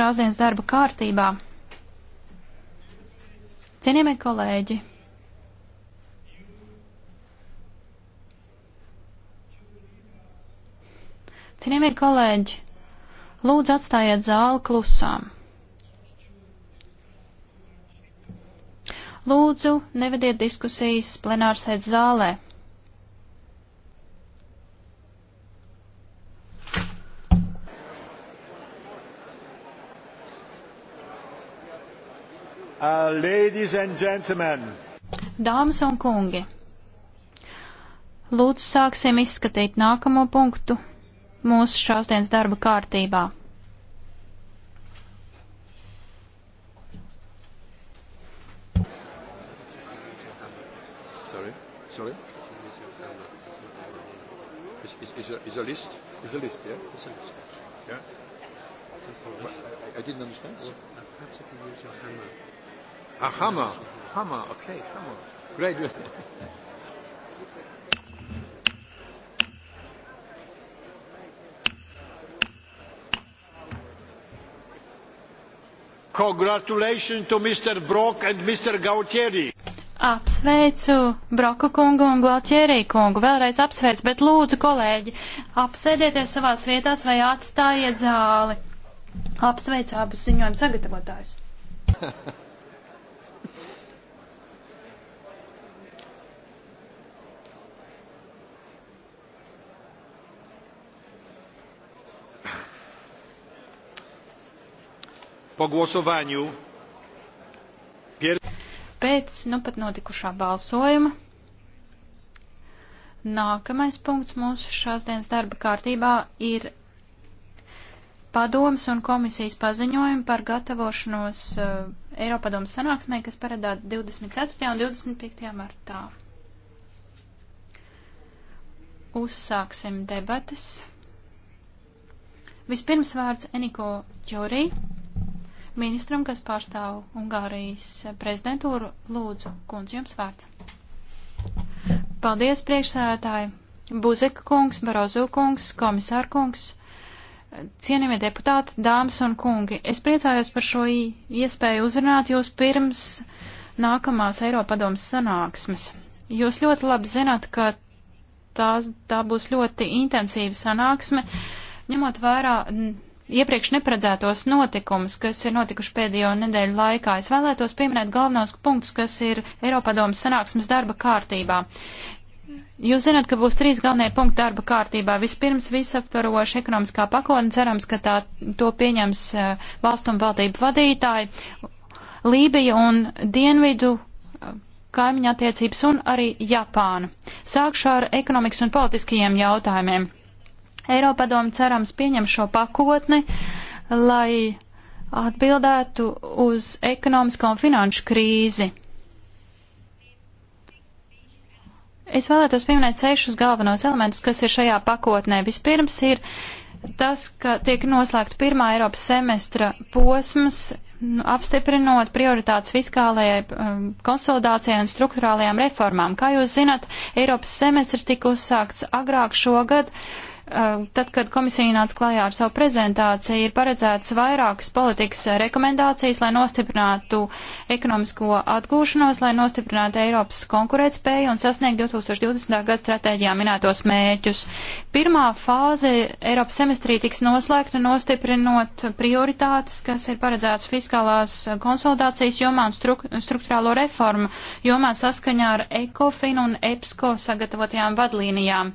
šāsdienas darba kārtībā. Cienījamie kolēģi! Cienījamie kolēģi, lūdzu atstājiet zāli klusām. Lūdzu, nevediet diskusijas plenārsēdz zālē. Uh, ladies and gentlemen. Dāmas un kungi, lūdzu sāksim izskatīt nākamo punktu mūsu šāsdienas darba kārtībā. Sorry, sorry. Is, is, is, a, is a list? Is a list, yeah? It's a list. Yeah? Well, I, I didn't understand. Well, perhaps if you use your hammer. Ach, Hammer. Hammer, okay, Hammer. Great. Congratulations to Mr. Brock and Mr. Gautieri. Apsveicu Broku kungu un Gautieri kungu. Vēlreiz apsveicu, bet lūdzu, kolēģi, apsēdieties savās vietās vai atstājiet zāli. Apsveicu abus ziņojumu sagatavotājus. Po głosowaniu. Pier... Pēc nu pat notikušā balsojuma. Nākamais punkts mūsu šās dienas darba kārtībā ir padomas un komisijas paziņojumi par gatavošanos uh, Eiropadomas sanāksmē, kas paredā 24. un 25. martā. Uzsāksim debatas. Vispirms vārds Eniko Čorī ministram, kas pārstāv Ungārijas prezidentūru. Lūdzu, kundze, jums vārds. Paldies, priekšsēdētāji! Buzeka kungs, Barozu kungs, komisāra kungs, cienījamie deputāti, dāmas un kungi, es priecājos par šo iespēju uzrunāt jūs pirms nākamās Eiropadomas sanāksmes. Jūs ļoti labi zināt, ka tā, tā būs ļoti intensīva sanāksme, ņemot vērā iepriekš neparedzētos notikumus, kas ir notikuši pēdējo nedēļu laikā. Es vēlētos pieminēt galvenos punktus, kas ir Eiropadomas sanāksmes darba kārtībā. Jūs zināt, ka būs trīs galvenie punkti darba kārtībā. Vispirms visaptvaroša ekonomiskā pakotne, cerams, ka tā to pieņems uh, valstu un valdību vadītāji. Lībija un Dienvidu uh, kaimiņa attiecības un arī Japāna. Sākšu ar ekonomikas un politiskajiem jautājumiem. Eiropadoma cerams pieņem šo pakotni, lai atbildētu uz ekonomisko un finanšu krīzi. Es vēlētos pieminēt sešus galvenos elementus, kas ir šajā pakotnē. Vispirms ir tas, ka tiek noslēgta pirmā Eiropas semestra posms, apstiprinot prioritātes fiskālajai um, konsolidācijai un struktūrālajām reformām. Kā jūs zinat, Eiropas semestrs tika uzsākts agrāk šogad. Uh, Ehm, tad, kad komisija nāca klajā ar savu prezentāciju, ir paredzēts vairākas politikas rekomendācijas, lai nostiprinātu ekonomisko atgūšanos, lai nostiprinātu Eiropas konkurētspēju un sasniegtu 2020. gada stratēģijā minētos mērķus. Pirmā fāze Eiropas semestrī tiks noslēgta nostiprinot prioritātes, kas ir paredzētas fiskālās konsolidācijas jomā un struk struktūrālo reformu jomā saskaņā ar ECOFIN un EPSCO sagatavotajām vadlīnijām.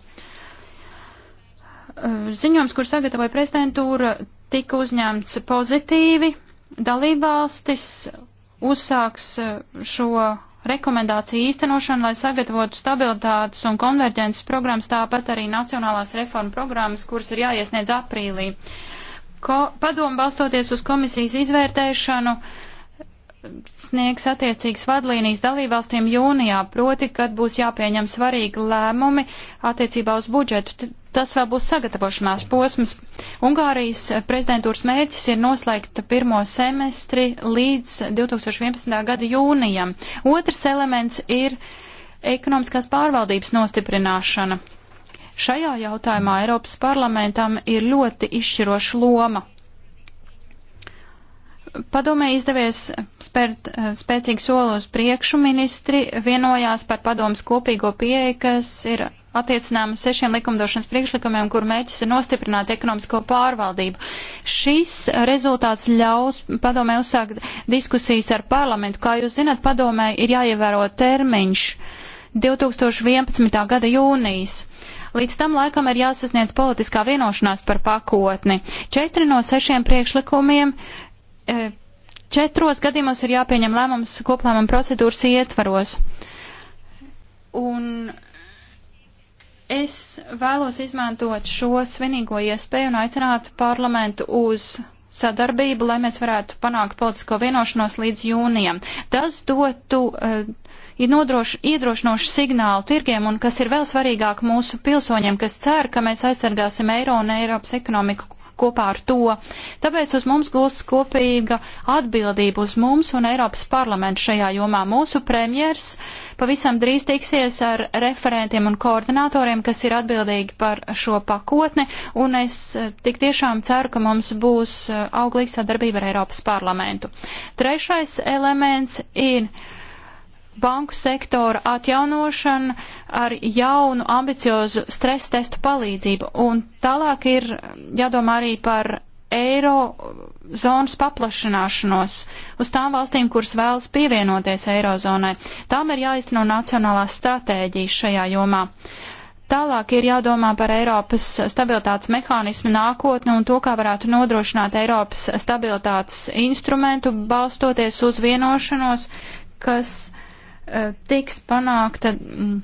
Ziņojums, kur sagatavoja prezidentūra, tika uzņemts pozitīvi. Dalībvalstis uzsāks šo rekomendāciju īstenošanu, lai sagatavotu stabilitātes un konverģences programmas, tāpat arī nacionālās reformu programmas, kuras ir jāiesniedz aprīlī. Ko, padomu balstoties uz komisijas izvērtēšanu, sniegs attiecīgas vadlīnijas dalībvalstīm jūnijā, proti, kad būs jāpieņem svarīgi lēmumi attiecībā uz budžetu. Tas vēl būs sagatavošanās posms. Ungārijas prezidentūras mērķis ir noslēgt pirmo semestri līdz 2011. gada jūnijam. Otrs elements ir ekonomiskās pārvaldības nostiprināšana. Šajā jautājumā Eiropas parlamentam ir ļoti izšķiroša loma. Padomē izdevies spērt eh, spēcīgu soli uz priekšu ministri, vienojās par padomas kopīgo pieeja, kas ir attiecinām uz sešiem likumdošanas priekšlikumiem, kur mēģis ir nostiprināt ekonomisko pārvaldību. Šis rezultāts ļaus padomē uzsākt diskusijas ar parlamentu. Kā jūs zināt, padomē ir jāievēro termiņš 2011. gada jūnijas. Līdz tam laikam ir jāsasniedz politiskā vienošanās par pakotni. Četri no sešiem priekšlikumiem. E, Četros gadījumos ir jāpieņem lēmums koplēmuma procedūras ietvaros. Un Es vēlos izmantot šo svinīgo iespēju un aicināt parlamentu uz sadarbību, lai mēs varētu panākt politisko vienošanos līdz jūnijam. Tas dotu uh, iedrošinošu signālu tirgiem un, kas ir vēl svarīgāk, mūsu pilsoņiem, kas cer, ka mēs aizsargāsim eiro un Eiropas ekonomiku kopā ar to. Tāpēc uz mums gulst kopīga atbildība uz mums un Eiropas parlamentu šajā jomā. Mūsu premjers uh, pavisam drīz tiksies ar referentiem un koordinatoriem, kas ir atbildīgi par šo pakotni, un es eh, tik tiešām ceru, ka mums būs eh, auglīga sadarbība ar Eiropas parlamentu. Trešais elements ir banku sektora atjaunošana ar jaunu ambiciozu stresa testu palīdzību. Un tālāk ir eh, jādomā arī par eiro zonas paplašanāšanos uz tām valstīm, kuras vēlas pievienoties eirozonai. Tām ir jāizteno nacionālās stratēģijas šajā jomā. Tālāk ir jādomā par Eiropas stabilitātes mehānismu nākotni un to, kā varētu nodrošināt Eiropas stabilitātes instrumentu, balstoties uz vienošanos, kas uh, tiks panākta. Mm,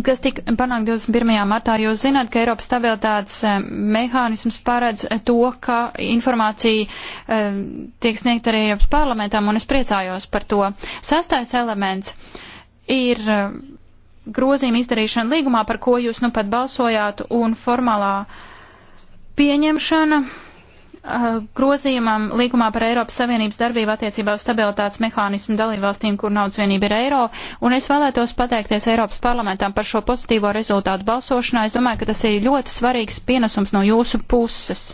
kas tika panākt 21. martā. Jūs zināt, ka Eiropas stabilitātes eh, mehānisms paredz to, ka informācija eh, tiek sniegta arī Eiropas parlamentam, un es priecājos par to. Sastais elements ir eh, grozījuma izdarīšana līgumā, par ko jūs nu pat balsojāt, un formālā pieņemšana Eh, grozījumam līgumā par Eiropas Savienības darbību attiecībā uz stabilitātes mehānismu dalībvalstīm, kur naudas vienība ir eiro, un es vēlētos pateikties Eiropas parlamentam par šo pozitīvo rezultātu balsošanā. Es domāju, ka tas ir ļoti svarīgs pienesums no jūsu puses.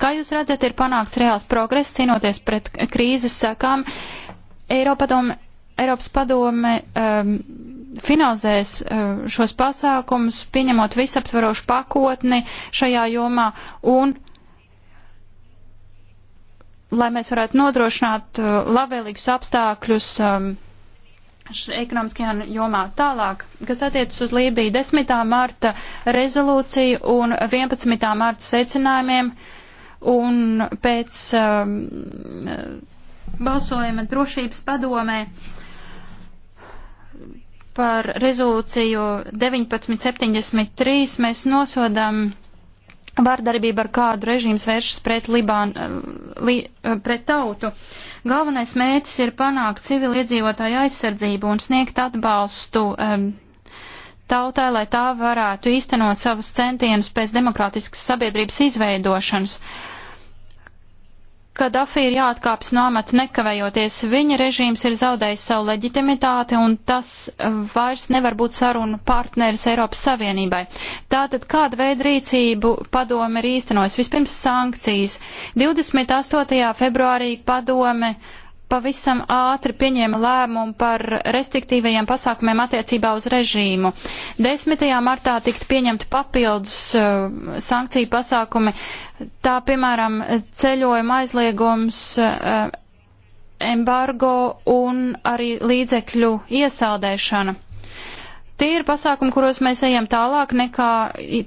Kā jūs redzat, ir panākts reāls progress cīnoties pret krīzes sekām. Eiropadome, Eiropas padome um, finalizēs uh, šos pasākumus, pieņemot visaptvarošu pakotni šajā jomā un lai mēs varētu nodrošināt uh, labvēlīgus apstākļus um, ekonomiskajā jomā tālāk, kas attiecas uz Lībiju 10. marta rezolūciju un 11. marta secinājumiem un pēc um, balsojuma drošības padomē par rezolūciju 1973 mēs nosodam vārdarbība ar kādu režīms vēršas pret, Libānu, eh, li, eh, pret tautu. Galvenais mērķis ir panākt civiliedzīvotāju aizsardzību un sniegt atbalstu um, tautai, lai tā varētu īstenot savus centienus pēc demokrātiskas sabiedrības izveidošanas. Uh, Kadafī ir jāatkāpjas no amata nekavējoties. Viņa režīms ir zaudējis savu leģitimitāti un tas vairs nevar būt sarunu partneris Eiropas Savienībai. Tātad kāda veida rīcību padome ir īstenojis? Vispirms sankcijas. 28. februārī padome uh, pavisam ātri pieņēma lēmumu par restriktīvajiem pasākumiem attiecībā uz režīmu. 10. martā tikt pieņemti papildus uh, sankciju pasākumi, tā piemēram ceļojuma aizliegums, uh, embargo un arī līdzekļu iesaldēšana. Tie ir pasākumi, kuros mēs ejam tālāk nekā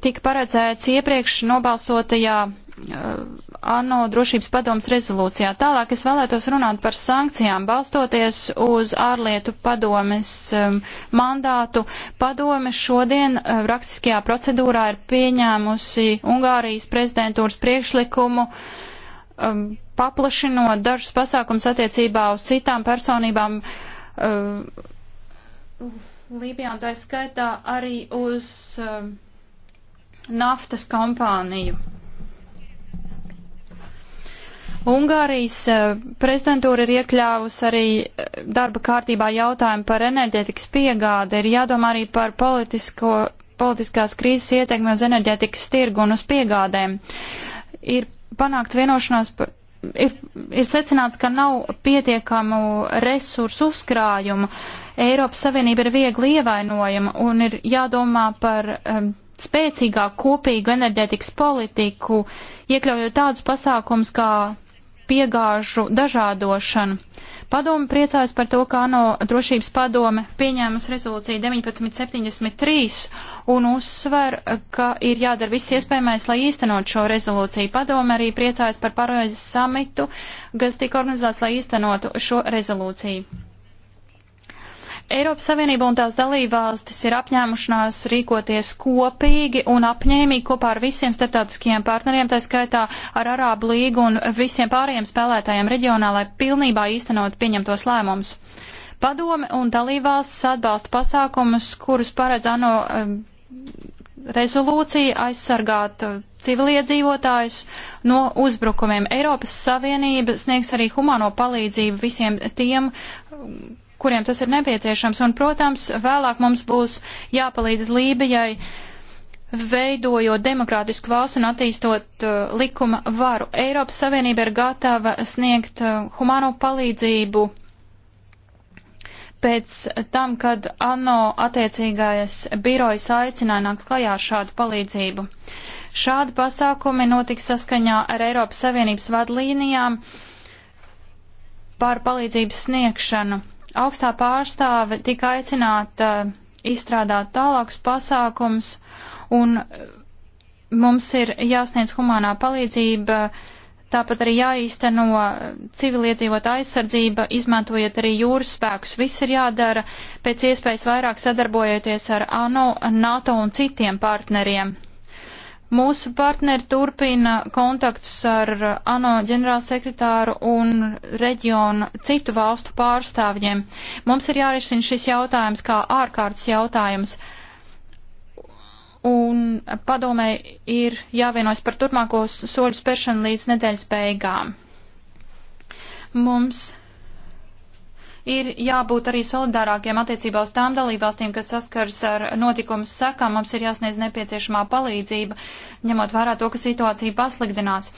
tika paredzēts iepriekš nobalsotajā uh, ANO drošības padomas rezolūcijā. Tālāk es vēlētos runāt par sankcijām, balstoties uz ārlietu padomes um, mandātu. Padome šodien uh, rakstiskajā procedūrā ir pieņēmusi Ungārijas prezidentūras priekšlikumu um, paplašinot dažus pasākums attiecībā uz citām personībām. Uh, Lībijā, un tā skaitā arī uz uh, naftas kompāniju. Ungārijas eh, prezidentūra ir iekļāvusi arī eh, darba kārtībā jautājumu par enerģētikas piegādi. Ir jādomā arī par politisko, politiskās krīzes ietekmi uz enerģētikas tirgu un uz piegādēm. Ir panākt vienošanās, par, ir, ir secināts, ka nav pietiekamu resursu uzkrājumu. Eiropas Savienība ir viegli ievainojama un ir jādomā par. Um, spēcīgāku kopīgu enerģētikas politiku, iekļaujot tādus pasākums kā piegāžu dažādošanu. Padome priecājas par to, ka ANO drošības padome pieņēmus rezolūciju 1973 un uzsver, ka ir jādara viss iespējamais, lai īstenot šo rezolūciju. Padome arī priecājas par Paroizes samitu, kas tika organizēts, lai īstenotu šo rezolūciju. Eiropas Savienība un tās dalībvalstis ir apņēmušanās rīkoties kopīgi un apņēmīgi kopā ar visiem starptautiskajiem partneriem, tā skaitā ar Arābu līgu un visiem pārējiem spēlētājiem reģionā, lai pilnībā īstenot pieņemtos lēmumus. Padome un dalībvalstis atbalsta pasākumus, kurus paredz ANO um, rezolūcija aizsargāt uh, civiliedzīvotājus no uzbrukumiem. Eiropas Savienība sniegs arī humano palīdzību visiem tiem, um, kuriem tas ir nepieciešams. Un, protams, vēlāk mums būs jāpalīdz Lībijai veidojot demokrātisku valstu un attīstot uh, likuma varu. Eiropas Savienība ir gatava sniegt uh, humāno palīdzību pēc tam, kad ANO attiecīgais birojs aicināja nākt klajā šādu palīdzību. Šādi pasākumi notiks saskaņā ar Eiropas Savienības vadlīnijām par palīdzības sniegšanu augstā pārstāve tika aicināta uh, izstrādāt tālākus pasākums, un uh, mums ir jāsniedz humanā palīdzība, tāpat arī jāīsteno uh, civiliedzīvot aizsardzība, izmantojot arī jūras spēkus. Viss ir jādara pēc iespējas vairāk sadarbojoties ar ANO, NATO un citiem partneriem. Mūsu partneri turpina kontaktus ar uh, ANO ģenerālsekretāru un reģionu citu valstu pārstāvjiem. Mums ir jārisina šis jautājums kā ārkārtas jautājums. Un padomē ir jāvienojas par turpmāko soļu spēršanu līdz nedēļas beigām. Mums ir jābūt arī solidārākiem attiecībā uz tām dalībvalstīm, kas saskars ar notikumu sekām. Mums ir jāsniedz nepieciešamā palīdzība, ņemot vērā to, ka situācija pasliktinās.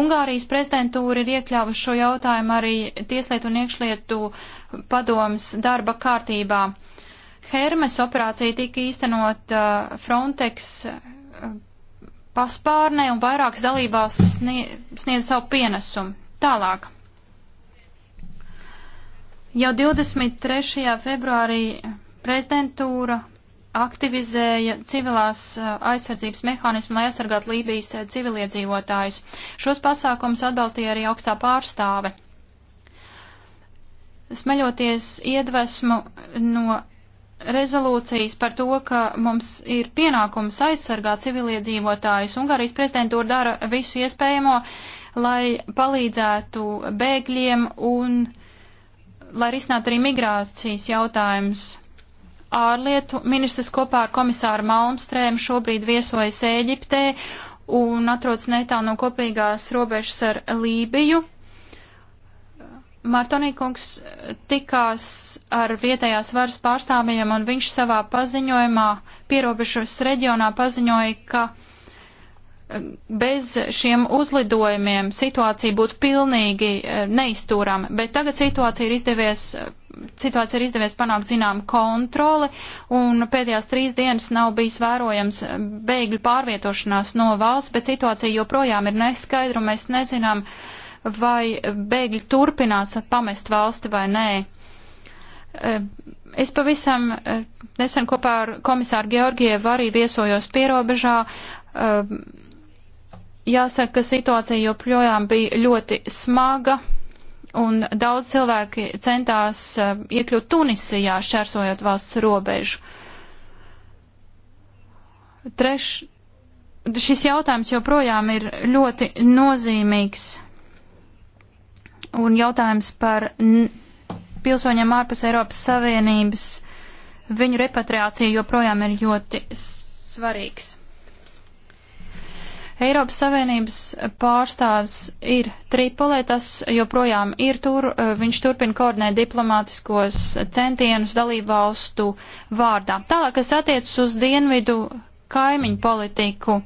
Ungārijas prezidentūra ir iekļāvusi šo jautājumu arī Tieslietu un iekšlietu padomas darba kārtībā. Hermes operācija tika īstenot uh, Frontex uh, paspārnē un vairākas dalībās sniedz savu pienesumu. Tālāk. Jau 23. februārī prezidentūra aktivizēja civilās eh, aizsardzības mehānismu, lai aizsargātu Lībijas eh, civiliedzīvotājus. Šos pasākumus atbalstīja arī augstā pārstāve. Smeļoties iedvesmu no rezolūcijas par to, ka mums ir pienākums aizsargāt civiliedzīvotājus, Ungārijas prezidentūra dara visu iespējamo, lai palīdzētu bēgļiem un lai risinātu arī migrācijas jautājums. Ārlietu ministrs kopā ar komisāru Malmstrēmu šobrīd viesojas Ēģiptē un atrodas netālu no kopīgās robežas ar Lībiju. Martonīkungs tikās ar vietējās varas pārstāvjiem, un viņš savā paziņojumā pierobežas reģionā paziņoja, ka bez šiem uzlidojumiem situācija būtu pilnīgi e, neiztūrama, bet tagad situācija ir izdevies, situācija ir izdevies panākt zinām kontroli, un pēdējās trīs dienas nav bijis vērojams bēgļu pārvietošanās no valsts, bet situācija joprojām ir neskaidra, un mēs nezinām, vai bēgļi turpinās pamest valsti vai nē. E, es pavisam e, nesen kopā ar komisāru Georgievu arī viesojos pierobežā Jāsaka, ka situācija joprojām bija ļoti smaga, un daudz cilvēki centās eh, iekļūt Tunisijā, šķērsojot valsts robežu. Treš, šis jautājums joprojām ir ļoti nozīmīgs, un jautājums par pilsoņiem ārpus Eiropas Savienības, viņu repatriācija joprojām ir ļoti svarīgs. Eiropas Savienības pārstāvs ir Tripolē, tas joprojām ir tur, viņš turpina koordinēt diplomātiskos centienus dalību valstu vārdā. Tālāk, kas attiecas uz dienvidu kaimiņu politiku,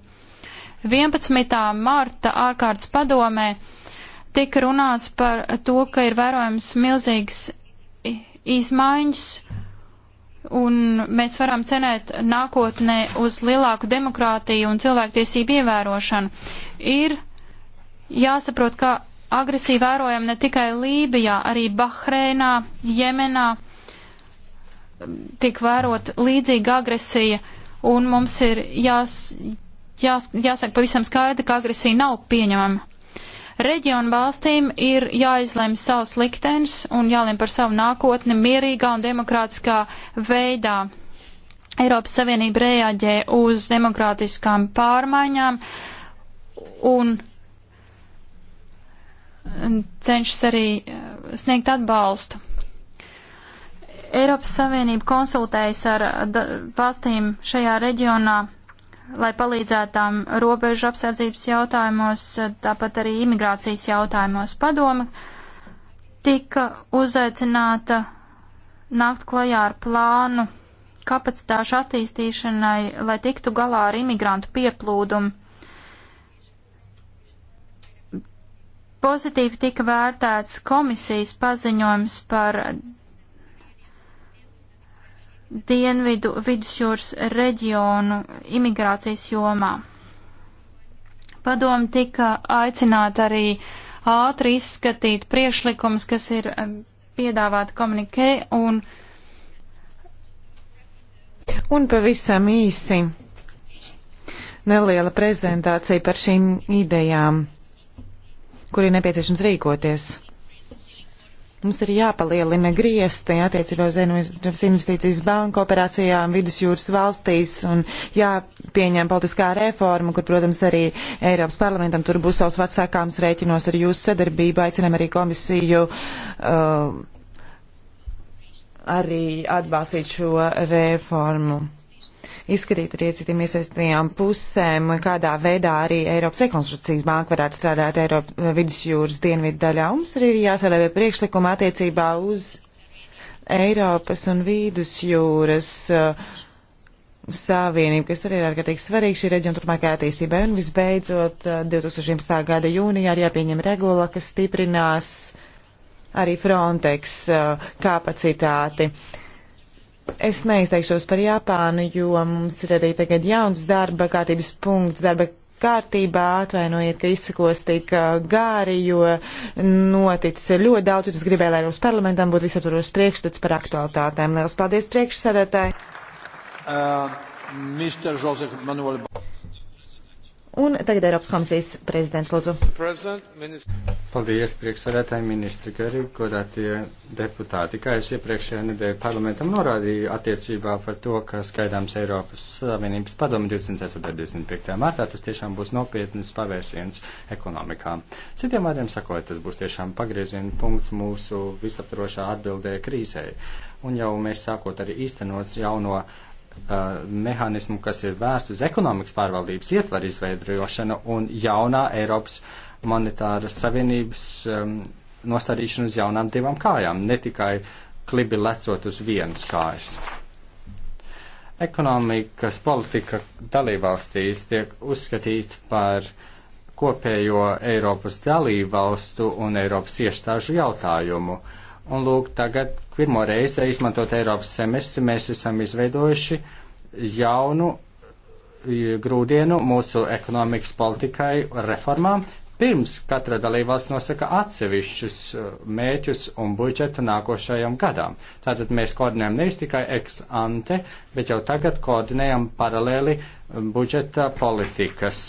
11. marta ārkārtas padomē tika runāts par to, ka ir vērojams milzīgs izmaiņas un mēs varam cenēt nākotnē uz lielāku demokrātiju un cilvēktiesību ievērošanu. Ir jāsaprot, ka agresiju vērojam ne tikai Lībijā, arī Bahreinā, Jemenā tiek vērot līdzīga agresija, un mums ir jās, jās, jāsaka pavisam skaidri, ka agresija nav pieņemama. Reģionu valstīm ir jāizlem savs liktenis un jālem par savu nākotni mierīgā un demokrātiskā veidā. Eiropas Savienība reaģē uz demokrātiskām pārmaiņām un cenšas arī eh, sniegt atbalstu. Eiropas Savienība konsultējas ar valstīm šajā reģionā lai palīdzētu tām robežu apsardzības jautājumos, tāpat arī imigrācijas jautājumos. Padome tika uzaicināta nākt klajā ar plānu kapacitāšu attīstīšanai, lai tiktu galā ar imigrantu pieplūdumu. Pozitīvi tika vērtēts komisijas paziņojums par dienvidu vidusjūras reģionu imigrācijas jomā. Padomu tika aicināta arī ātri izskatīt priekšlikums, kas ir um, piedāvāti komunikē un. Un pavisam īsi neliela prezentācija par šīm idejām, kur ir nepieciešams rīkoties. Mums ir jāpalielina griezti attiecībā uz investīcijas banku operācijām vidusjūras valstīs un jāpieņem politiskā reforma, kur, protams, arī Eiropas parlamentam tur būs savs vecākāms rēķinos ar jūsu sadarbību. Aicinam arī komisiju. Uh, arī atbalstīt šo reformu izskatīt ar iecitiem iesaistītajām pusēm, kādā veidā arī Eiropas rekonstrukcijas banka varētu strādāt Eiropas eh, vidusjūras dienvidu daļā. Mums arī ir jāsarā pie priekšlikuma attiecībā uz Eiropas un vidusjūras uh, eh, Savienība, kas arī ir ārkārtīgi svarīga šī reģiona turpmākajā attīstībai. Un visbeidzot, 2011. Eh, gada jūnijā ir jāpieņem regula, kas stiprinās arī Frontex kapacitāti. Uh, Es neizteikšos par Japānu, jo mums ir arī tagad jauns darba kārtības punkts, darba kārtībā. Atvainojiet, ka izsakos tik gāri, jo noticis ļoti daudz, un es gribēju, lai mums parlamentam būtu visaptvaros priekšstats par aktualitātēm. Lielas paldies priekšsēdētāji! Uh, Mr. Joseph Manuel. Un tagad Eiropas komisijas prezidents lūdzu. Paldies, priekšsēdētāji ministri, ka arī godātie deputāti. Kā es iepriekšējā nedēļa parlamentam norādīju attiecībā par to, ka skaidāms Eiropas Savienības padomu 24.25. martā, tas tiešām būs nopietnas pavērsiens ekonomikā. Citiem vārdiem sakot, tas būs tiešām pagrieziena punkts mūsu visaptrošā atbildē krīzē. Un jau mēs sākot arī īstenot jauno Uh, mehānismu, kas ir vērsts uz ekonomikas pārvaldības ietvaru izveidrošanu un jaunā Eiropas monetāras savienības um, nostādīšanu uz jaunām divām kājām, ne tikai klibi lecot uz vienas kājas. Ekonomikas politika dalībvalstīs tiek uzskatīta par kopējo Eiropas dalībvalstu un Eiropas iestāžu jautājumu. Uh, Un lūk, tagad pirmo reizi izmantot Eiropas semestri, mēs esam izveidojuši jaunu grūdienu mūsu ekonomikas politikai reformām. Pirms katra dalībvalsts nosaka atsevišķus e, mēķus un budžetu nākošajam gadam. Tātad mēs koordinējam nevis tikai ex ante, bet jau tagad koordinējam paralēli e, budžeta politikas.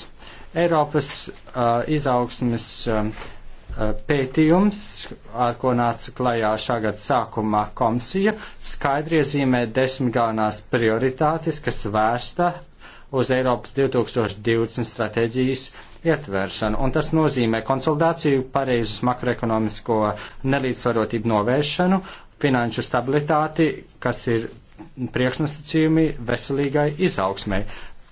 Eiropas uh, izaugsmes uh, Eh, pētījums, ar ko nāca klajā šā gada sākumā komisija, skaidri iezīmē desmit galvenās prioritātes, kas vērsta uz Eiropas 2020 stratēģijas ietvēršanu. Un tas nozīmē konsolidāciju, pareizus makroekonomisko nelīdzsvarotību novēršanu, finanšu stabilitāti, kas ir priekšnosacījumi veselīgai izaugsmai.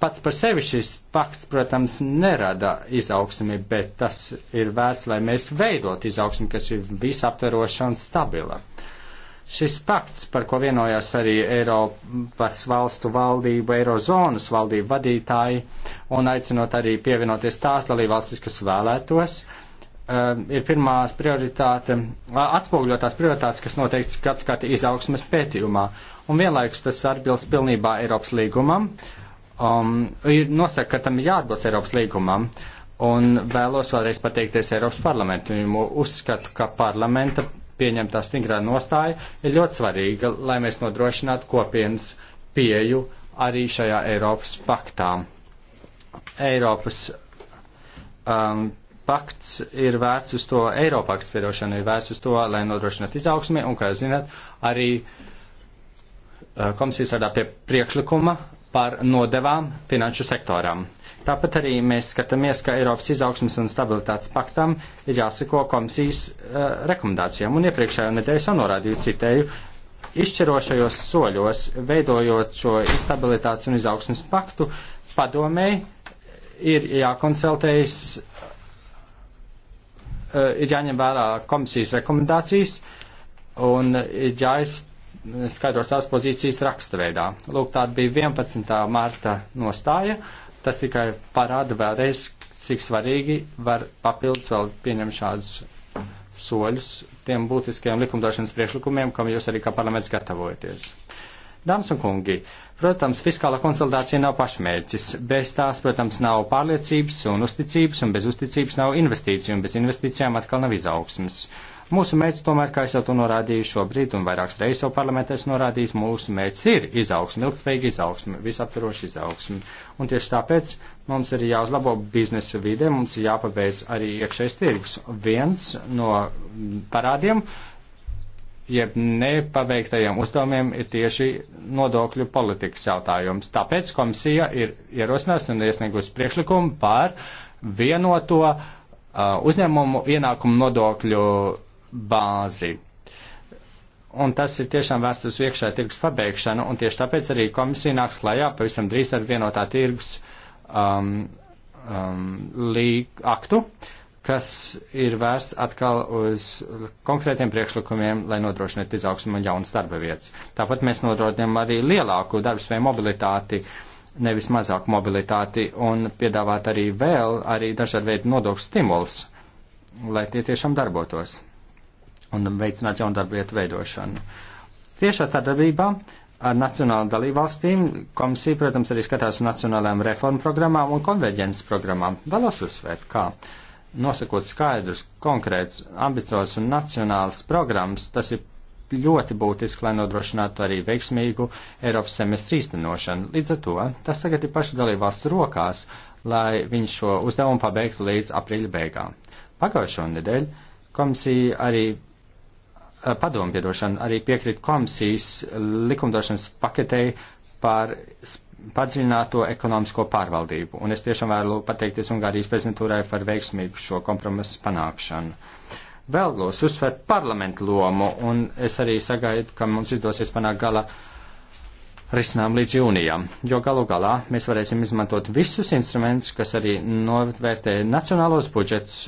Pats par sevi šis pakts, protams, nerada izaugsmi, bet tas ir vērts, lai mēs veidot izaugsmi, kas ir visaptveroša un stabila. Šis pakts, par ko vienojās arī Eiropas valstu valdība, Eirozonas valdību vadītāji, un aicinot arī pievienoties tās dalībvalstis, kas vēlētos, um, ir pirmās prioritāte, atspoguļotās prioritātes, kas noteikts gadskārtī izaugsmes pētījumā. Un vienlaikus tas atbilst pilnībā Eiropas līgumam, uh, um, ir nosaka, ka tam ir jāatbilst Eiropas līgumam. Un vēlos vēlreiz pateikties Eiropas parlamentu, jo uzskatu, ka parlamenta pieņemtā stingrā nostāja ir ļoti svarīga, lai mēs nodrošinātu kopienas pieju arī šajā Eiropas paktā. Eiropas um, pakts ir vērts uz to, Eiropakts piedošana ir vērts uz to, lai nodrošinātu izaugsmi, un, kā jūs zināt, arī uh, komisija strādā pie priekšlikuma par nodevām finanšu sektoram. Tāpat arī mēs skatāmies, ka Eiropas izaugsmas un stabilitātes paktam ir jāseko komisijas uh, rekomendācijām. Un iepriekšējā nedēļā jau norādīju, citēju, izšķirošajos soļos, veidojot šo stabilitātes un izaugsmas paktu, padomēji ir jākonsultējas eh, ir jāņem vērā komisijas rekomendācijas un ir jāiz, skaidro savas pozīcijas raksturveidā. Lūk, tāda bija 11. marta nostāja. Tas tikai parāda vēlreiz, cik svarīgi var papildus vēl pieņemt šādus soļus tiem būtiskajiem likumdošanas priekšlikumiem, kam jūs arī kā parlaments gatavojaties. Dāmas un kungi, protams, fiskālā konsolidācija nav pašmērķis. Bez tās, protams, nav pārliecības un uzticības, un bez uzticības nav investīciju, un bez investīcijām atkal nav izaugsmas. Uh, Mūsu mērķis tomēr, kā es jau to norādīju šobrīd un vairākas reizes jau parlamentā es norādīju, mūsu mērķis ir izaugsme, ilgspējīga izaugsme, visaptvaroša izaugsme. Un tieši tāpēc mums ir jāuzlabo biznesa vide, mums ir jāpabeidz arī iekšējais tirgus. Viens no parādiem, jeb nepaveiktajiem uzdevumiem ir tieši nodokļu politikas jautājums. Tāpēc komisija ir ierosinājusi un iesniegusi priekšlikumu par vienoto uh, uzņēmumu ienākumu nodokļu bāzi. Un tas ir tiešām vērsts uz iekšē tirgus pabeigšanu, un tieši tāpēc arī komisija nāks klajā pavisam drīz ar vienotā tirgus um, um, līg, aktu, kas ir vērsts atkal uz konkrētiem priekšlikumiem, lai nodrošinātu izaugsmu un jaunas darba vietas. Tāpat mēs nodrošinām arī lielāku darbspēju mobilitāti. Uh, nevis mazāk mobilitāti un piedāvāt arī vēl arī dažādu veidu nodokļu stimulus, lai tie tiešām darbotos un veicināt jaunu darbu vietu veidošanu. Tiešā sadarbībā ar nacionālām dalībvalstīm komisija, protams, arī skatās nacionālajām reformu programmām un konverģences programmām. Vēlos uzsvērt, kā nosakot skaidrus, konkrēts, ambiciozs un nacionāls programmas, tas ir ļoti būtiski, lai nodrošinātu arī veiksmīgu Eiropas semestri īstenošanu. Līdz ar to tas tagad ir pašu dalībvalstu rokās, lai viņi šo uzdevumu pabeigtu līdz aprīļa beigām. Pagājušo nedēļu komisija arī Eh, padomu piedošanu, arī piekrīt komisijas likumdošanas paketei par padziļināto ekonomisko pārvaldību. Un es tiešām vēlu pateikties Ungārijas prezidentūrai par veiksmīgu šo kompromisu panākšanu. Vēlos uzsvērt parlamentu lomu, un es arī sagaidu, ka mums izdosies panākt gala risinām līdz jūnijam, jo galu galā mēs varēsim izmantot visus instrumentus, kas arī novērtē nacionālos budžets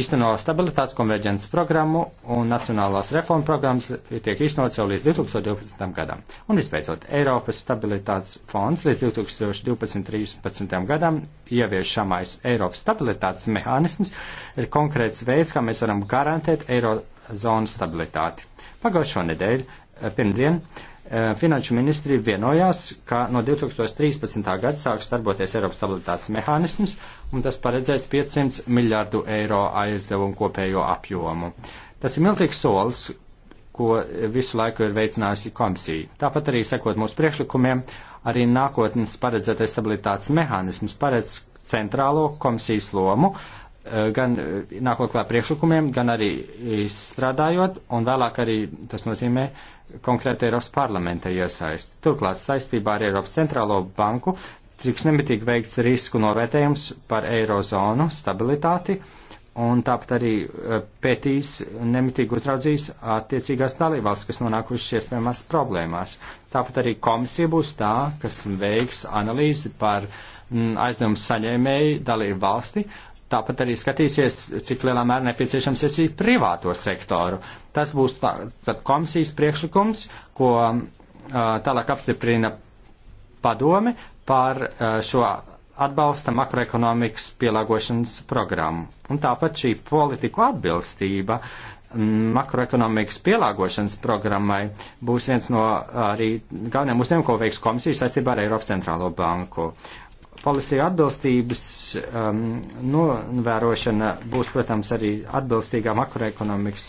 īsteno stabilitātes konverģences programmu un nacionālās reformu programmas tiek īstenots jau līdz 2012. gadam. Un visbeidzot, Eiropas stabilitātes fonds līdz 2012-2013. gadam ieviešamais Eiropas stabilitātes mehānisms ir konkrēts veids, kā mēs varam garantēt eirozonas stabilitāti. Pagājušo nedēļu, eh, pirmdien, uh, Eh, finanšu ministri vienojās, ka no 2013. gada sāks darboties Eiropas stabilitātes mehānisms, un tas paredzēs 500 miljārdu eiro aizdevumu kopējo apjomu. Tas ir milzīgs solis, ko visu laiku ir veicinājusi komisija. Tāpat arī sekot mūsu priekšlikumiem, arī nākotnes paredzētais stabilitātes mehānisms paredz centrālo komisijas lomu, eh, gan eh, nākoklā priekšlikumiem, gan arī izstrādājot, un vēlāk arī tas nozīmē, uh, konkrēta Eiropas parlamenta iesaist. Turklāt saistībā ar Eiropas centrālo banku tiks nemitīgi veikts risku novērtējums par eirozonu stabilitāti un tāpat arī eh, pētīs, nemitīgi uzraudzīs attiecīgās dalībvalsts, kas nonākušas iespējamās problēmās. Tāpat arī komisija būs tā, kas veiks analīzi par mm, aizdevumu saņēmēju dalību valsti Tāpat arī skatīsies, cik lielā mērā nepieciešams ir privāto sektoru. Tas būs tā, komisijas priekšlikums, ko tālāk apstiprina padomi par šo atbalsta makroekonomikas pielāgošanas programmu. Un tāpat šī politiku atbilstība makroekonomikas pielāgošanas programmai būs viens no arī galvenajiem uzdevumiem, ko veiks komisija saistībā ar Eiropas centrālo banku. Uh, polisiju atbilstības um, novērošana būs, protams, arī atbilstīgā makroekonomikas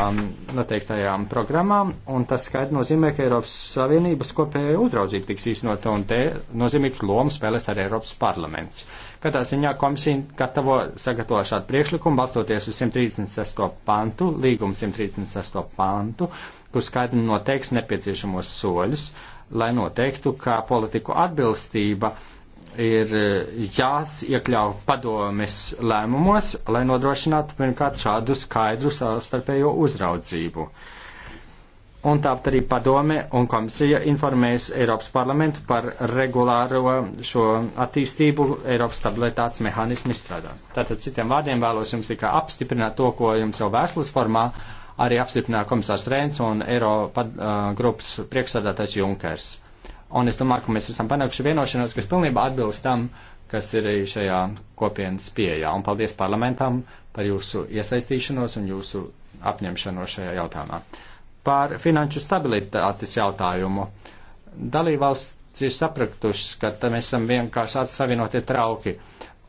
um, noteiktajām programmām, un tas skaidri nozīmē, ka Eiropas Savienības kopēja uzraudzība tiks īstenota, un te nozīmīgu lomu spēlēs arī Eiropas parlaments. Katrā ziņā komisija gatavo sagatavo šādu priekšlikumu, balstoties uz 136. pantu, līgumu 136. pantu, kur skaidri noteiks nepieciešamos soļus, lai noteiktu, ka politiku atbilstība uh, ir eh, jāiekļauj padomes lēmumos, lai nodrošinātu pirmkārt šādu skaidru savstarpējo uzraudzību. Un tāpat arī padome un komisija informēs Eiropas parlamentu par regulāro šo attīstību Eiropas stabilitātes mehānismu izstrādā. Tātad citiem vārdiem vēlos jums tikai apstiprināt to, ko jums jau vēstules formā arī apstiprināja komisārs Rēns un Eiropa uh, grupas priekšsādātais Junkers. Un es domāju, ka mēs esam panākuši vienošanos, kas pilnībā atbilst tam, kas ir arī šajā kopienas pieejā. Un paldies parlamentam par jūsu iesaistīšanos un jūsu apņemšanos šajā jautājumā. Par finanšu stabilitātes jautājumu. Dalībvalsts ir sapratušas, ka mēs esam vienkārši atsavienotie trauki.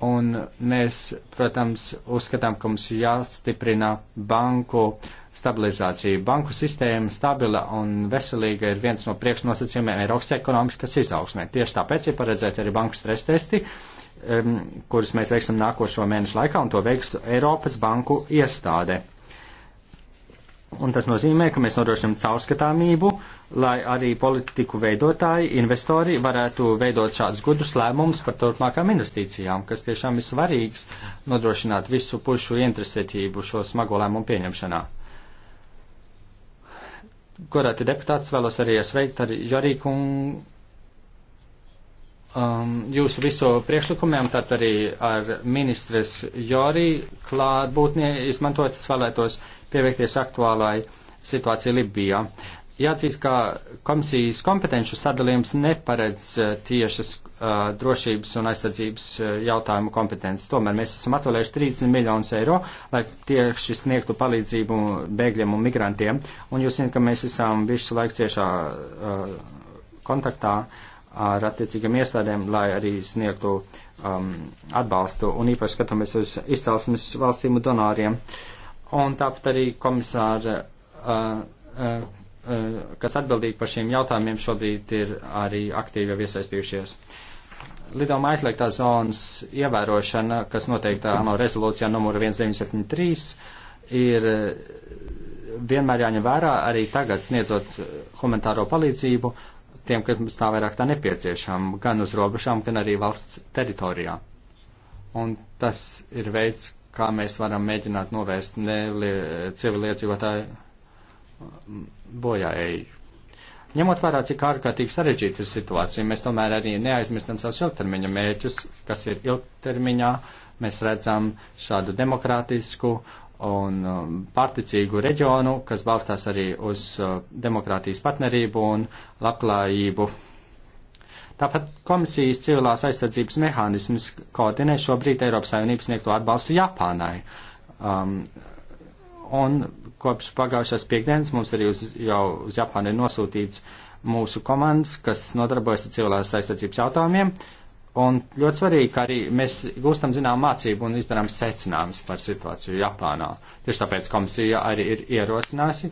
Un mēs, protams, uzskatām, ka mums jāstiprina banku uh, stabilizācija. Banku sistēma stabila un veselīga ir viens no priekšnosacījumiem Eiropas ekonomiskas izaugsmē. Tieši tāpēc ir paredzēti arī banku stres testi, um, kurus mēs veiksim nākošo mēnešu laikā, un to veiks Eiropas banku iestāde. Un tas nozīmē, ka mēs nodrošinām caurskatāmību, lai arī politiku veidotāji, investori varētu veidot šādus gudrus lēmumus par turpmākām investīcijām, kas tiešām ir svarīgs nodrošināt visu pušu interesētību šo smago lēmumu pieņemšanā. Godāti deputāts, vēlos arī sveikt ar Jorīku um, jūsu visu priekšlikumiem, tad arī ar ministres Jorī klātbūtnie izmantot, es vēlētos pievērsties aktuālai situācijai Libijā. Jāatzīst, ka komisijas kompetenci sadalījums neparedz eh, tiešas uh, drošības un aizsardzības eh, jautājumu kompetences. Tomēr mēs esam atvēlējuši 30 miljonus eiro, lai tieši sniegtu palīdzību bēgļiem un migrantiem. Un jūs zināt, ka mēs esam visu laiku ciešā uh, kontaktā ar attiecīgiem iestādēm, lai arī sniegtu um, atbalstu. Un īpaši skatāmies uz izcelsmes valstīm un donoriem. Un tāpat arī komisāra. Uh, uh, Eh, kas atbildīgi par šiem jautājumiem, šobrīd ir arī aktīvi jau iesaistījušies. Lidojuma aizliegtās zonas ievērošana, kas noteikta ANO rezolūcijā numuru 1973, ir eh, vienmēr jāņem vērā arī tagad sniedzot humanitāro palīdzību tiem, kas tā vairāk tā nepieciešama, gan uz robežām, gan arī valsts teritorijā. Un tas ir veids, kā mēs varam mēģināt novērst civilietīgotāju bojā eju. Ņemot vērā, cik ārkārtīgi sarežģīta ir situācija, mēs tomēr arī neaizmirstam savus ilgtermiņa mērķus, kas ir ilgtermiņā. Mēs redzam šādu demokrātisku un um, pārticīgu reģionu, kas balstās arī uz uh, demokrātijas partnerību un labklājību. Tāpat komisijas civilās aizsardzības mehānisms koordinē šobrīd Eiropas Savienības sniegto atbalstu Japānai. Um, un Kopš pagājušās piekdienas mums arī uz, jau uz Japānu ir nosūtīts mūsu komandas, kas nodarbojas ar cilvēks aizsardzības jautājumiem. Un ļoti svarīgi, ka arī mēs gūstam zinām mācību un izdarām secinājumus par situāciju Japānā. Tieši tāpēc komisija arī ir ierosinājusi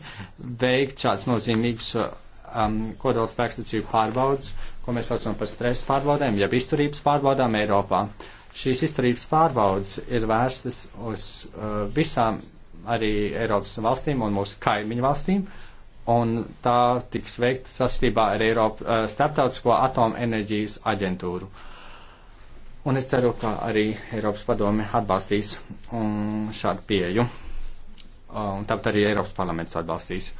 veikt šāds nozīmīgs um, kodols spēkstacību pārbaudas, ko mēs saucam par stresa pārbaudēm, jeb izturības pārbaudām Eiropā. Šīs izturības pārbaudas ir vērstas uz uh, visām arī Eiropas valstīm un mūsu kaimiņu valstīm, un tā tiks veikta sastībā ar Eiropu uh, starptautisko atomenerģijas aģentūru. Un es ceru, ka arī Eiropas padome atbalstīs um, šādu pieju, un um, tāpat arī Eiropas parlaments atbalstīs.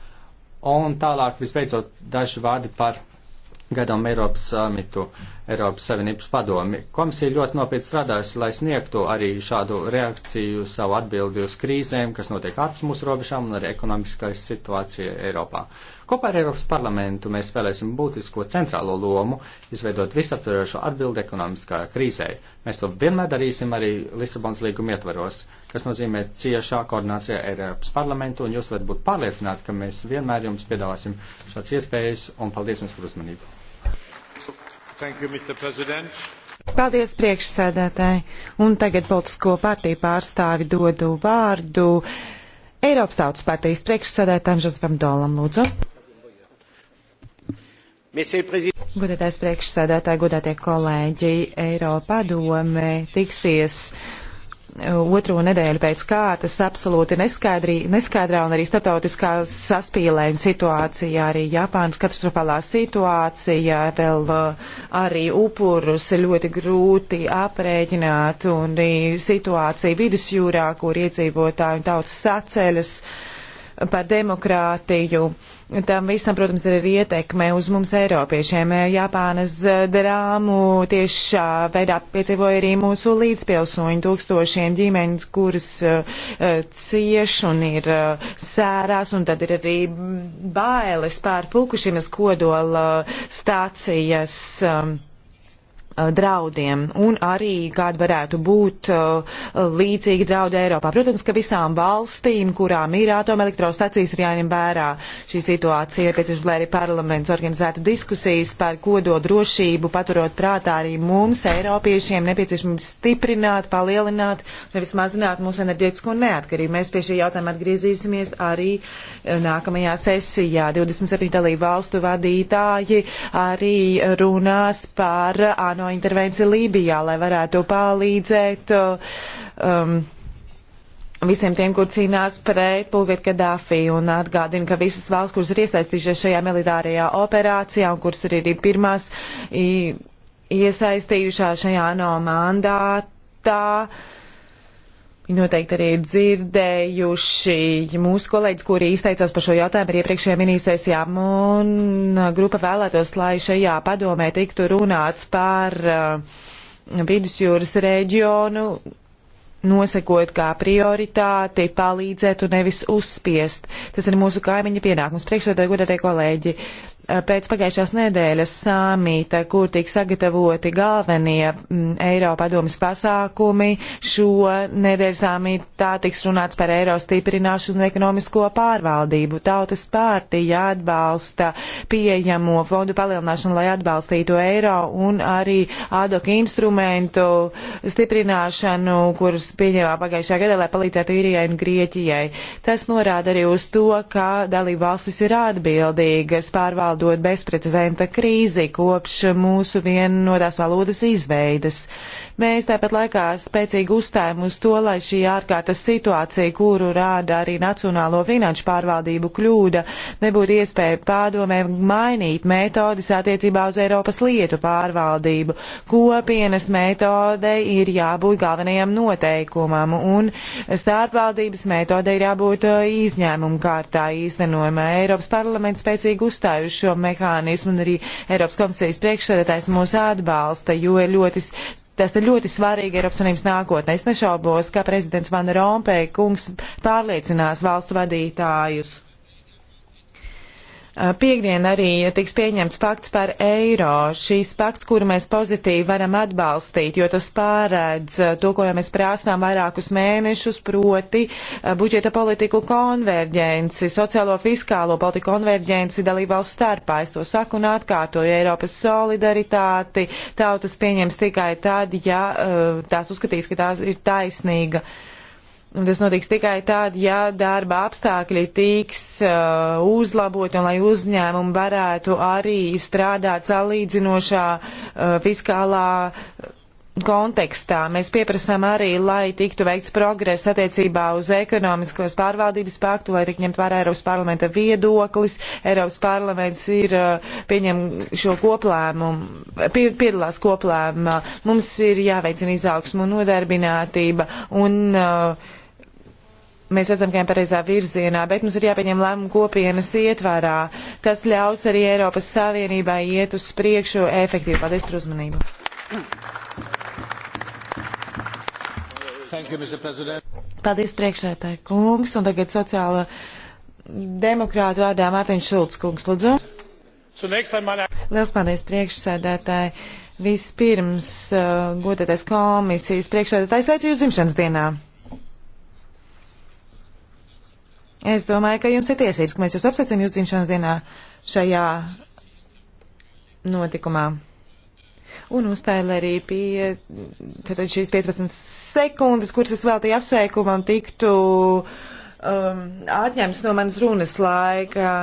Un tālāk visbeidzot daži vārdi par gadam Eiropas samitu, Eiropas Savienības padomi. Komisija ļoti nopietni strādājusi, lai sniegtu arī šādu reakciju savu atbildi uz krīzēm, kas notiek ārpus mūsu robežām un arī ekonomiskai situācijai Eiropā. Kopā ar Eiropas parlamentu mēs spēlēsim būtisko centrālo lomu, izveidot visaptverošo atbildi ekonomiskā krīzē. Mēs to vienmēr darīsim arī Lisabons līguma ietvaros, kas nozīmē ciešā koordinācija ar Eiropas parlamentu, un jūs varat būt pārliecināti, ka mēs vienmēr jums piedāvāsim šāds iespējas, un paldies jums par uzmanību. You, Paldies priekšsēdētāji. Un tagad politisko partiju pārstāvi dodu vārdu Eiropas tautas partijas priekšsēdētājiem Žozefam Dolam, lūdzu. Godētais priekšsēdētāji, godētie kolēģi, Eiropa padome tiksies otro nedēļu pēc kārtas absolūti neskaidrī, neskaidrā un arī starptautiskā saspīlējuma situācijā, arī Japānas katastrofālā situācija, vēl uh, arī upurus ļoti grūti aprēķināt un situācija vidusjūrā, kur iedzīvotāji un tautas saceļas par demokrātiju. Uh, Tam visam, protams, ir ietekme uz mums Eiropiešiem. Japānas eh, drāmu tiešā veidā piedzīvoja arī mūsu līdzpilsoņu tūkstošiem ģimenes, kuras uh, cieš un ir uh, sērās, un tad ir arī bailes pār Fukushimas kodola stācijas. Um, Eh, draudiem un arī kāda varētu būt uh, eh, līdzīga drauda Eiropā. Protams, ka visām valstīm, kurām ir atomelektrostacijas, ir jāņem vērā šī situācija, nepieciešams, lai arī parlaments organizētu diskusijas par kododrošību, paturot prātā arī mums, Eiropiešiem, nepieciešams stiprināt, palielināt, nevis mazināt mūsu enerģētisko neatkarību. Mēs pie šī jautājuma atgriezīsimies arī eh, nākamajā sesijā. 27 dalību valstu vadītāji arī runās par ANO ANO intervencija Lībijā, lai varētu palīdzēt uh, um, visiem tiem, kur cīnās pret Pulgat Kadāfi un atgādina, ka visas valsts, kuras ir iesaistījušies šajā militārajā operācijā un kuras ir arī pirmās i, iesaistījušās šajā ANO mandātā, uh, Noteikti arī dzirdējuši mūsu kolēģis, kuri izteicās par šo jautājumu par iepriekšējām minisēsijām, un uh, grupa vēlētos, lai šajā padomē tiktu runāts par uh, vidusjūras reģionu, nosakot kā prioritāti, palīdzēt un nevis uzspiest. Tas ir mūsu kaimiņa pienākums. Priekšsēdētāji, godētie kolēģi, Eh, pēc pagājušās nedēļas samīta, kur tika sagatavoti galvenie mm, Eiropadomas pasākumi. Šo nedēļas samītā tiks runāts par eiro stiprināšanu un ekonomisko pārvaldību. Tautas pārtīja atbalsta pieejamo fondu palielināšanu, lai atbalstītu eiro un arī ādoku instrumentu stiprināšanu, kurus pieņēmā pagājušā gadā, lai palīdzētu Irijai un Grieķijai. Tas norāda arī uz to, ka dalība valstis ir atbildīgas pārvaldības pārvaldot bezprecedenta krīzi kopš mūsu vienotās valodas izveidas. Mēs tāpat laikā spēcīgi uzstājam uz to, lai šī ārkārtas situācija, kuru rāda arī Nacionālo finanšu pārvaldību kļūda, nebūtu iespēja pārdomē mainīt metodis attiecībā uz Eiropas lietu pārvaldību. Kopienas metode ir jābūt galvenajam noteikumam un starpvaldības metode ir jābūt izņēmumu kārtā īstenojumā. Eiropas parlaments spēcīgi uzstājuši šo mehānismu, un arī Eiropas komisijas priekšsēdētājs mūs atbalsta, jo ir ļoti Tas ir ļoti svarīgi Eiropas Savienības nākotnē. Es nešaubos, ka prezidents Van Rompēja kungs pārliecinās valstu vadītājus Eh, Piektdien arī tiks pieņemts pakts par eiro. Šīs pakts, kuru mēs pozitīvi varam atbalstīt, jo tas pārēdz eh, to, ko jau mēs prāsām vairākus mēnešus, proti eh, budžeta politiku konverģenci, sociālo fiskālo politiku konverģenci dalībvalsts starpā. Es to saku un atkārtoju Eiropas solidaritāti. Tautas pieņems tikai tad, ja tās uzskatīs, ka tā ir taisnīga. Uh, Un tas notiks tikai tad, ja darba apstākļi tiks uh, uzlaboti un lai uzņēmumi varētu arī strādāt salīdzinošā uh, fiskālā uh, kontekstā. Mēs pieprasām arī, lai tiktu veikts progress attiecībā uz ekonomiskos pārvaldības paktu, lai tik ņemt vērā Eiropas parlamenta viedoklis. Eiropas parlaments ir uh, pieņem šo koplēmumu, pie, piedalās koplēmumā. Mums ir jāveicina izaugsmu un nodarbinātība. Un, uh, mēs redzam, ka ir pareizā virzienā, bet mums ir jāpieņem lēmumu kopienas ietvarā. Tas ļaus arī Eiropas Savienībai iet uz priekšu efektīvi. Paldies par uzmanību. You, Paldies priekšētāji kungs, un tagad sociāla demokrāta vārdā Mārtiņš Šulc kungs, lūdzu. Liels paldies priekšsēdētāji. Vispirms, uh, godētais komisijas priekšsēdētājs, sveicu jūs dzimšanas dienā. Es domāju, ka jums ir tiesības, ka mēs jūs apsveicam jūs dzimšanas dienā šajā notikumā. Un uzstājot arī pie šīs 15 sekundes, kuras es veltīju apsveikumam, tiktu um, atņemts no manas runas laika.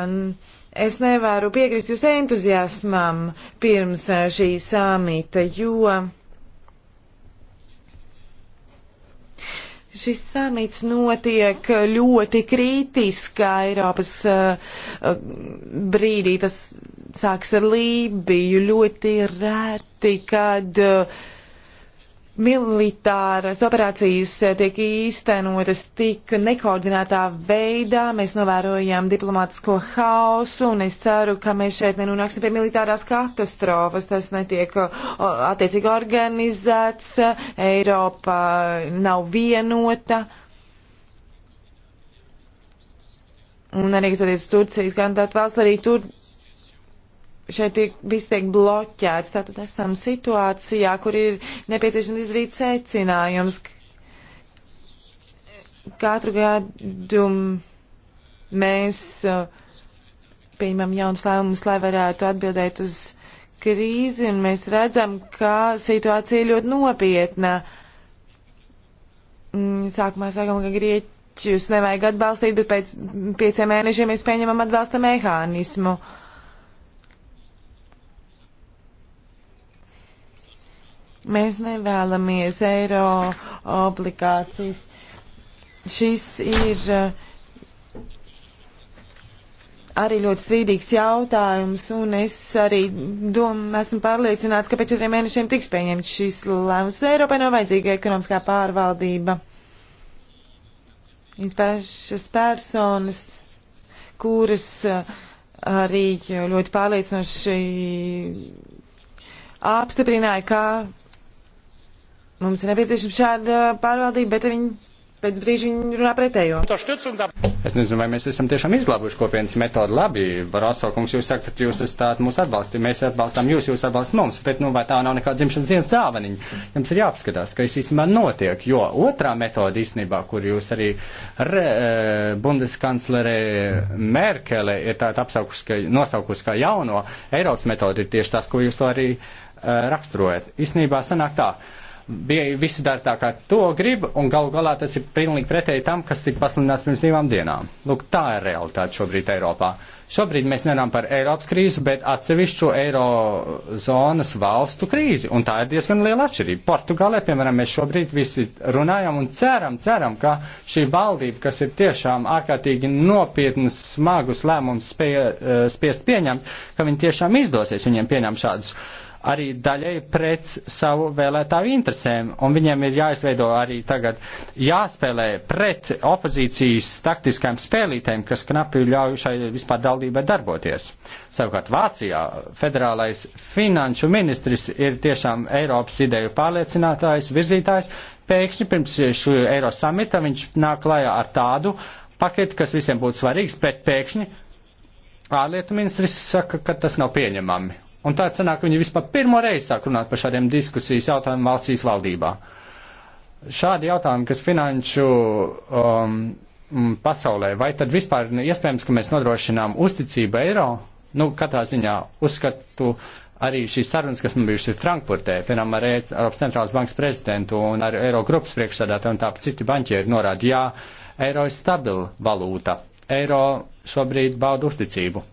Es nevaru piekrist jūsu entuziasmam pirms uh, šī samita, jo. Šis samits notiek ļoti kritiskā Eiropas uh, brīdī. Tas sāks ar Lībiju ļoti reti, kad. Uh, Militāras operācijas tiek īstenotas tik nekoordinētā veidā. Mēs novērojam diplomātisko hausu, un es ceru, ka mēs šeit nenonāksim pie militārās katastrofas. Tas netiek attiecīgi organizēts, Eiropa nav vienota. Un arī, kas attiecas Turcijas, gan tātad valsts arī Turcija šeit tiek, viss tiek bloķēts. Tātad esam situācijā, kur ir nepieciešams izdarīt secinājums. Katru gadu mēs uh, pieņemam jaunus lēmumus, lai varētu atbildēt uz krīzi, un mēs redzam, ka situācija ir ļoti nopietna. Mm, sākumā sākam, ka Grieķus nevajag atbalstīt, bet pēc pieciem mēnešiem mēs pieņemam atbalsta mehānismu. Uh, Mēs nevēlamies eiro obligācijas. Šis ir eh, arī ļoti strīdīgs jautājums, un es arī domāju, esmu pārliecināts, ka pēc četriem mēnešiem tiks pieņemts šis lēmums. Eiropai nav vajadzīga ekonomiskā pārvaldība. Viņas pašas personas, kuras eh, arī ļoti pārliecinoši apstiprināja, ka Mums ir nepieciešama šāda pārvaldība, bet viņi pēc brīža viņi runā pretējo. Es nezinu, vai mēs esam tiešām izglābuši kopienas metodu labi. Baroso kungs, jūs sakat, jūs esat mūsu atbalsti, mēs atbalstām jūs, jūs atbalstat mums, bet nu vai tā nav nekāda dzimšanas dienas dāvaniņa. Jums ir jāapskatās, ka es īstenībā notiek, jo otrā metoda īstenībā, kur jūs arī re, e, bundeskanclere Merkele ir tāda apsaukus, ka nosaukus kā jauno Eiropas metodu, ir tieši tas, ko jūs to arī uh, raksturojat. Īstenībā sanāk tā bija visi dara tā, kā to grib, un galu galā tas ir pilnīgi pretēji tam, kas tika pasludināts pirms divām dienām. Lūk, tā ir realitāte šobrīd Eiropā. Šobrīd mēs nerunājam par Eiropas krīzi, bet atsevišķu eirozonas valstu krīzi, un tā ir diezgan liela atšķirība. Portugālē, piemēram, mēs šobrīd visi runājam un ceram, ceram, ka šī valdība, kas ir tiešām ārkārtīgi nopietnas, smagus lēmumus spēja uh, spiest pieņemt, ka viņi tiešām izdosies viņiem pieņemt šādus uh, arī daļai pret savu vēlētāju interesēm, un viņiem ir jāizveido arī tagad jāspēlē pret opozīcijas taktiskajām spēlītēm, kas knapi ļauj šai vispār daldībai darboties. Savukārt Vācijā federālais finanšu ministrs ir tiešām Eiropas ideju pārliecinātājs, virzītājs. Pēkšņi pirms šo Eiro samita viņš nāk klajā ar tādu paketi, kas visiem būtu svarīgs, bet pēkšņi ārlietu ministrs saka, ka tas nav pieņemami. Un tā sanāk, ka viņi vispār pirmo reizi sāk runāt par šādiem diskusijas jautājumiem valsts valdībā. Šādi jautājumi, kas finanšu um, pasaulē, vai tad vispār iespējams, ka mēs nodrošinām uzticību eiro? Nu, katrā ziņā uzskatu arī šīs sarunas, kas man bijušas Frankfurtē, piemēram, ar Eiropas centrālās bankas prezidentu un ar Eiro grupas priekšsādātāju un tāpat citi banķieri norāda, jā, eiro ir stabila valūta, eiro šobrīd bauda uzticību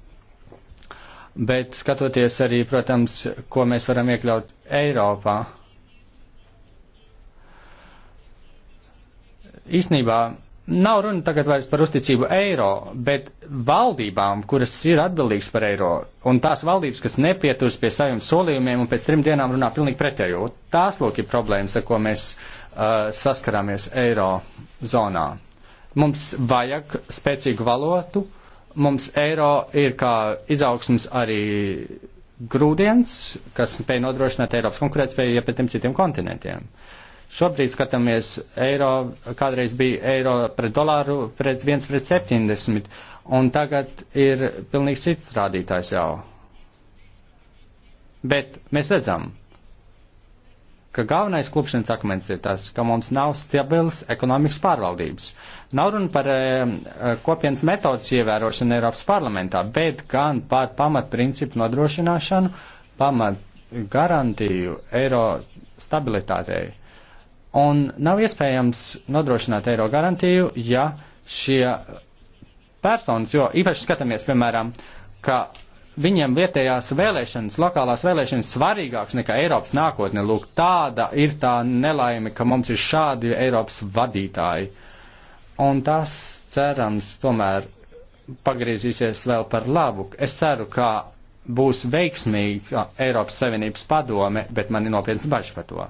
bet skatoties arī, protams, ko mēs varam iekļaut Eiropā. Īsnībā nav runa tagad vairs par uzticību eiro, bet valdībām, kuras ir atbildīgas par eiro, un tās valdības, kas nepieturas pie saviem solījumiem un pēc trim dienām runā pilnīgi pretējo, tās lūk ir problēmas, ar ko mēs uh, saskarāmies eiro zonā. Mums vajag spēcīgu valotu, uh, mums eiro ir kā izaugsms arī grūdienis, kas spēj nodrošināt Eiropas konkurētspēju, ja pēc tiem citiem kontinentiem. Šobrīd skatāmies eiro, kādreiz bija eiro pret dolāru pret 1 pret 70, un tagad ir pilnīgi cits rādītājs jau. Bet mēs redzam, ka galvenais klupšanas akmens ir tas, ka mums nav stabils ekonomikas pārvaldības. Nav runa par e, kopienas metodas ievērošanu Eiropas parlamentā, bet gan par pamatprincipu nodrošināšanu, pamat garantiju eiro stabilitātei. Un nav iespējams nodrošināt eiro garantiju, ja šie personas, jo īpaši skatāmies, piemēram, ka viņiem vietējās vēlēšanas, lokālās vēlēšanas svarīgāks nekā Eiropas nākotne. Lūk, tāda ir tā nelaime, ka mums ir šādi Eiropas vadītāji. Un tas, cerams, tomēr pagriezīsies vēl par labu. Es ceru, ka būs veiksmīga Eiropas Savienības padome, bet man ir nopietns bažas par to.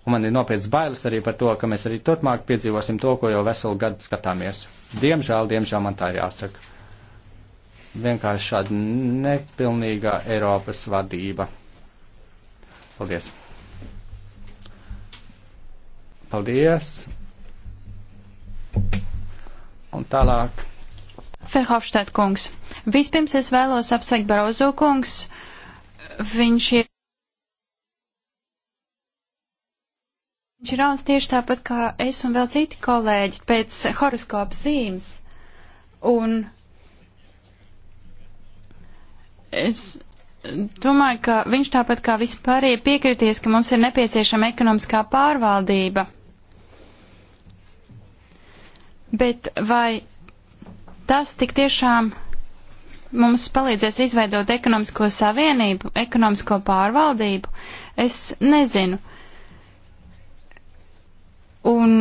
Un man ir nopietns bailes arī par to, ka mēs arī turpmāk piedzīvosim to, ko jau veselu gadu skatāmies. Diemžēl, diemžēl man tā ir jāsaka vienkārši šāda nepilnīga Eiropas vadība. Paldies! Paldies! Un tālāk. Ferhofštēt kungs. Vispirms es vēlos apsveikt Barozo kungs. Viņš ir. Viņš ir rauns tieši tāpat kā es un vēl citi kolēģi pēc horoskopa zīmes. Un Es domāju, ka viņš tāpat kā vispārēji piekritīs, ka mums ir nepieciešama ekonomiskā pārvaldība. Bet vai tas tik tiešām mums palīdzēs izveidot ekonomisko savienību, ekonomisko pārvaldību, es nezinu. Un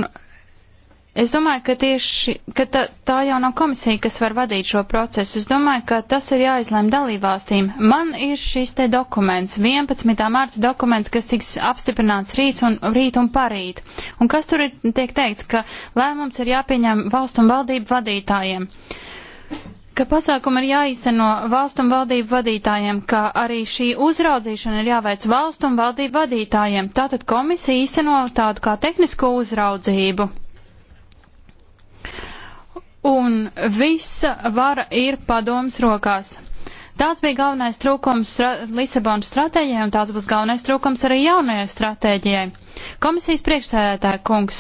Es domāju, ka tieši ka tā, tā jau nav komisija, kas var vadīt šo procesu. Es domāju, ka tas ir jāizlem dalībvalstīm. Man ir šis te dokuments, 11. mārta dokuments, kas tiks apstiprināts rīt un, rīt un parīt. Un kas tur ir, tiek teikts, ka lēmums ir jāpieņem valstu un valdību vadītājiem ka pasākumi ir jāīsteno valstu un valdību vadītājiem, ka arī šī uzraudzīšana ir jāveic valstu un valdību vadītājiem. Tātad komisija īsteno tādu kā tehnisko uzraudzību un visa vara ir padomas rokās. Tāds bija galvenais trūkums Lisabonas stratēģijai, un tāds būs galvenais trūkums arī jaunajai stratēģijai. Komisijas priekšstādētāja kungs,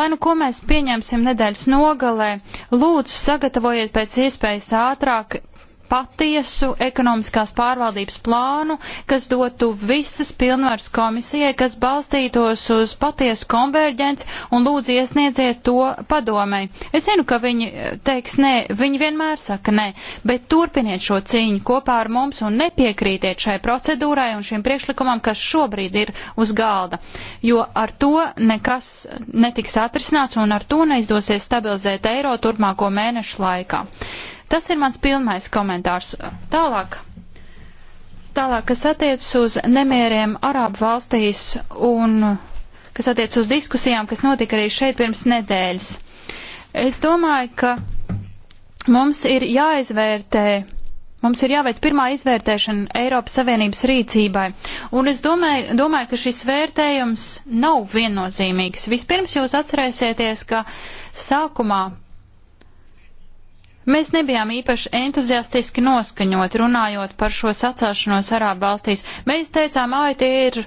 lai nu ko mēs pieņemsim nedēļas nogalē, lūdzu sagatavojiet pēc iespējas ātrāk patiesu ekonomiskās pārvaldības plānu, kas dotu visas pilnvaras komisijai, kas balstītos uz patiesu konverģents un lūdzu iesniedziet to padomē. Es zinu, ka viņi eh, teiks nē, viņi vienmēr saka nē, bet turpiniet šo cīņu kopā ar mums un nepiekrītiet šai procedūrai un šiem priekšlikumam, kas šobrīd ir uz galda, jo ar to nekas netiks atrisināts un ar to neizdosies stabilizēt eiro turpmāko mēnešu laikā. Tas ir mans pilnais komentārs. Tālāk. Tālāk, kas attiecas uz nemieriem Arābu valstīs un kas attiecas uz diskusijām, kas notika arī šeit pirms nedēļas. Es domāju, ka mums ir jāizvērtē Mums ir jāveic pirmā izvērtēšana Eiropas Savienības rīcībai, un es domāju, domāju ka šis vērtējums nav viennozīmīgs. Vispirms jūs atcerēsieties, ka sākumā Mēs nebijām īpaši entuziastiski noskaņot runājot par šo sacēšanos Arābu valstīs. Mēs teicām, ai, tie ir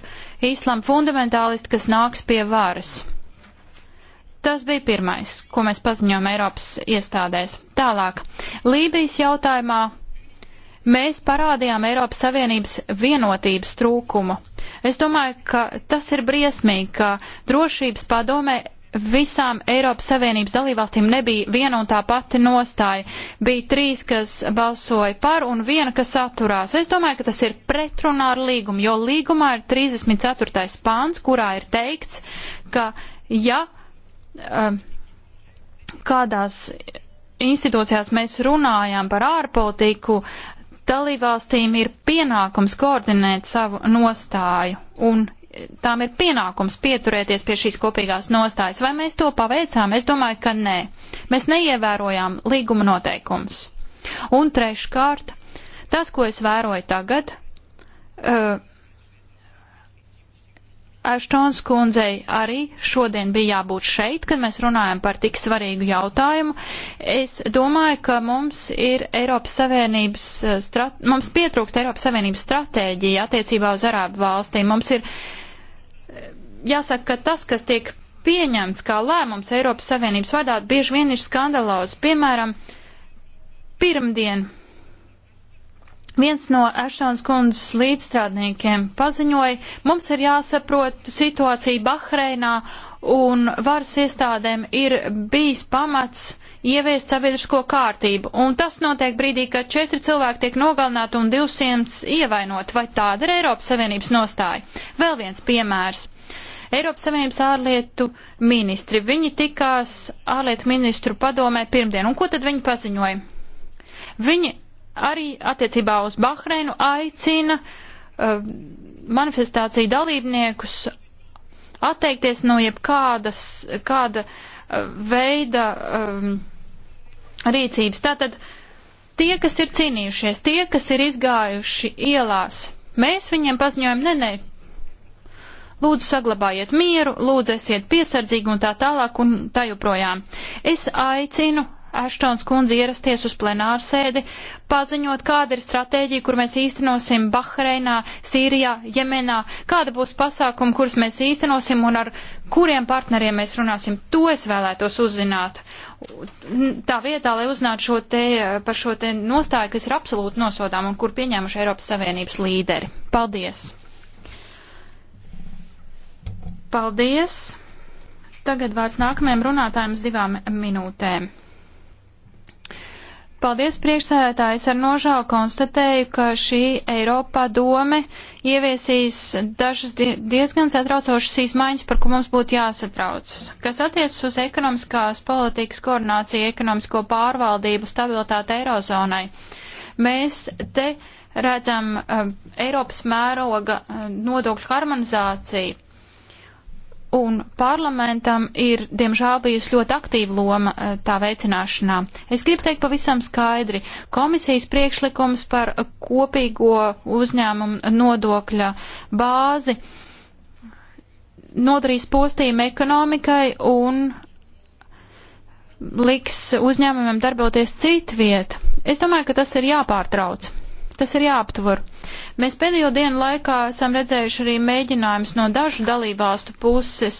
islāma fundamentālisti, kas nāks pie varas. Tas bija pirmais, ko mēs paziņojām Eiropas iestādēs. Tālāk, Lībijas jautājumā mēs parādījām Eiropas Savienības vienotības trūkumu. Es domāju, ka tas ir briesmīgi, ka drošības padomē visām Eiropas Savienības dalībvalstīm nebija viena un tā pati nostāja. Bija trīs, kas balsoja par un viena, kas atturās. Es domāju, ka tas ir pretrunā ar līgumu, jo līgumā ir 34. pāns, kurā ir teikts, ka ja um, kādās institūcijās mēs runājam par ārpolitiku, dalībvalstīm ir pienākums koordinēt savu nostāju un tām ir pienākums pieturēties pie šīs kopīgās nostājas. Vai mēs to paveicām? Es domāju, ka nē. Mēs neievērojām līguma noteikumus. Un treškārt, tas, ko es vēroju tagad, uh, Aštons kundzei arī šodien bija jābūt šeit, kad mēs runājam par tik svarīgu jautājumu. Es domāju, ka mums ir Eiropas Savienības, eh, strat... mums pietrūkst Eiropas Savienības stratēģija attiecībā uz Arābu valstīm. Mums ir uh, jāsaka, ka tas, kas tiek pieņemts kā lēmums Eiropas Savienības vadā, bieži vien ir skandalozs. Piemēram, pirmdien viens no Ashtons kundzes līdzstrādniekiem paziņoja, mums ir jāsaprot situācija Bahreinā un varas iestādēm ir bijis pamats ieviest sabiedrisko kārtību. Un tas notiek brīdī, kad četri cilvēki tiek nogalināti un 200 ievainot. Vai tāda ir Eiropas Savienības nostāja? Vēl viens piemērs. Eiropas Savienības ārlietu ministri. Viņi tikās ārlietu ministru padomē pirmdien. Un ko tad viņi paziņoja? Viņi arī attiecībā uz Bahreinu aicina uh, manifestāciju dalībniekus atteikties no jebkādas, kāda uh, veida um, rīcības. Tātad tie, kas ir cīnījušies, tie, kas ir izgājuši ielās, mēs viņiem paziņojam, nē, nē, lūdzu saglabājiet mieru, lūdzu esiet piesardzīgi un tā tālāk un tā joprojām. Es aicinu Ashtons kundzi ierasties uz plenāru sēdi, paziņot, kāda ir stratēģija, kur mēs īstenosim Bahreinā, Sīrijā, Jemenā, kāda būs pasākuma, kurus mēs īstenosim un ar kuriem partneriem mēs runāsim. To es vēlētos uzzināt. Tā vietā, lai uzzinātu šo te, par šo te nostāju, kas ir absolūti nosodām un kur pieņēmuši Eiropas Savienības līderi. Paldies! Paldies! Tagad vārds nākamajam runātājiem uz divām minūtēm. Paldies, priekšsēdētājs, ar nožēlu konstatēju, ka šī Eiropā dome ieviesīs dažas diezgan satraucošas izmaiņas, par ko mums būtu jāsatraucas. Kas attiecas uz ekonomiskās politikas koordināciju, ekonomisko pārvaldību, stabilitāti Eirozonai, mēs te redzam uh, Eiropas mēroga uh, nodokļu harmonizāciju un parlamentam ir, diemžēl, bijusi ļoti aktīva loma eh, tā veicināšanā. Es gribu teikt pavisam skaidri, komisijas priekšlikums par kopīgo uzņēmumu nodokļa bāzi nodarīs postījumu ekonomikai un liks uzņēmumiem darboties citviet. Es domāju, ka tas ir jāpārtrauc tas ir jāaptver. Mēs pēdējo dienu laikā esam redzējuši arī mēģinājumus no dažu dalībvalstu puses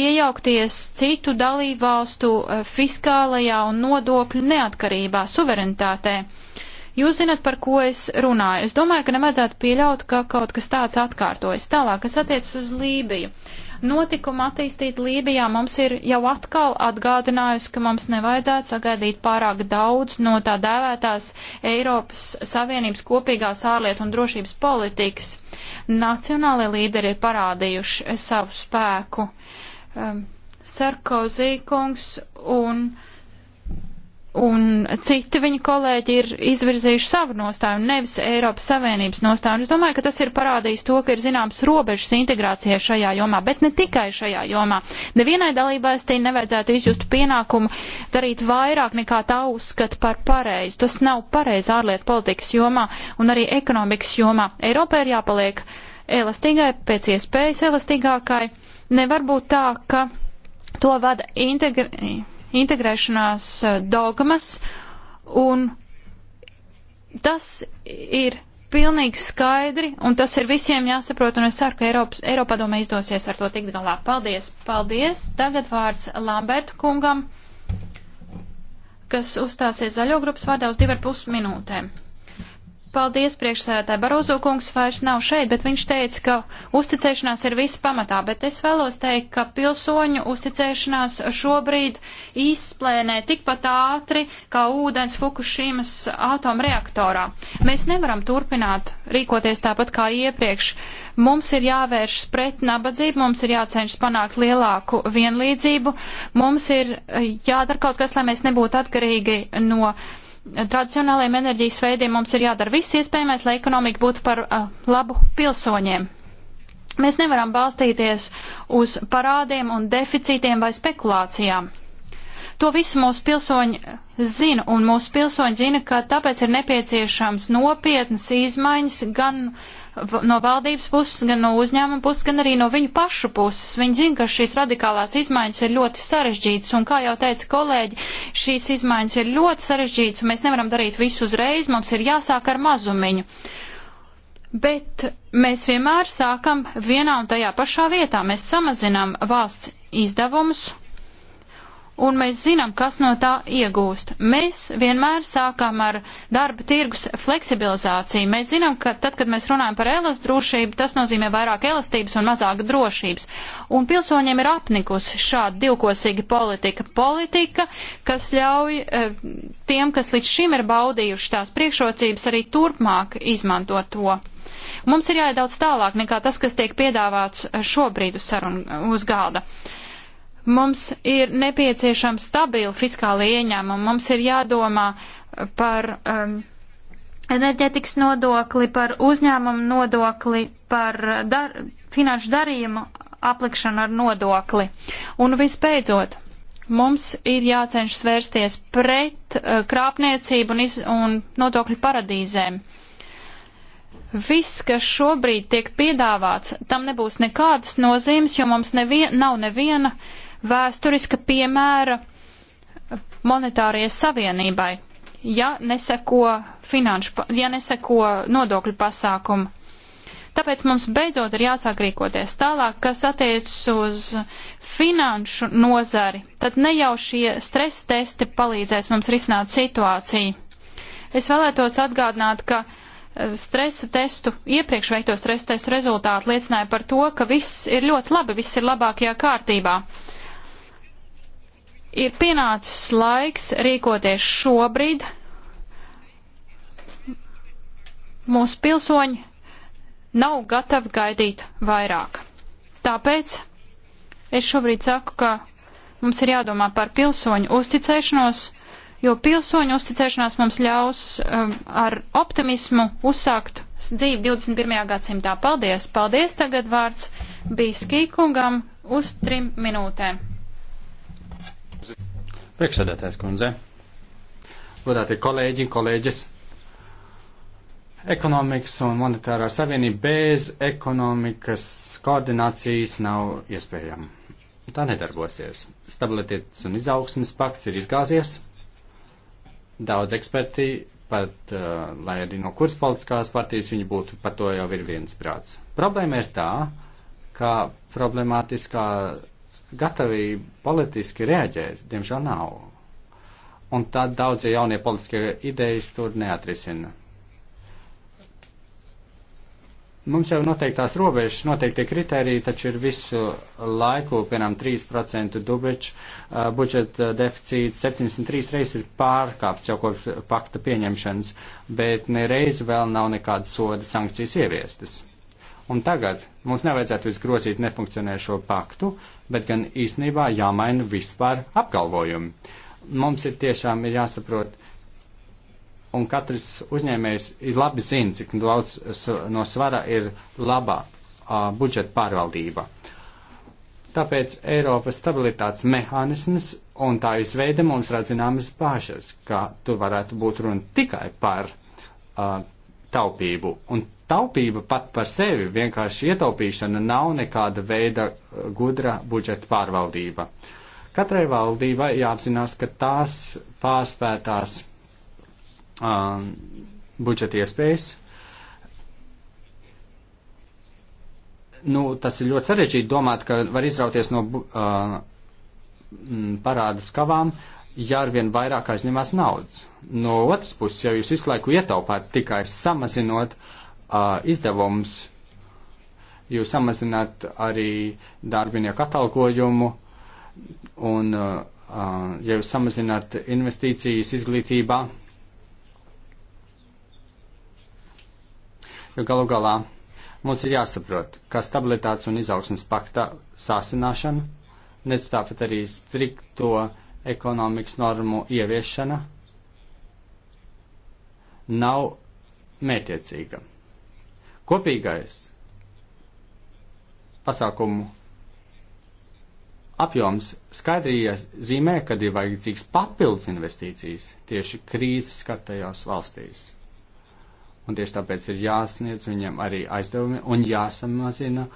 iejaukties citu dalībvalstu eh, fiskālajā un nodokļu neatkarībā, suverenitātē. Jūs zinat, par ko es runāju. Es domāju, ka nevajadzētu pieļaut, ka kaut kas tāds atkārtojas. Tālāk, kas attiec uz Lībiju. Uh, notikuma attīstīta Lībijā mums ir jau atkal atgādinājusi, ka mums nevajadzētu sagaidīt pārāk daudz no tā dēvētās Eiropas Savienības kopīgās ārlietu un drošības politikas. Nacionālie līderi ir parādījuši savu spēku. Um, Sarkozī kungs un un citi viņa kolēģi ir izvirzījuši savu nostāju, nevis Eiropas Savienības nostāju. Un es domāju, ka tas ir parādījis to, ka ir zināms robežas integrācijai šajā jomā, bet ne tikai šajā jomā. Nevienai dalībvalstī nevajadzētu izjust pienākumu darīt vairāk nekā tā uzskata par pareizi. Tas nav pareizi ārlietu politikas jomā un arī ekonomikas jomā. Eiropai ir jāpaliek elastīgai, pēc iespējas elastīgākai. Nevar būt tā, ka to vada integrācija integrēšanās e, dogmas, un tas ir pilnīgi skaidri, un tas ir visiem jāsaprot, un es ceru, ka Eiropas, Eiropā domē izdosies ar to tikt galā. Paldies! Paldies! Tagad vārds Lamberta kungam, kas uzstāsies zaļo grupas vārdā uz divar pus minūtēm. Paldies, priekšsēdētāji. Barozo kungs vairs nav šeit, bet viņš teica, ka uzticēšanās ir viss pamatā, bet es vēlos teikt, ka pilsoņu uzticēšanās šobrīd izsplēnē tikpat ātri, kā ūdens Fukushimas atomreaktorā. Mēs nevaram turpināt rīkoties tāpat kā iepriekš. Mums ir jāvēršas pret nabadzību, mums ir jācenšas panākt lielāku vienlīdzību, mums ir jādara kaut kas, lai mēs nebūtu atkarīgi no tradicionālajiem enerģijas veidiem mums ir jādara viss iespējamais, lai ekonomika būtu par uh, labu pilsoņiem. Mēs nevaram balstīties uz parādiem un deficītiem vai spekulācijām. To visu mūsu pilsoņi zina, un mūsu pilsoņi zina, ka tāpēc ir nepieciešams nopietnas izmaiņas gan uh, no valdības puses, gan no uzņēmuma puses, gan arī no viņu pašu puses. Viņi zina, ka šīs radikālās izmaiņas ir ļoti sarežģītas, un kā jau teica kolēģi, šīs izmaiņas ir ļoti sarežģītas, un mēs nevaram darīt visu uzreiz, mums ir jāsāk ar mazumiņu. Bet mēs vienmēr sākam vienā un tajā pašā vietā. Mēs samazinām valsts izdevumus un mēs zinām, kas no tā iegūst. Mēs vienmēr sākām ar darba tirgus fleksibilizāciju. Mēs zinām, ka tad, kad mēs runājam par elas drošību, tas nozīmē vairāk elastības un mazāk drošības. Un pilsoņiem ir apnikusi šāda divkosīga politika. Politika, kas ļauj eh, tiem, kas līdz šim ir baudījuši tās priekšrocības, arī turpmāk izmantot to. Mums ir jāiet daudz tālāk nekā tas, kas tiek piedāvāts šobrīd uz sarunu uz galda. Uh, Mums ir nepieciešama stabila fiskāla ieņēmuma, mums ir jādomā par um, enerģetikas nodokli, par uzņēmumu nodokli, par dar finanšu darījumu aplikšanu ar nodokli. Un visbeidzot, mums ir jācenšas vērsties pret uh, krāpniecību un, iz, un nodokļu paradīzēm. Viss, kas šobrīd tiek piedāvāts, tam nebūs nekādas nozīmes, jo mums nevien, nav neviena uh, vēsturiska piemēra monetārajai savienībai, ja neseko, finanšu, ja neseko nodokļu pasākumu. Tāpēc mums beidzot ir jāsāk rīkoties tālāk, kas attiecas uz finanšu nozari. Tad ne jau šie stresa testi palīdzēs mums risināt situāciju. Es vēlētos atgādināt, ka eh, stresa testu, iepriekš veikto stresa testu rezultāti liecināja par to, ka viss ir ļoti labi, viss ir labākajā kārtībā ir pienācis laiks rīkoties šobrīd. Mūsu pilsoņi nav gatavi gaidīt vairāk. Tāpēc es šobrīd saku, ka mums ir jādomā par pilsoņu uzticēšanos, jo pilsoņu uzticēšanās mums ļaus um, ar optimismu uzsākt dzīvi 21. gadsimtā. Paldies! Paldies! Tagad vārds bija Skīkungam uz trim minūtēm. Priekšsēdētājs kundze, godātie kolēģi, kolēģis, ekonomikas un monetārā savienība bez ekonomikas koordinācijas nav iespējama. Tā nedarbosies. Stabilitātes un izaugsmes pakts ir izgāzies. Daudz eksperti, pat, uh, lai arī no kuras politiskās partijas viņi būtu, par to jau ir viens prāts. Problēma ir tā, ka problemātiskā gatavību politiski reaģēt, diemžēl nav. Un tad daudzie jaunie politiskie idejas tur neatrisina. Mums jau noteiktās robežas, noteikti kriteriji, taču ir visu laiku, piemēram, 3% dubeču uh, budžeta deficīts, 73 reizes ir pārkāpts jau kopš pakta pieņemšanas, bet nereiz vēl nav nekādas soda sankcijas ieviestas. Un tagad mums nevajadzētu visgrozīt nefunkcionēšo paktu, uh, bet gan īstenībā jāmaina vispār apgalvojumi. Mums ir tiešām ir jāsaprot, un katrs uzņēmējs ir labi zina, cik daudz no svara ir labā a, budžeta pārvaldība. Tāpēc Eiropas stabilitātes mehānisms un tā izveide mums rada zināmas bāžas, ka tu varētu būt runa tikai par uh, taupību. Un Taupība pat par sevi, vienkārši ietaupīšana nav nekāda veida uh, gudra budžeta pārvaldība. Katrai valdībai jāapzinās, ka tās pārspētās um, budžeta iespējas. Nu, tas ir ļoti sarežģīti domāt, ka var izrauties no uh, parādas kavām, ja arvien vairāk aizņemās naudas. No otras puses, ja jūs visu laiku ietaupāt tikai samazinot uh, izdevums. Jūs samazināt arī darbinieku atalgojumu, un ja jūs samazināt investīcijas izglītībā, jo galu galā mums ir jāsaprot, ka stabilitātes un izaugsmas pakta sāsināšana, nedz tāpat arī strikto ekonomikas normu ieviešana nav mētiecīga. Kopīgais pasākumu apjoms skaidri zīmē, kad ir vajadzīgs papildus investīcijas tieši krīzes skartajās valstīs. Un tieši tāpēc ir jāsniedz viņiem arī aizdevumi un jāsamazina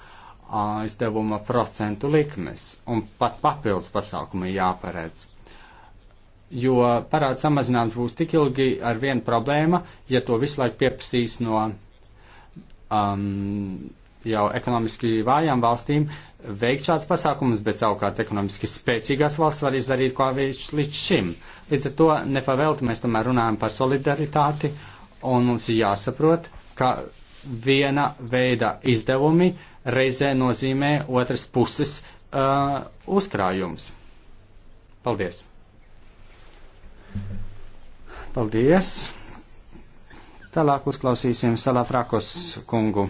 aizdevuma procentu likmes un pat papildus pasākumi jāparedz. Jo parāds samazinājums būs tik ilgi ar vienu problēma, ja to visu laiku pieprasīs no um, jau ekonomiski vājām valstīm veikt šāds pasākums, bet savukārt ekonomiski spēcīgās valsts var izdarīt, ko viņš līdz šim. Līdz ar to nepavēlti mēs tomēr runājam par solidaritāti, un mums ir jāsaprot, ka viena veida izdevumi reizē nozīmē otras puses uh, uzkrājums. Paldies! Paldies! Tālāk uzklausīsim Salafrakos kungu.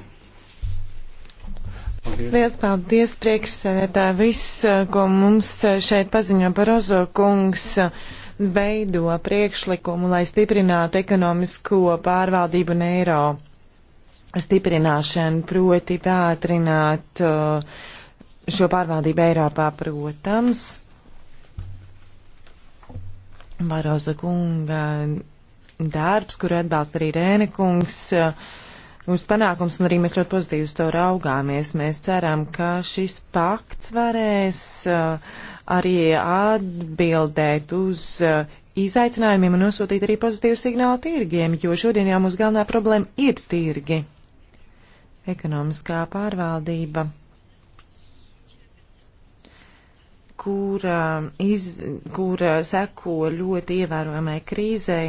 Paldies. Liels paldies, priekšsēdētāji. Viss, eh, ko mums eh, šeit paziņo par Ozo kungs, eh, veido priekšlikumu, lai stiprinātu ekonomisko pārvaldību un eiro stiprināšanu, proti pātrināt šo pārvaldību Eiropā, protams. Baroza kunga darbs, kuru atbalsta arī Rēne kungs. Eh, uz panākums, un arī mēs ļoti pozitīvi uz to raugāmies. Mēs ceram, ka šis pakts varēs eh, arī atbildēt uz eh, izaicinājumiem un nosūtīt arī pozitīvu signālu tirgiem, jo šodien jau mūsu galvenā problēma ir tirgi. Ekonomiskā pārvaldība, kur, iz, kur seko ļoti ievērojamai krīzei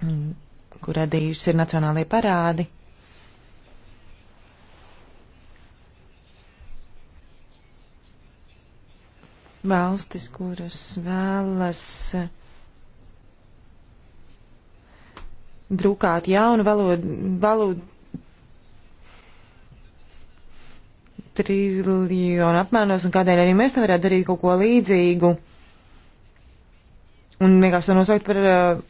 kur radījušas ir nacionālajie parādi. Valstis, kuras vēlas drukāt jaunu valodu, valodu triljonu apmēros, un kādēļ arī mēs nevarētu darīt kaut ko līdzīgu. Un vienkārši to nosaukt par uh,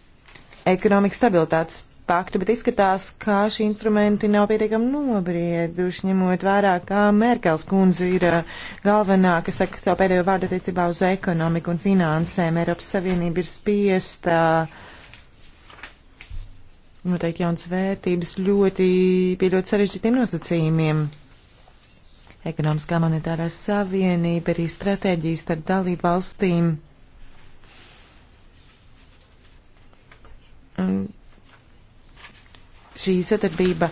ekonomikas stabilitātes paktu, bet izskatās, ka šī instrumenti nav pietiekami nobrieduši, ņemot vērā, ka Merkels kundze ir uh, galvenā, kas saka savu pēdējo vārdu attiecībā uz ekonomiku un finansēm. Eiropas Savienība ir spiesta noteikti jaunas vērtības ļoti, pie ļoti sarežģītiem nosacījumiem. Ekonomiskā monetārā savienība arī stratēģijas starp dalību valstīm Um, šī sadarbība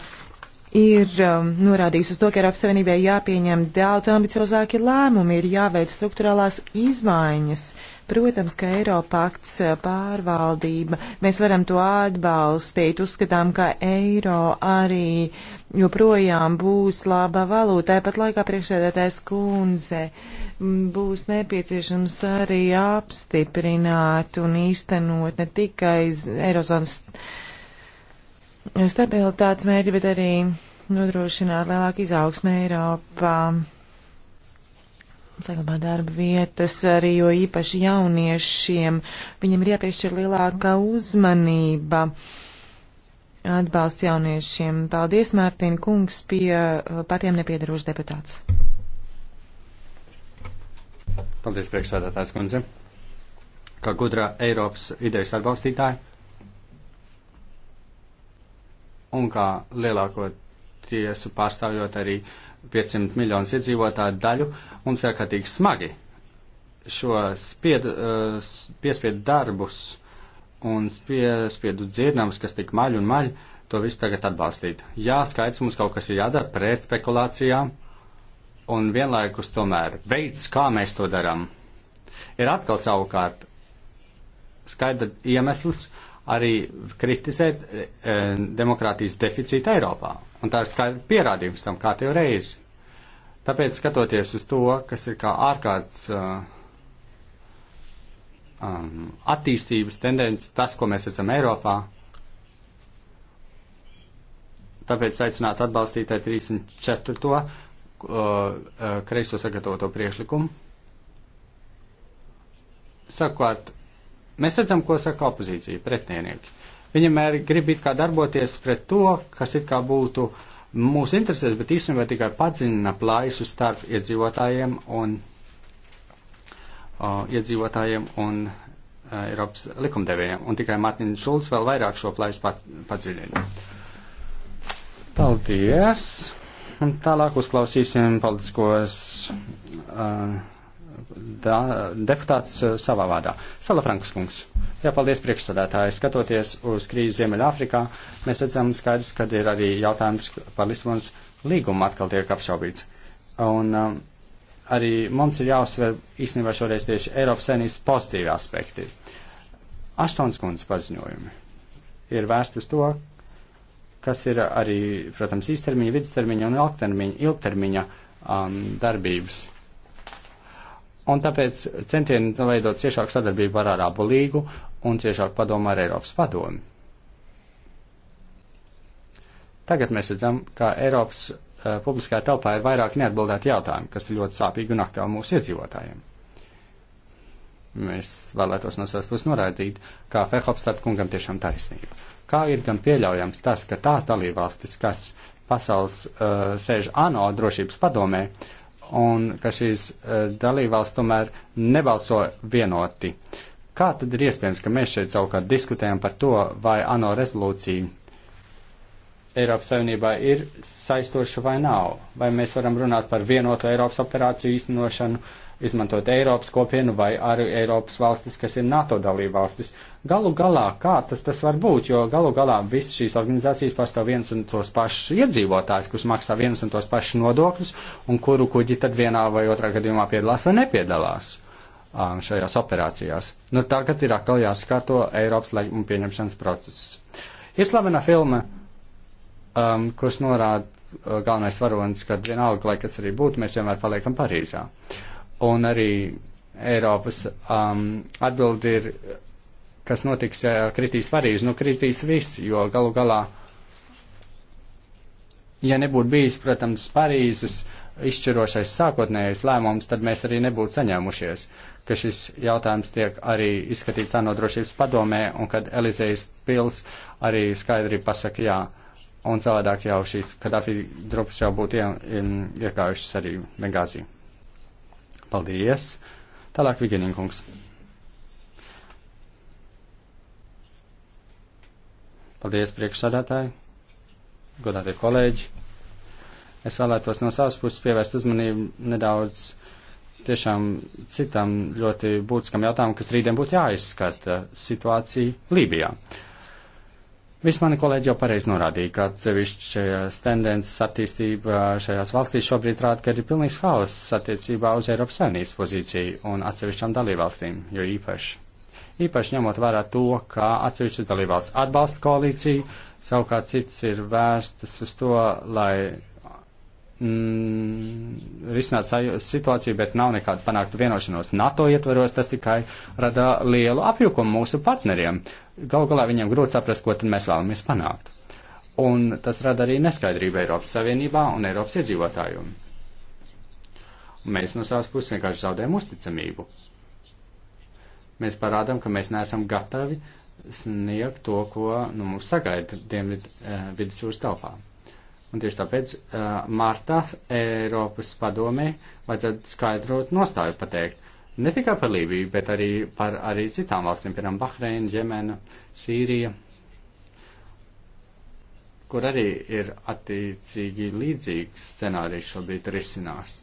ir um, norādījis uz to, ka Eiropas Savienībai jāpieņem daudz ambiciozāki lēmumi, ir jāveic struktūrālās izmaiņas. Protams, ka Eiropakts uh, pārvaldība, mēs varam to atbalstīt, uzskatām, ka eiro arī uh, joprojām būs laba valūta. Tāpat laikā priekšsēdētājs kundze būs nepieciešams arī apstiprināt un īstenot ne tikai Eirozonas stabilitātes mērķi, bet arī nodrošināt lielāku izaugsmu Eiropā. Saglabā darba vietas arī, jo īpaši jauniešiem viņam ir jāpiešķir lielākā uzmanība. Uh, atbalsts jauniešiem. Paldies, Mārtiņa kungs, pie eh, patiem nepiedarošs deputāts. Paldies, priekšsādātājs kundze. Kā gudrā Eiropas idejas atbalstītāja un kā lielāko tiesu pārstāvjot arī 500 miljonus iedzīvotāju daļu, mums ir ārkārtīgi smagi šo spied, eh, piespiedu darbus un piespiedu dzirdams, kas tik maļ un maļ, to visu tagad atbalstīt. Jā, skaits mums kaut kas ir jādara pret spekulācijā, un vienlaikus tomēr veids, kā mēs to darām, ir atkal savukārt skaidrs iemesls arī kritizēt e, e, demokrātijas deficītu Eiropā. Un tā ir skaidrs pierādījums tam, kā tev reiz. Tāpēc skatoties uz to, kas ir kā ārkārtas. Uh, e, um, attīstības tendence, tas, ko mēs redzam Eiropā. Tāpēc aicinātu atbalstīt 34. E uh, uh, kreiso sagatavoto priekšlikumu. Sakārt, mēs redzam, ko saka opozīcija, pretnieki. Viņi vienmēr grib it kā darboties pret to, kas it kā būtu mūsu interesēs, bet īstenībā tikai padziļina plaisu starp iedzīvotājiem un uh, iedzīvotājiem un uh, Eiropas likumdevējiem. Un tikai Mārtiņš Šulcs vēl vairāk šo plaisu pat, padziļina. Paldies! Un tālāk uzklausīsim politiskos uh, da, deputāts uh, savā vārdā. Sala Franks kungs. Jā, paldies priekšsadātāji. Skatoties uz krīzi Ziemeļāfrikā, mēs redzam skaidrs, ka ir arī jautājums par Lisbonas līgumu atkal tiek apšaubīts. Un, uh, arī mums ir jāuzsver īstenībā šoreiz tieši Eiropas saimnības pozitīvi aspekti. Aštons kundzes paziņojumi ir vērsti uz to, kas ir arī, protams, īstermiņa, vidustermiņa un ilgtermiņa, ilgtermiņa um, darbības. Un tāpēc centieni veidot ciešāku sadarbību ar Arābu līgu un ciešāku padomu ar Eiropas padomu. Tagad mēs redzam, ka Eiropas Eh, publiskā telpā ir vairāk neatbildēti jautājumi, kas ir ļoti sāpīgi un aktuāli mūsu iedzīvotājiem. Mēs vēlētos no savas puses norādīt, kā Ferhofstad kungam tiešām taisnība. Kā ir gan pieļaujams tas, ka tās dalībvalstis, kas pasaules uh, sēž ANO drošības padomē, un ka šīs uh, dalībvalsts tomēr nebalso vienoti. Kā tad ir iespējams, ka mēs šeit savukārt diskutējam par to, vai ANO rezolūcija Eiropas Savienībā ir saistoša vai nav? Vai mēs varam runāt par vienotu Eiropas operāciju īstenošanu, izmantot Eiropas kopienu vai arī Eiropas valstis, kas ir NATO dalība valstis? Galu galā, kā tas, tas var būt, jo galu galā visas šīs organizācijas pastāv viens un tos pašus iedzīvotājs, kurus maksā viens un tos pašus nodokļus, un kuru kuģi tad vienā vai otrā gadījumā piedalās vai nepiedalās um, šajās operācijās. Nu, tagad ir atkal jāskārto Eiropas lēmumu pieņemšanas procesus. Ieslavena filma um, kurus norāda uh, galvenais varonis, ka vienalga, lai kas arī būtu, mēs vienmēr paliekam Parīzā. Un arī Eiropas um, atbildi ir, kas notiks, ja kritīs Parīzi. Nu, kritīs viss, jo galu galā, ja nebūtu bijis, protams, Parīzes izšķirošais sākotnējais lēmums, tad mēs arī nebūtu saņēmušies, ka šis jautājums tiek arī izskatīts ANO drošības padomē un kad Elizejas pils arī skaidri pasaka jā un savādāk jau šīs Kadāfi drupas jau būtu iekājušas arī Bengāzī. Paldies! Tālāk Vigeninkungs. Paldies priekšsādātāji, godātie kolēģi. Es vēlētos no savas puses pievērst uzmanību nedaudz tiešām citam ļoti būtiskam jautājumam, kas rītdien būtu jāizskata situācija Lībijā. Uh, Visi mani kolēģi jau pareizi norādīja, ka atsevišķas tendences attīstība šajās valstīs šobrīd rāda, ka ir pilnīgs haoss attiecībā uz Eiropas saimnības pozīciju un atsevišķām dalībvalstīm, jo īpaši. Īpaši ņemot vērā to, ka atsevišķas dalībvalsts atbalsta koalīciju, savukārt cits ir vērstas uz to, lai mm, risinātu situāciju, bet nav nekāda panākta vienošanos NATO ietveros, tas tikai rada lielu apjukumu mūsu partneriem. Galu galā viņiem grūti saprast, ko tad mēs vēlamies panākt. Un tas rada arī neskaidrību Eiropas Savienībā un Eiropas iedzīvotājiem. Mēs no savas puses vienkārši zaudējam uzticamību. Mēs parādām, ka mēs neesam gatavi sniegt to, ko nu, mums sagaida Dienvidu eh, vidusjūras telpā. Un tieši tāpēc uh, martā Eiropas padomē vajadzētu skaidrot nostāju pateikt, Ne tikai par Lībiju, bet arī par arī citām valstīm, piemēram, Bahreina, Jemena, Sīrija, kur arī ir attiecīgi līdzīgs scenārijs šobrīd risinās.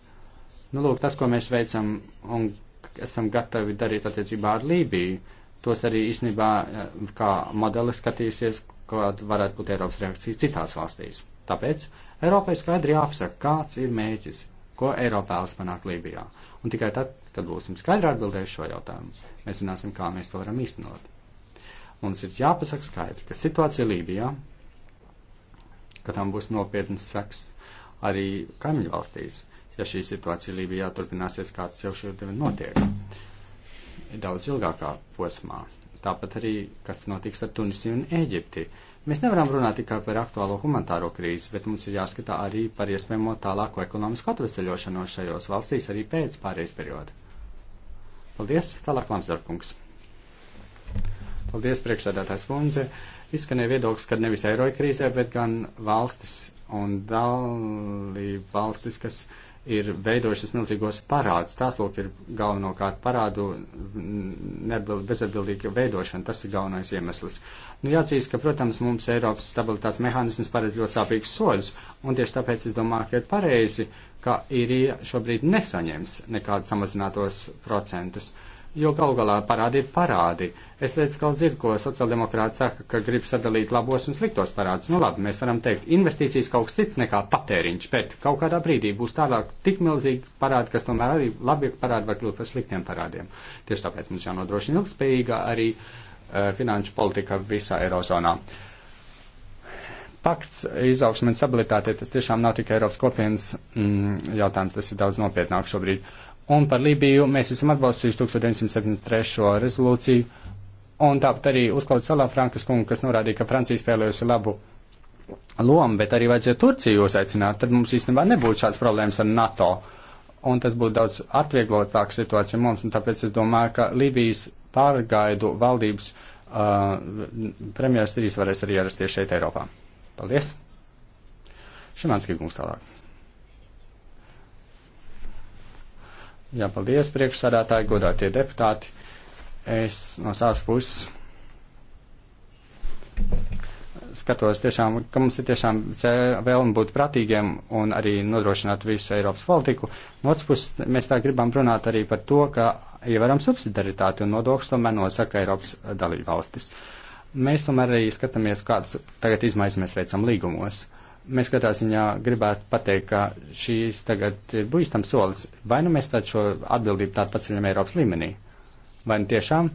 Nu, lūk, tas, ko mēs veicam un esam gatavi darīt attiecībā ar Lībiju, tos arī īstenībā eh, kā modeli skatīsies, kāda varētu būt Eiropas reakcija citās valstīs. Tāpēc Eiropai skaidri jāapsaka, kāds ir mēķis, ko Eiropa vēlas panākt Lībijā. Un tikai tad kad būsim skaidri atbildējuši šo jautājumu, mēs zināsim, kā mēs to varam īstenot. Mums ir jāpasaka skaidri, ka situācija Lībijā, ka tam būs nopietnas seks arī kaimiņu valstīs, ja šī situācija Lībijā turpināsies, kā jau šodien notiek, daudz ilgākā posmā. Tāpat arī, kas notiks ar Tunisiju un Ēģipti. Mēs nevaram runāt tikai par aktuālo humanitāro krīzi, bet mums ir jāskatā arī par iespējamo tālāko ekonomisku atveseļošanos šajos valstīs arī pēc pārējais perioda. Paldies, tālāk Lansdorkungs. Paldies, priekšsēdētājs Funze. Izskanēja viedoklis, ka nevis eiro ir krīzē, bet gan valstis un dalība valstis, kas ir veidojušas milzīgos parādus. Tās lūk ir galvenokārt parādu bezatbildīga veidošana. Tas ir galvenais iemesls. Nu, jāatzīst, ka, protams, mums Eiropas stabilitātes mehānisms paredz ļoti sāpīgus soļus, un tieši tāpēc es domāju, ka ir pareizi, ka īrija šobrīd nesaņems nekādus samazinātos procentus, jo gal galā parādi ir parādi. Es liekas, ka dzirdu, ko sociāldemokrāti saka, ka grib sadalīt labos un sliktos parādus. Nu labi, mēs varam teikt, investīcijas kaut kas cits nekā patēriņš, bet kaut kādā brīdī būs tālāk tik milzīgi parādi, kas tomēr arī labi parādi var kļūt par sliktiem parādiem. Tieši tāpēc mums jānodrošina ilgspējīga arī uh, finanšu politika visā Eirozonā. Uh, pakts izaugsmē un stabilitātei tas tiešām nav tikai Eiropas kopienas mm, jautājums, tas ir daudz nopietnāk šobrīd. Un par Lībiju mēs esam atbalstījuši 1973. rezolūciju, un tāpat arī uzklaus Salā Frankas kungu, kas norādīja, ka Francija spēlējusi labu lomu, bet arī vajadzēja Turciju uzaicināt, tad mums īstenībā nebūtu šāds problēmas ar NATO. Un tas būtu daudz atvieglotāka situācija mums, un tāpēc es domāju, ka Lībijas pārgaidu valdības uh, premjeras trīs varēs arī ierasties šeit Eiropā. Paldies! Šimanski kungs tālāk. Jā, paldies, priekšsādātāji, godātie deputāti. Es no savas puses skatos tiešām, ka mums ir tiešām vēlme būt pratīgiem un arī nodrošināt visu Eiropas politiku. No otras puses, mēs tā gribam runāt arī par to, ka ievaram subsidaritāti un nodokļus tomēr nosaka Eiropas dalību valstis. Uh, Mēs tomēr arī skatāmies, kādas tagad izmaiņas mēs veicam līgumos. Mēs katrā ziņā gribētu pateikt, ka šīs tagad ir bīstams solis. Vai nu mēs tādu šo atbildību tādu paceļam Eiropas līmenī? Vai nu tiešām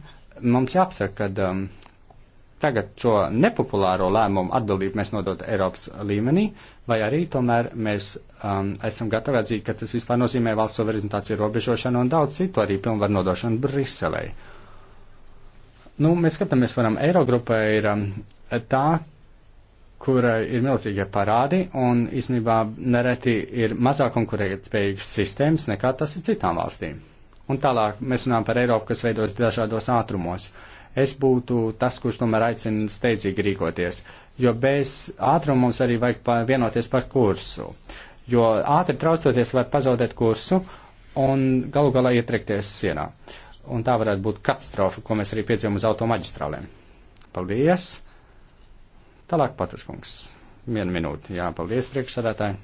mums jāapsaka, ka um, tagad šo nepopulāro lēmumu atbildību mēs nodot Eiropas līmenī, vai arī tomēr mēs um, esam gatavi atzīt, ka tas vispār nozīmē valsts suverenitātes ierobežošanu un daudz citu arī pilnvaru nodošanu Briselei. Uh, Nu, mēs skatāmies, varam, Eirogrupa ir um, tā, kura ir milzīgie parādi un īstenībā nereti ir mazāk konkurētspējīgas sistēmas nekā tas ir citām valstīm. Un tālāk mēs runājam par Eiropu, kas veidos dažādos ātrumos. Es būtu tas, kurš tomēr aicina steidzīgi rīkoties, jo bez ātruma mums arī vajag vienoties par kursu, jo ātri traucoties var pazaudēt kursu un galu galā ietriekties sienā. Uh, un tā varētu būt katastrofa, ko mēs arī piedzīvojam uz automaģistrālēm. Paldies! Tālāk patas kungs. Vienu minūti. Jā, paldies priekšsādātāji.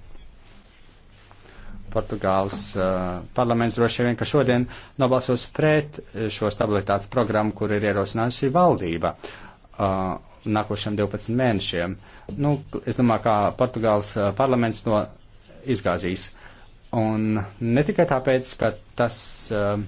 Portugāles uh, parlaments droši vien, ka šodien nobalsos pret eh, šo stabilitātes programmu, kur ir ierosinājusi valdība uh, nākošiem 12 mēnešiem. Nu, es domāju, ka Portugāles uh, parlaments to izgāzīs. Un ne tikai tāpēc, ka tas. Uh,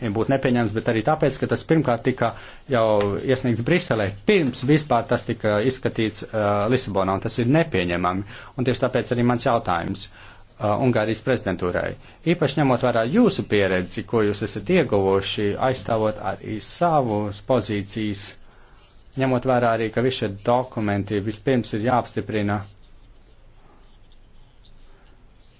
būtu nepieņems, bet arī tāpēc, ka tas pirmkārt tika jau iesniegts Briselē, pirms vispār tas tika izskatīts uh, Lisabonā, un tas ir nepieņemami. Un tieši tāpēc arī mans jautājums uh, Ungārijas prezidentūrai. Īpaši ņemot vērā jūsu pieredzi, ko jūs esat ieguvuši, aizstāvot arī savus pozīcijas, ņemot vērā arī, ka visi šie dokumenti vispirms ir jāapstiprina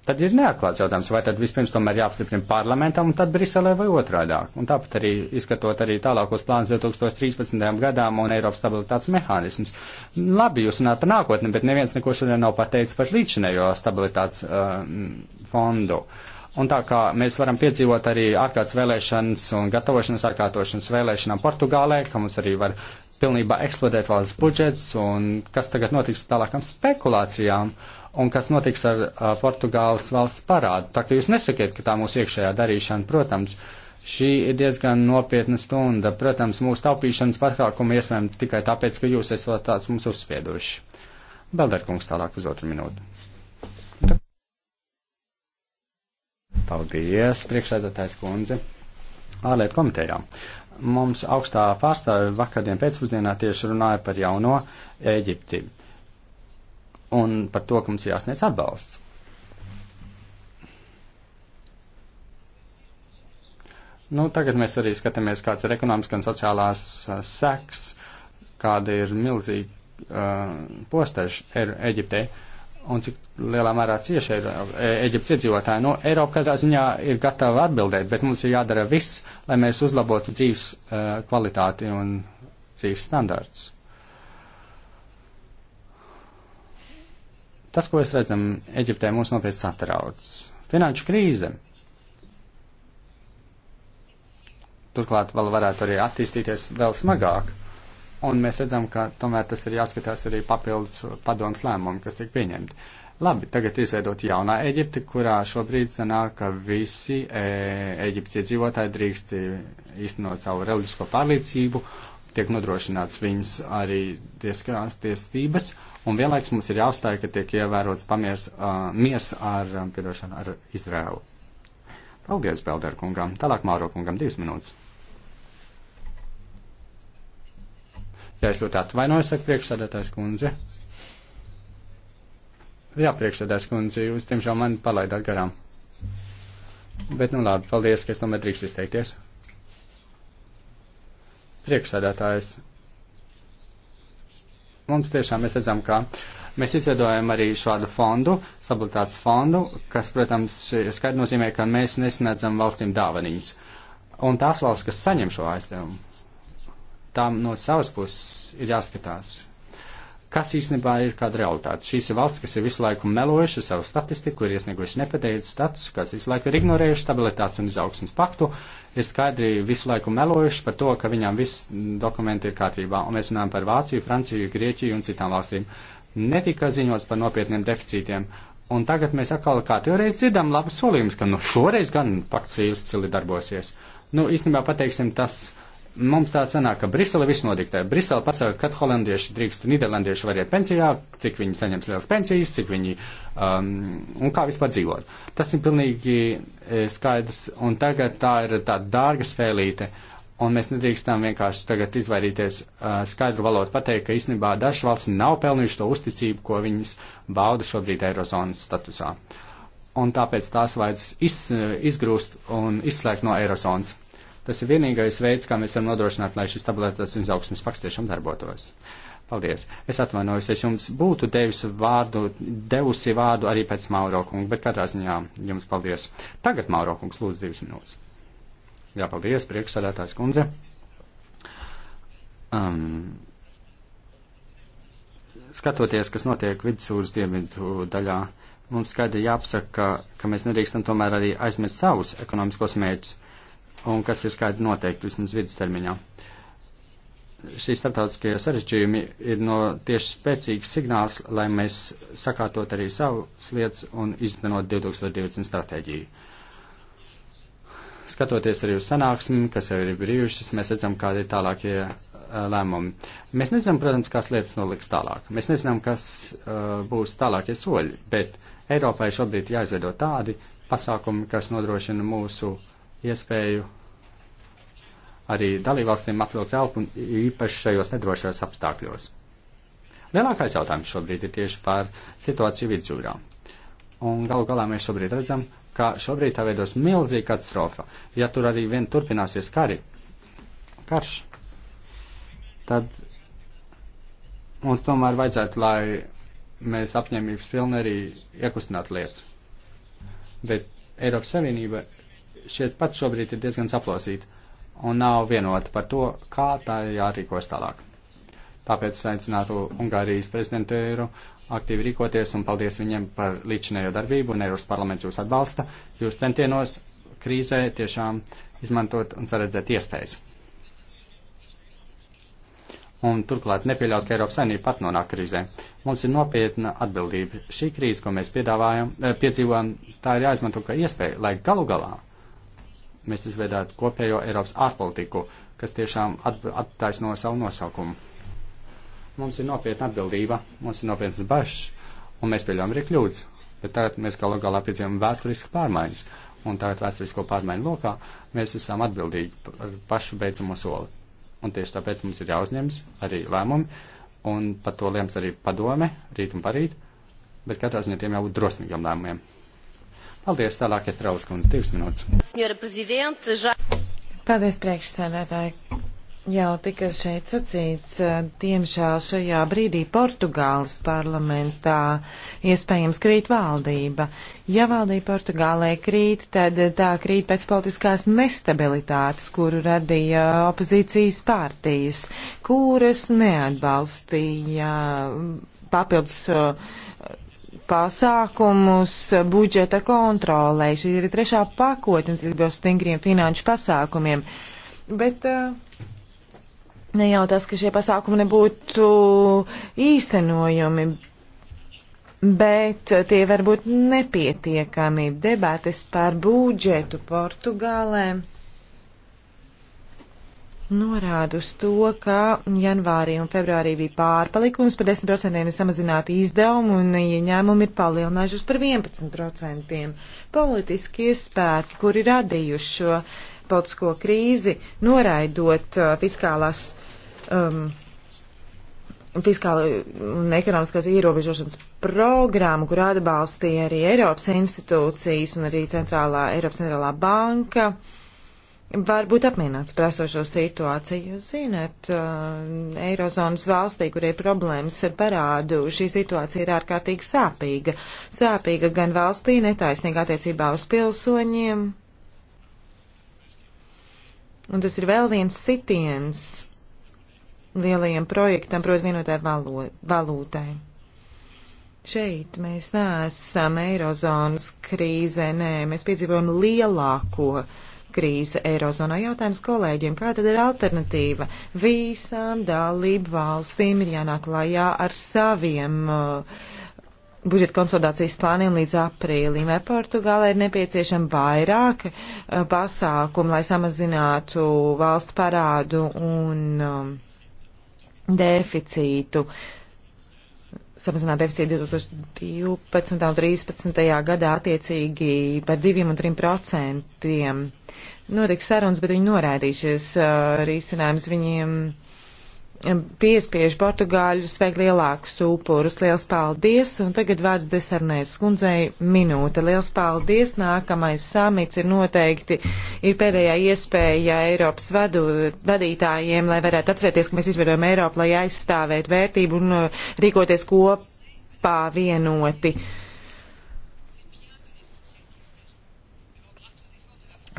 Tad ir neatklāts jautājums, vai tad vispirms tomēr jāapstiprina parlamentam un tad Briselē vai otrādāk. Un tāpat arī izskatot arī tālākos plānus 2013. gadām un Eiropas stabilitātes mehānismus. Labi, jūs runājat par nākotni, bet neviens neko šodien nav pateicis par līdzinējo stabilitātes uh, fondu. Un tā kā mēs varam piedzīvot arī ārkārtas vēlēšanas un gatavošanas ārkārtošanas vēlēšanām Portugālē, ka mums arī var pilnībā eksplodēt valsts budžets un kas tagad notiks tālākam spekulācijām un kas notiks ar uh, Portugāles valsts parādu. Tā ka jūs nesakiet, ka tā mūsu iekšējā darīšana, protams, šī ir diezgan nopietna stunda. Protams, mūsu taupīšanas pakākumi iespējami tikai tāpēc, ka jūs esat tāds mums uzspieduši. Belderkungs tālāk uz otru minūtu. Paldies, priekšsēdētājs kundze. Ārlietu komitejā. Uh, mums augstā pārstāve vakardien pēcpusdienā tieši runāja par jauno Ēģipti un par to, ka mums jāsniedz atbalsts. Nu, tagad mēs arī skatāmies, kāds ir ekonomiski un sociālās uh, seks, kāda ir milzīga uh, postaža Eģiptei. Uh, un cik lielā mērā cieši ir e, Eģiptes iedzīvotāji. Nu, Eiropa katrā ziņā ir gatava atbildēt, bet mums ir jādara viss, lai mēs uzlabotu dzīves uh, kvalitāti un dzīves standārts. Tas, ko mēs redzam Eģiptē, mūs nopietni satrauc. Finanšu krīze. Turklāt vēl varētu arī attīstīties vēl smagāk un mēs redzam, ka tomēr tas ir jāskatās arī papildus padomas lēmumu, kas tiek pieņemti. Labi, tagad izveidot jaunā Eģipte, kurā šobrīd sanāk, ka visi e, Eģiptes iedzīvotāji drīkst īstenot savu reliģisko pārliecību, tiek nodrošināts viņus arī tieskās tiesības, un vienlaiks mums ir jāuzstāja, ka tiek ievērots pamiers, uh, miers ar, um, piedošanu, ar Izrēlu. Paldies, Belder kungam. Tālāk Māro kungam divas minūtes. Ja es ļoti atvainojos, saka priekšsēdētājs kundze. Jā, priekšsēdētājs kundze, jūs tiemžēl mani palaidāt garām. Bet nu labi, paldies, ka es tomēr drīkst izteikties. Priekšsēdētājs. Mums tiešām mēs redzam, ka mēs izveidojam arī šādu fondu, stabilitātes fondu, kas, protams, skaidri nozīmē, ka mēs nesniedzam valstīm dāvaniņas. Un tās valsts, kas saņem šo aizdevumu, tām no savas puses ir jāskatās, kas īstenībā ir kāda realitāte. Šīs ir valsts, kas ir visu laiku melojuši savu statistiku, ir iesnieguši nepateicu status, kas visu laiku ir ignorējuši stabilitātes un izaugsmas paktu, ir skaidri visu laiku melojuši par to, ka viņām viss dokumenti ir kārtībā. Un mēs runājam par Vāciju, Franciju, Grieķiju un citām valstīm. Netika ziņots par nopietniem deficītiem. Un tagad mēs atkal kā teoreiz dzirdam labus solījumus, ka nu šoreiz gan pakts īsti darbosies. Nu, īstenībā pateiksim tas mums tā sanāk, ka Brisele viss nodiktē. Brisele pasaka, kad holandieši drīkst, nīderlandieši var iet pensijā, cik viņi saņems lielas pensijas, cik viņi um, un kā vispār dzīvot. Tas ir pilnīgi e, skaidrs, un tagad tā ir tāda dārga spēlīte, un mēs nedrīkstam vienkārši tagad izvairīties uh, skaidru valodu pateikt, ka īstenībā dažas valsts nav pelnījuši to uzticību, ko viņas bauda šobrīd Eirozonas statusā. Un tāpēc tās vajadzas iz, e, izgrūst un izslēgt no Eirozonas. Tas ir vienīgais veids, kā mēs varam nodrošināt, lai šis stabilitātes un izaugsmes pakts tiešām darbotos. Paldies. Es atvainojos, es jums būtu devis vārdu, devusi vārdu arī pēc Mauro kungu, bet katrā ziņā jums paldies. Tagad Mauro kungs lūdzu divas minūtes. Jā, paldies, priekšsādātājs kundze. Um, skatoties, kas notiek vidusjūras dienvidu daļā, mums skaidri jāapsaka, ka, ka mēs nedrīkstam tomēr arī aizmirst savus ekonomiskos mērķus un kas ir skaidri noteikti vismaz vidustermiņā. Šī starptautiskie sarežģījumi ir no tieši spēcīgs signāls, lai mēs sakārtot arī savas lietas un iztenot 2020 stratēģiju. Skatoties arī uz sanāksmi, kas jau ir brījušas, mēs redzam, kādi ir tālākie lēmumi. Mēs nezinām, protams, kādas lietas noliks tālāk. Mēs nezinām, kas uh, būs tālākie soļi, bet Eiropai šobrīd jāizveido tādi pasākumi, kas nodrošina mūsu uh, iespēju arī dalībvalstīm atvilkt elpu īpaši šajos nedrošajos apstākļos. Lielākais jautājums šobrīd ir tieši par situāciju vidusjūrā. Un galu galā mēs šobrīd redzam, ka šobrīd tā veidos milzīga katastrofa. Ja tur arī vien turpināsies kari, karš, tad mums tomēr vajadzētu, lai mēs apņēmības pilni arī iekustinātu lietas. Bet Eiropas Savienība šeit pat šobrīd ir diezgan saplosīta un nav vienota par to, kā tā jārīkos tālāk. Tāpēc aicinātu Ungārijas prezidentēru aktīvi rīkoties un paldies viņiem par līdzinējo darbību un Eiropas parlaments jūs atbalsta. Jūs centienos krīzē tiešām izmantot un saredzēt iespējas. Un turklāt nepieļaut, ka Eiropas saimnība pat nonāk krīzē. Mums ir nopietna atbildība. Šī krīze, ko mēs piedāvājam, eh, piedzīvojam, tā ir jāizmanto kā iespēja, lai galu galā mēs izveidētu kopējo Eiropas ārpolitiku, kas tiešām attaisno savu nosaukumu. Mums ir nopietna atbildība, mums ir nopietnas bažas, un mēs pieļaujam arī kļūdas, bet tagad mēs galu galā piedzīvojam vēsturisku pārmaiņas, un tagad vēsturisko pārmaiņu lokā mēs esam atbildīgi par pašu beidzamo soli. Un tieši tāpēc mums ir jāuzņems arī lēmumi, un par to lems arī padome rīt un parīt, bet katrā ziņā tiem jābūt drosmīgiem lēmumiem. Paldies, tālāk es traulas kundze, divas minūtes. Paldies, priekšsēdētāji. Jau tika šeit sacīts, eh, diemžēl šajā brīdī Portugāles parlamentā iespējams krīt valdība. Ja valdība Portugālē krīt, tad tā krīt pēc politiskās nestabilitātes, kuru radīja opozīcijas partijas, kuras neatbalstīja papildus. Uh, pasākumus budžeta kontrolē. Šī ir trešā pakotne, tas bija stingriem finanšu pasākumiem. Bet eh, ne jau tas, ka šie pasākumi nebūtu īstenojumi, bet eh, tie var būt nepietiekami. Debētes par budžetu Portugālē norāda uz to, ka janvārī un februārī bija pārpalikums par 10% ir samazināti izdevumi un ieņēmumi ir palielinājušies par 11%. Politiskie spēki, kuri radījuši šo politisko krīzi, noraidot uh, fiskālās. Um, Fiskāla un ekonomiskās ierobežošanas programmu, kur atbalstīja arī Eiropas institūcijas un arī Centrālā Eiropas centrālā banka, uh, var būt apmierināts par esošo situāciju. Jūs zināt, uh, Eirozonas valstī, kur ir problēmas ar parādu, šī situācija ir ārkārtīgi sāpīga. Sāpīga gan valstī, netaisnīga attiecībā uz pilsoņiem. Un tas ir vēl viens sitiens lielajiem projektam, proti vienotai valūtai. Šeit mēs neesam Eirozonas krīzē, nē, mēs piedzīvojam lielāko uh, krīze Eirozonā. Jautājums kolēģiem, kā tad ir alternatīva? Visām dalību valstīm ir jānāk lajā ar saviem uh, budžeta konsolidācijas plāniem līdz aprīlim. Vai Portugālē ir nepieciešama vairāk uh, pasākumu, lai samazinātu valsts parādu un um, deficītu? Uh, samazināt deficītu 2012. un 2013. gadā attiecīgi par 2 un 3 procentiem. Notiks sarunas, bet viņi noraidīšies uh, risinājums viņiem. Uh, piespiež portugāļus veikt lielākus upurus. Liels paldies! Un tagad vārds desarnēs skundzei minūte. Liels paldies! Nākamais samits ir noteikti ir pēdējā iespēja Eiropas vadu, vadītājiem, lai varētu atcerēties, ka mēs izveidojam Eiropu, lai aizstāvētu vērtību un uh, rīkoties kopā vienoti. Uh,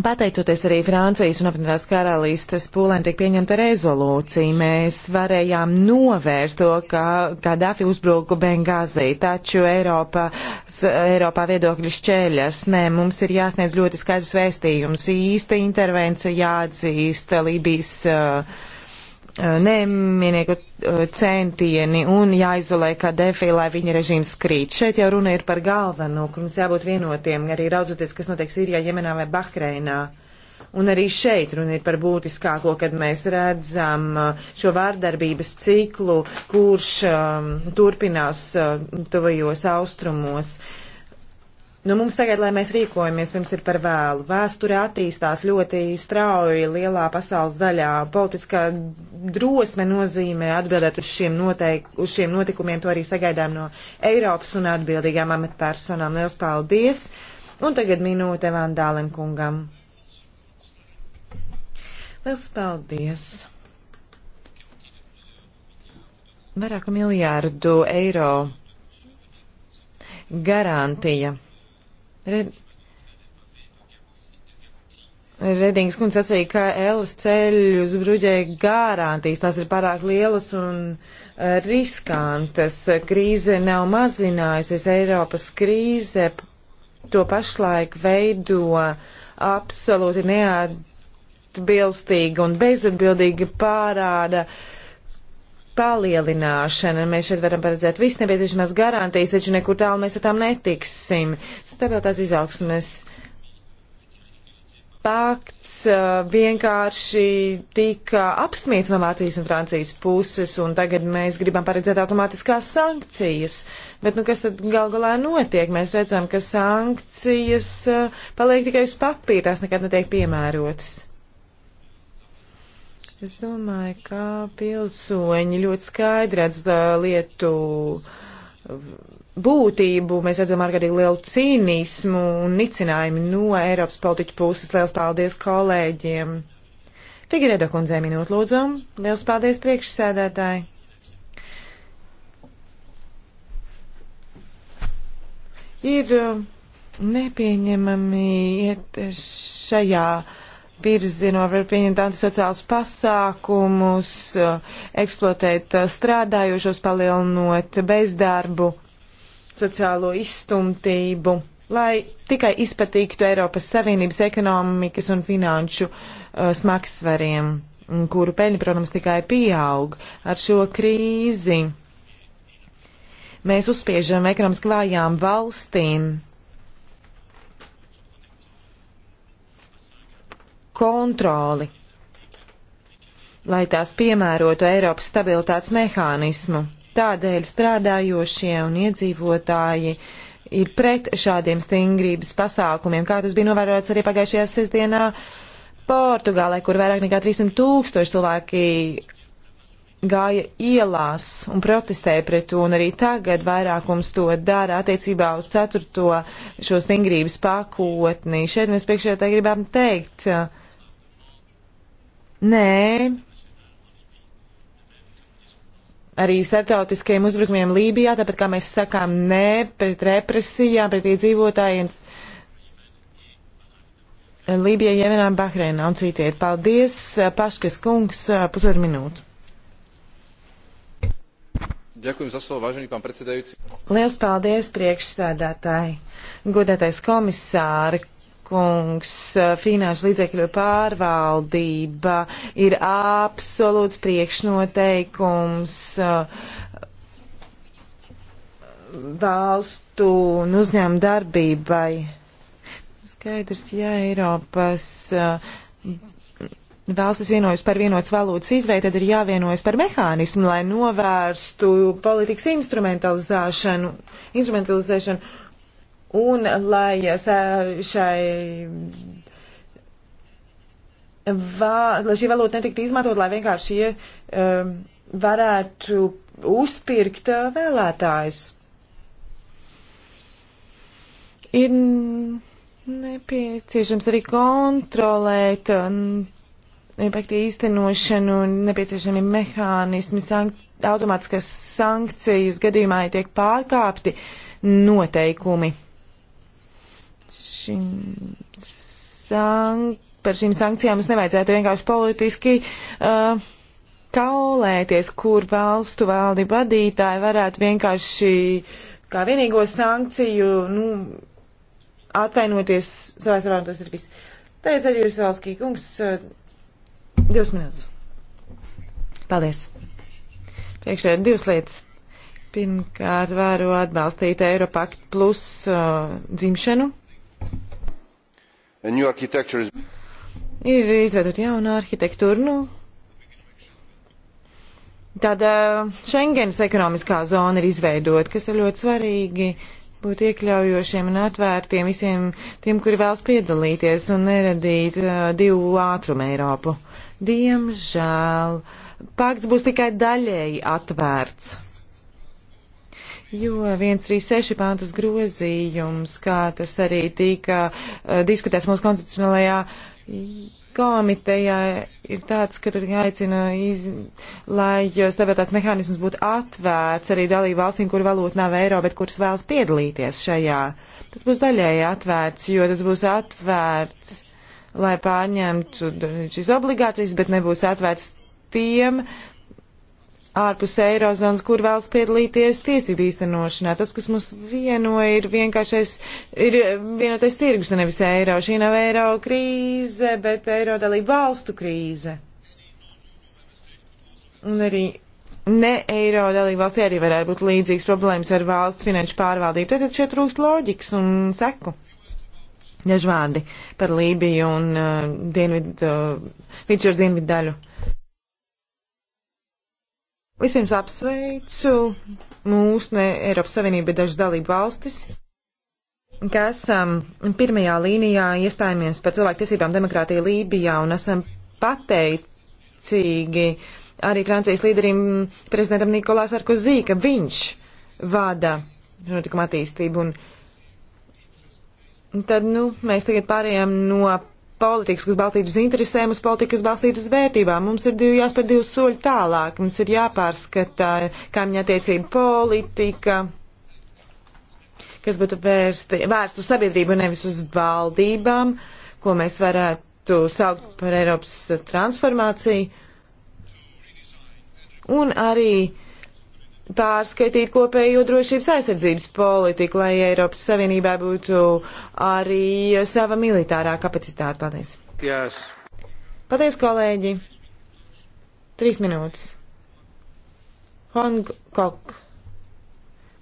Pateicoties arī Francijas un apvienotās karalistes pūlēm tiek pieņemta rezolūcija, mēs varējām novērst to, ka Kadafi uzbruku Bengāzī, taču Eiropa, Eiropā viedokļi šķeļas. Nē, mums ir jāsniedz ļoti skaidrs vēstījums. Īsta intervencija jāatzīst Libijas. Uh, Eh, nemienīgu eh, centieni un jāizolē Kadefī, lai viņa režīms krīt. Šeit jau runa ir par galveno, ka mums jābūt vienotiem, arī raudzoties, kas notiek Sīrijā, Jemenā vai Bahreinā. Un arī šeit runa ir par būtiskāko, kad mēs redzam eh, šo vārdarbības ciklu, kurš um, turpinās uh, tuvajos austrumos. Uh, Nu, mums tagad, lai mēs rīkojamies, pirms ir par vēlu. Vēsture attīstās ļoti strauji lielā pasaules daļā. Politiskā drosme nozīmē atbildēt uz šiem, noteik, uz šiem notikumiem. To arī sagaidām no Eiropas un atbildīgām amatpersonām. Liels paldies! Un tagad minūte Van Dālenkungam. Liels paldies! Vairāku miljārdu eiro garantija Red... Redings kundze sacīja, ka Elas ceļus bruģē garantijas, tās ir pārāk lielas un e, riskantas. Krīze nav mazinājusies, Eiropas krīze to pašlaik veido absolūti neatbilstīgi un bezatbildīgi pārāda uh, palielināšana. Mēs šeit varam paredzēt visu nepieciešamās garantijas, taču nekur tālu mēs ar tām netiksim. Stabilitātes izaugsmes pakts uh, vienkārši tika apsmiets no Vācijas un Francijas puses, un tagad mēs gribam paredzēt automātiskās sankcijas. Bet, nu, kas tad gal galā notiek? Mēs redzam, ka sankcijas uh, paliek tikai uz papīra, tās nekad netiek piemērotas. Es domāju, ka pilsoņi ļoti skaidri redz lietu būtību. Mēs redzam ārkārtīgi lielu cīnismu un nicinājumu no Eiropas politiķu puses. Liels paldies kolēģiem! Figurēda kundzē minūte lūdzu. Liels paldies priekšsēdētāji! Ir nepieņemami iet šajā virzino, var pieņemt antisociālus pasākumus, uh, eksploatēt uh, strādājošos, palielinot bezdarbu, sociālo izstumtību, lai tikai izpatīktu Eiropas Savienības ekonomikas un finanšu uh, smagsvariem, kuru peļņa, protams, tikai pieaug ar šo krīzi. Mēs uzspiežam ekonomiski vājām valstīm kontroli, lai tās piemērotu Eiropas stabilitātes mehānismu. Tādēļ strādājošie un iedzīvotāji ir pret šādiem stingrības pasākumiem, kā tas bija novērots arī pagājušajā sestdienā Portugālē, kur vairāk nekā 300 tūkstoši cilvēki gāja ielās un protestēja pret to, un arī tagad vairākums to dara attiecībā uz ceturto šo stingrības pakotni. Šeit mēs priekšētāji gribam teikt, uh, Nē. Arī starptautiskajiem uzbrukumiem Lībijā, tāpat kā mēs sakām nē pret represijām, pret iedzīvotājiem Lībijā, Jemenā, Bahreinā un citiet. Paldies, Paškas kungs, pusotru minūtu. Ďakujem za slovo, vážený pán predsedajúci. Liels paldies, priekšsēdētāji. Godātais komisāri, kungs, eh, finanšu līdzekļu pārvaldība ir absolūts priekšnoteikums eh, valstu un uzņēmu darbībai. Skaidrs, ja Eiropas eh, valstis vienojas par vienotas valūtas izveidu, tad ir jāvienojas par mehānismu, lai novērstu politikas instrumentalizēšanu. instrumentalizēšanu un lai šai. Vā, lai šī valūta netiktu izmantot, lai vienkārši šie um, varētu uzpirkt uh, vēlētājus. Ir nepieciešams arī kontrolēt efektu uh, īstenošanu, nepieciešami mehānismi, sank automātiskas sankcijas gadījumā, ja tiek pārkāpti noteikumi šim sank par šīm sankcijām mums nevajadzētu vienkārši politiski uh, kaulēties, kur valstu valdi vadītāji varētu vienkārši kā vienīgo sankciju nu, atvainoties savā sarunā. Tas ir viss. Tagad arī jūs, Valskī, kungs, uh, divas minūtes. Paldies. Priekšē ir divas lietas. Pirmkārt, varu atbalstīt Eiropakt plus uh, dzimšanu a new architecture is ir izveidot jaunu arhitektūru. Nu, tāda Schengens ekonomiskā zona ir izveidot, kas ir ļoti svarīgi būt iekļaujošiem un atvērtiem visiem tiem, kuri vēlas piedalīties un neradīt uh, divu ātrumu Eiropu. Diemžēl pakts būs tikai daļēji atvērts. Jo 136 pantas grozījums, kā tas arī tika uh, diskutēts mūsu konstitucionālajā komitejā, ir tāds, ka tur aicina, iz, lai stabilitātes mehānisms būtu atvērts arī dalību valstīm, kur valūta nav eiro, bet kuras vēlas piedalīties šajā. Tas būs daļēji atvērts, jo tas būs atvērts, lai pārņemtu šīs obligācijas, bet nebūs atvērts tiem, uh, ārpus eirozonas, kur vēlas piedalīties tiesību īstenošanā. Tas, kas mums vieno, ir vienkāršais, ir vienotais tirgus, nevis eiro. Šī nav eiro krīze, bet eiro dalība valstu krīze. Un arī ne eiro dalība valstī arī varētu būt līdzīgs problēmas ar valsts finanšu pārvaldību. Tad šeit trūkst loģikas un seku. Dažvārdi par Lībiju un uh, dienvidu, uh, vidusjūras dienvidu daļu. Uh, Vispirms apsveicu mūsu ne Eiropas Savienība, bet dažas dalību valstis, ka esam um, pirmajā līnijā iestājāmies par cilvēku tiesībām demokrātija Lībijā un esam pateicīgi arī Francijas līderim prezidentam Nikolā Sarkozī, ka viņš vada notikuma attīstību. Un tad, nu, mēs tagad pārējām no politikas, kas balstītu uz interesēm, uz politikas, kas balstītu uz vērtībām. Mums ir divi, jāspēr divi soļi tālāk. Mums ir jāpārskata kaimiņa attiecība politika, kas būtu vērsti, vērst uz sabiedrību, nevis uz valdībām, ko mēs varētu saukt par Eiropas transformāciju. Un arī pārskatīt kopējo drošības aizsardzības politiku, lai Eiropas Savienībā būtu arī sava militārā kapacitāte. Paldies! Yes. Paldies, kolēģi! Trīs minūtes. Hongkok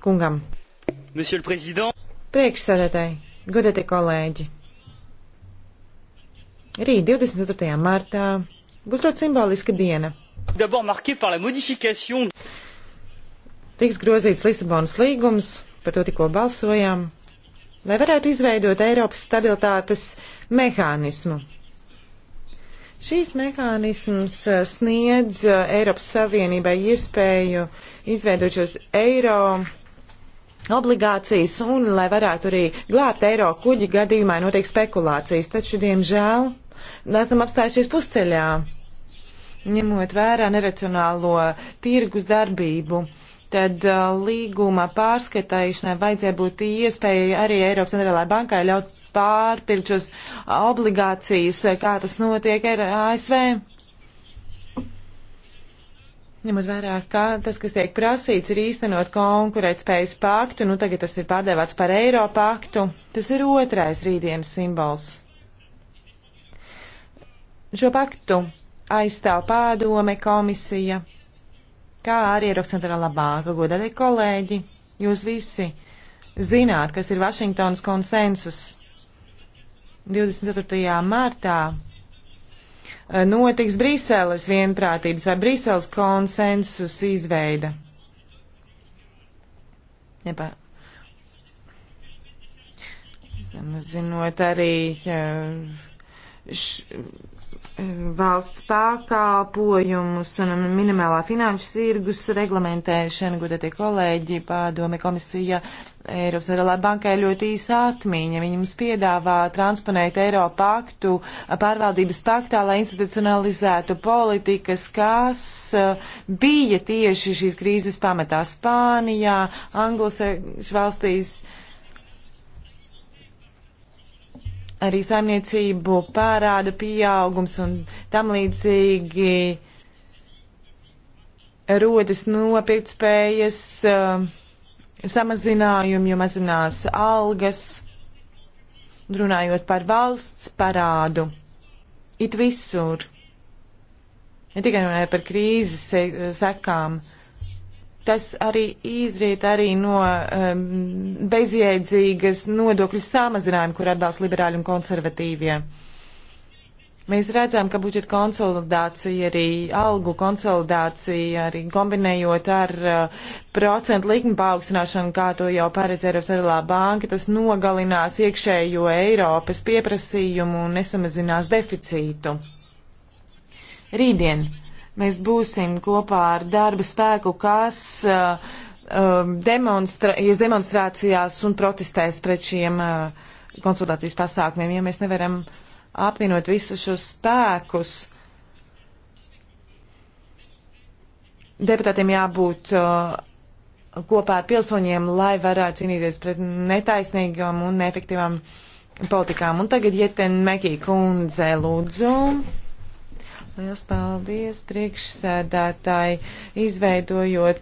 kungam. Monsieur le Président. Priekšsēdētāji, godētie kolēģi. Rīt 24. martā būs ļoti simboliska diena. D'abord marquée par la modification tiks grozīts Lisabonas līgums, par to tikko balsojām, lai varētu izveidot Eiropas stabilitātes mehānismu. Šīs mehānisms sniedz Eiropas Savienībai iespēju izveidot šos eiro obligācijas un, lai varētu arī glābt eiro kuģi gadījumā, notiek spekulācijas. Taču, diemžēl, esam apstājušies pusceļā, ņemot vērā neracionālo tirgus darbību. Uh, tad uh, līguma pārskatīšanai vajadzēja būt iespēja arī Eiropas centrālajai bankai ļaut pārpirkt šos obligācijas, kā tas notiek ar ASV. Ņemot vērā, ka tas, kas tiek prasīts, ir īstenot konkurētspējas paktu, nu tagad tas ir pārdēvēts par eiro paktu, tas ir otrais rītdienas simbols. Šo paktu aizstāv pārdome komisija kā arī Eiropas centrālā banka. Godātie kolēģi, jūs visi zināt, kas ir Vašingtonas konsensus 24. martā. Eh, notiks Briseles vienprātības vai Briseles konsensus izveida. Nepār. Zinot arī eh, š, valsts pakalpojumus un minimālā finanšu tirgus reglamentēšana, godētie kolēģi, pārdomi komisija Eiropas Centrālā bankā ir ļoti īsa atmiņa. Viņi mums piedāvā transponēt Eiropa aktu pārvaldības paktā, lai institucionalizētu politikas, kas uh, bija tieši šīs krīzes pamatā Spānijā, Anglas valstīs. Uh, arī saimniecību pārāda pieaugums un tam līdzīgi rodas nopirkt spējas uh, samazinājumi, jo mazinās algas, runājot par valsts parādu. It visur. Ne tikai runājot par krīzes sekām. Se Tas arī izriet arī no um, bezjēdzīgas nodokļu samazinājuma, kur atbalsta liberāļi un konservatīvie. Mēs redzam, ka budžeta konsolidācija, arī algu konsolidācija, arī kombinējot ar uh, procentu likmi paaugstināšanu, kā to jau paredz Eiropas Arlā banka, tas nogalinās iekšējo Eiropas pieprasījumu un nesamazinās deficītu. Rītdien Mēs būsim kopā ar darba spēku, kas uh, um, demonstra ies demonstrācijās un protestēs pret šiem uh, konsultācijas pasākumiem. Ja mēs nevaram apvienot visus šos spēkus, deputātiem jābūt uh, kopā ar pilsoņiem, lai varētu cīnīties pret netaisnīgām un neefektīvām politikām. Un tagad Jeten Mekī kundze lūdzu. Liels paldies priekšsēdētāji, izveidojot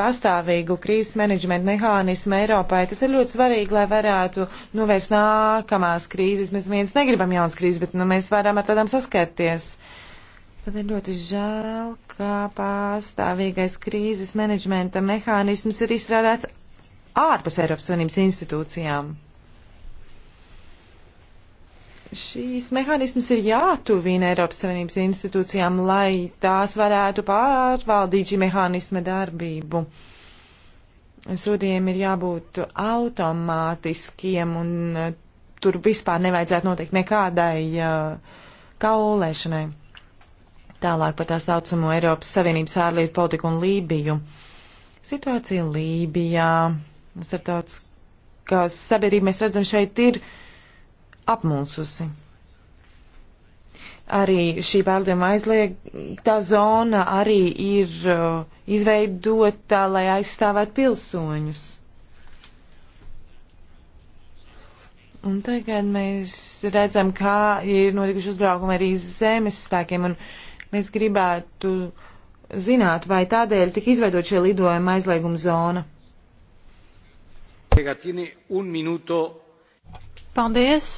pastāvīgu krīzes menedžmenta mehānismu Eiropai. Tas ir ļoti svarīgi, lai varētu novērst nu, nākamās krīzes. Mēs viens negribam jaunas krīzes, bet nu, mēs varam ar tādām saskarties. Tad ir ļoti žēl, ka pastāvīgais krīzes menedžmenta mehānisms ir izstrādāts ārpus Eiropas Savienības institūcijām šīs mehānismas ir jātuvina Eiropas Savienības institūcijām, lai tās varētu pārvaldīt šī mehānisma darbību. Sodiem ir jābūt automātiskiem un uh, tur vispār nevajadzētu noteikt nekādai uh, kaulēšanai. Tālāk par tā saucamo Eiropas Savienības ārlietu politiku un Lībiju. Situācija Lībijā, starptautiskās sabiedrība, mēs redzam, šeit ir uh, apmulsusi. Arī šī pārlidojuma aizliegtā zona arī ir uh, izveidota, lai aizstāvētu pilsoņus. Un tagad mēs redzam, kā ir notikuši uzbraukumi arī zemes spēkiem, un mēs gribētu zināt, vai tādēļ tika izveidot šie lidojuma aizlieguma zona. Paldies!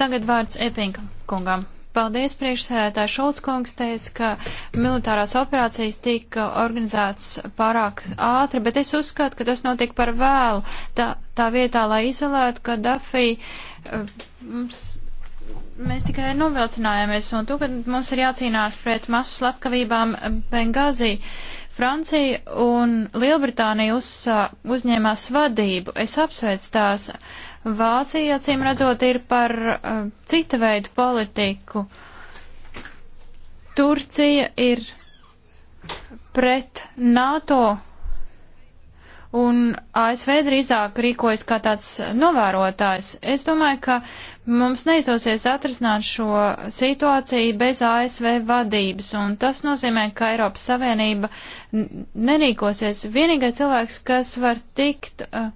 Tagad vārds Epinga kungam. Paldies, priekšsēdētāji Šulc kungs teica, ka militārās operācijas tika organizētas pārāk ātri, bet es uzskatu, ka tas notiek par vēlu. Tā, tā vietā, lai izolētu, ka Dafī eh, mēs tikai novilcinājāmies, un tagad mums ir jācīnās pret masu slepkavībām Bengāzī. Francija un Lielbritānija uz, uzņēmās vadību. Es apsveicu tās. Uh, Vācija, acīm redzot, ir par uh, cita veidu politiku. Turcija ir pret NATO un ASV drīzāk rīkojas kā tāds novērotājs. Es domāju, ka mums neizdosies atrisināt šo situāciju bez ASV vadības, un tas nozīmē, ka Eiropas Savienība nerīkosies. Vienīgais cilvēks, kas var tikt uh,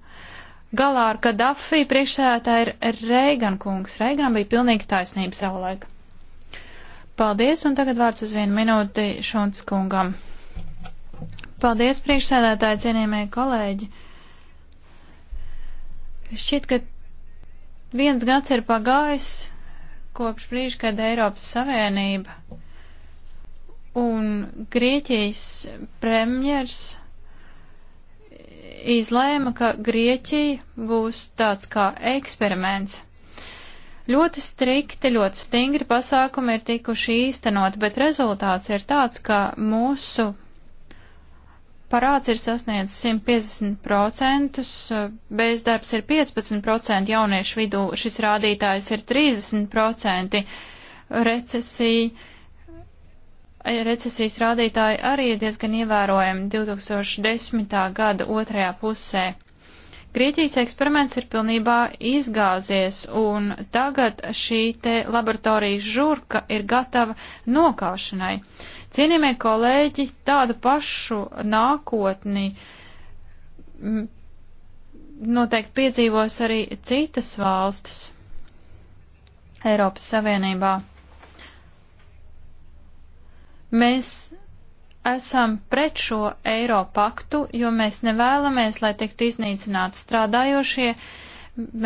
galā ar Kadafi priekšsēdētā ir Reigan kungs. Reigan bija pilnīgi taisnība savulaik. Paldies, un tagad vārds uz vienu minūti Šonts kungam. Paldies, priekšsēdētāji, cienījamie kolēģi. Šķiet, ka viens gads ir pagājis kopš brīža, kad Eiropas Savienība un Grieķijas premjers izlēma, ka Grieķija būs tāds kā eksperiments. Ļoti strikti, ļoti stingri pasākumi ir tikuši īstenot, bet rezultāts ir tāds, ka mūsu parāds ir sasniedzis 150%, bezdarbs ir 15%, jauniešu vidū šis rādītājs ir 30%, recesija recesijas rādītāji arī ir diezgan ievērojami 2010. gada otrajā pusē. Grieķijas eksperiments ir pilnībā izgāzies, un tagad šī te laboratorijas žurka ir gatava nokāšanai. Cienījamie kolēģi, tādu pašu nākotni mm, noteikti piedzīvos arī citas valstis Eiropas Savienībā. Mēs esam pret šo eiro paktu, jo mēs nevēlamies, lai tiktu iznīcināti strādājošie,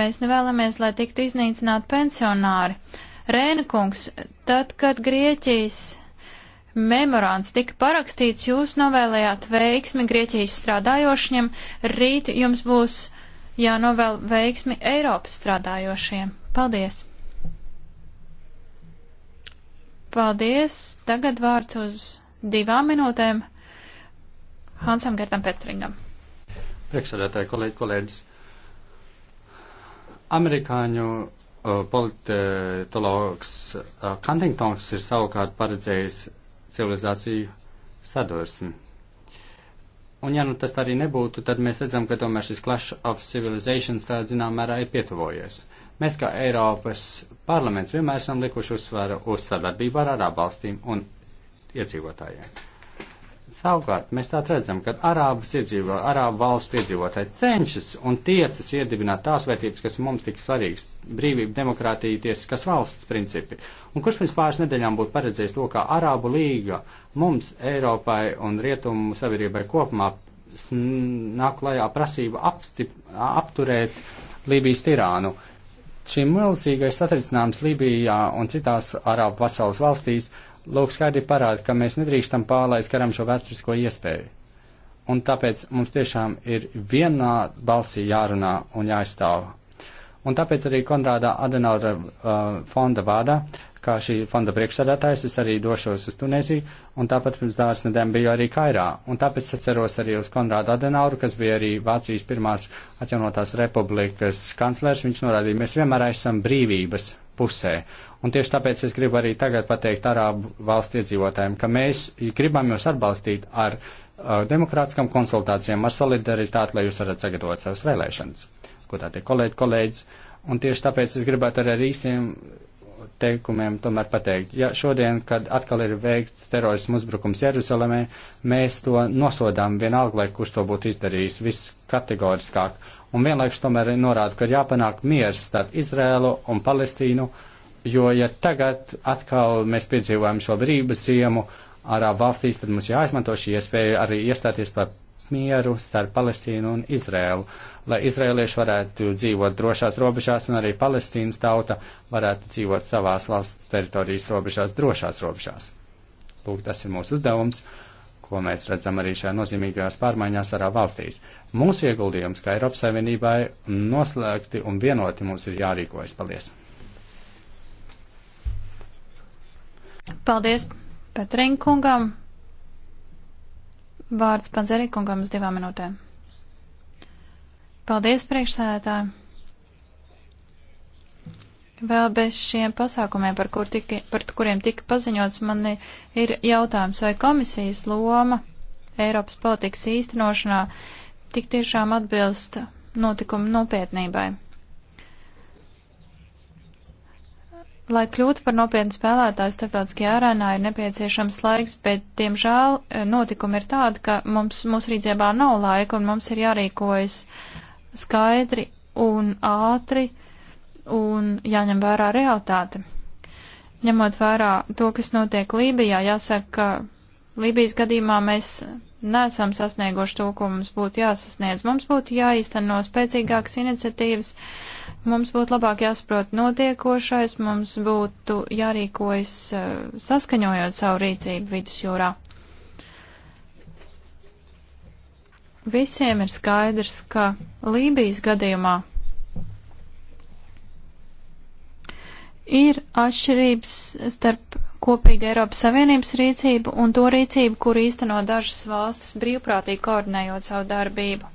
mēs nevēlamies, lai tiktu iznīcināti pensionāri. Rēnkungs, tad, kad Grieķijas memorāns tika parakstīts, jūs novēlējāt veiksmi Grieķijas strādājošiem, rīt jums būs jānovēl veiksmi Eiropas strādājošiem. Paldies! Paldies. Tagad vārds uz divām minūtēm Hansam Gertam Petringam. Priekšsēdētāji, kolēģi, kolēģis. Amerikāņu uh, politologs uh, Kantingtons ir savukārt paredzējis civilizāciju sadursmi. Un ja nu tas tā arī nebūtu, tad mēs redzam, ka tomēr šis clash of civilizations tā zinām mērā ir pietuvojies. Uh, Mēs kā Eiropas parlaments vienmēr esam likuši uzsvaru uz sadarbību ar arābu valstīm un iedzīvotājiem. Savukārt, mēs tā redzam, ka arābas iedzīvo, arābu valstu iedzīvotāji cenšas un tiecas iedibināt tās vērtības, kas mums tik svarīgas - brīvība, demokrātija, tiesiskas valsts principi. Un kurš pirms pāris nedēļām būtu paredzējis to, kā Arābu līga mums, Eiropai un Rietumu sabiedrībai kopumā, nāk klajā prasība apstip, apturēt Lībijas tirānu. Uh, Šī milzīgais satricinājums Libijā un citās Arābu pasaules valstīs lūk skaidri parāda, ka mēs nedrīkstam pārlaist garam šo vēsturisko iespēju. Un tāpēc mums tiešām ir vienā balsī jārunā un jāizstāv. Un tāpēc arī Konrāda Adenaura uh, fonda vārdā uh, kā šī fonda priekšsēdētājs, es arī došos uz Tunēziju, un tāpat pirms dāras nedēļām biju arī Kairā. Un tāpēc atceros arī uz Konrādu Adenauru, kas bija arī Vācijas pirmās atjaunotās republikas kanclers. Viņš norādīja, mēs vienmēr esam brīvības pusē. Un tieši tāpēc es gribu arī tagad pateikt arābu valstu iedzīvotājiem, ka mēs gribam jūs atbalstīt ar uh, demokrātiskām konsultācijām, ar solidaritāti, lai jūs varat sagatavot savas vēlēšanas. Ko tā tie kolēģi, kolēģis. Un tieši tāpēc es gribētu arī ar īstiem teikumiem tomēr pateikt. Ja šodien, kad atkal ir veikts terorismu uzbrukums Jeruzalemē, mēs to nosodām vienalga, lai kurš to būtu izdarījis viskategoriskāk. Un vienlaikus tomēr norāda, ka ir jāpanāk miers starp Izrēlu un Palestīnu, jo ja tagad atkal mēs piedzīvojam šo brības ziemu ārā valstīs, tad mums jāizmanto šī iespēja arī iestāties par mieru starp Palestīnu un Izrēlu, lai izrēlieši varētu dzīvot drošās robežās un arī Palestīnas tauta varētu dzīvot savās valsts teritorijas robežās, drošās robežās. Lūk, tas ir mūsu uzdevums, ko mēs redzam arī šajā nozīmīgās pārmaiņās arā valstīs. Mūsu ieguldījums, kā Eiropas Savienībai, noslēgti un vienoti mums ir jārīkojas. Paldies! Paldies Petrinkungam! Vārds Panzerī kungam uz divām minūtēm. Paldies, priekšsēdētāji! Vēl bez šiem pasākumiem, par, kur tika, par kuriem tika paziņots, man ir jautājums, vai komisijas loma Eiropas politikas īstenošanā tik tiešām atbilst notikumu nopietnībai. Lai kļūtu par nopietnu spēlētāju starptautiskajā arēnā, ir nepieciešams laiks, bet, diemžēl, notikumi ir tādi, ka mums, mūsu rīcībā nav laika un mums ir jārīkojas skaidri un ātri un jāņem vērā realitāte. Ņemot vērā to, kas notiek Lībijā, jāsaka, ka Lībijas gadījumā mēs nesam sasnieguši to, ko mums būtu jāsasniedz. Mums būtu jāīsteno spēcīgākas iniciatīvas. Uh, Mums būtu labāk jāsaprot notiekošais, mums būtu jārīkojas eh, saskaņojot savu rīcību vidusjūrā. Visiem ir skaidrs, ka Lībijas gadījumā ir atšķirības starp kopīgu Eiropas Savienības rīcību un to rīcību, kur īsteno dažas valstis brīvprātīgi koordinējot savu darbību.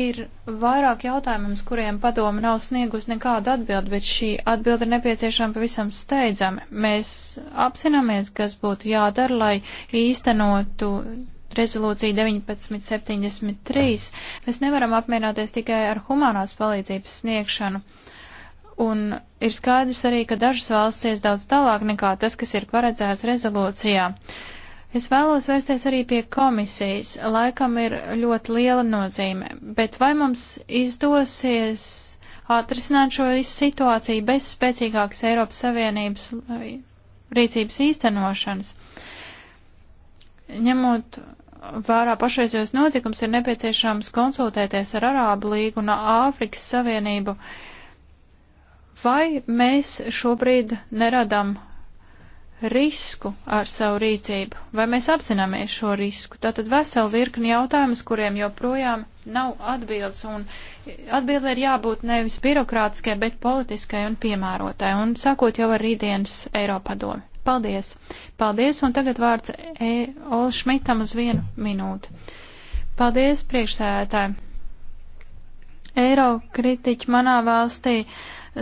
Ir vairāk jautājumu, uz kuriem padoma nav sniegus nekādu atbildi, bet šī atbilde ir nepieciešama pavisam steidzami. Mēs apzināmies, kas būtu jādara, lai īstenotu rezolūciju 1973. Mēs nevaram apmierināties tikai ar humanās palīdzības sniegšanu. Un ir skaidrs arī, ka dažas valsts ies daudz tālāk nekā tas, kas ir paredzēts rezolūcijā. Uh, Es vēlos vērsties arī pie komisijas. Laikam ir ļoti liela nozīme, bet vai mums izdosies atrisināt šo situāciju bez spēcīgākas Eiropas Savienības rīcības īstenošanas? Ņemot vērā pašreizējos notikums, ir nepieciešams konsultēties ar Arābu līgu un Āfrikas Savienību. Vai mēs šobrīd neradam risku ar savu rīcību, vai mēs apzināmies šo risku. Tātad vesela virkni jautājumus, kuriem joprojām nav atbildes, un atbilde ir jābūt nevis birokrātiskai, bet politiskai un piemērotai, un sākot jau ar rītdienas Eiropadomi. Paldies! Paldies, un tagad vārds e Olu Šmitam uz vienu minūti. Paldies, priekšsēdētāji! Eiro kritiķi manā valstī. Uh,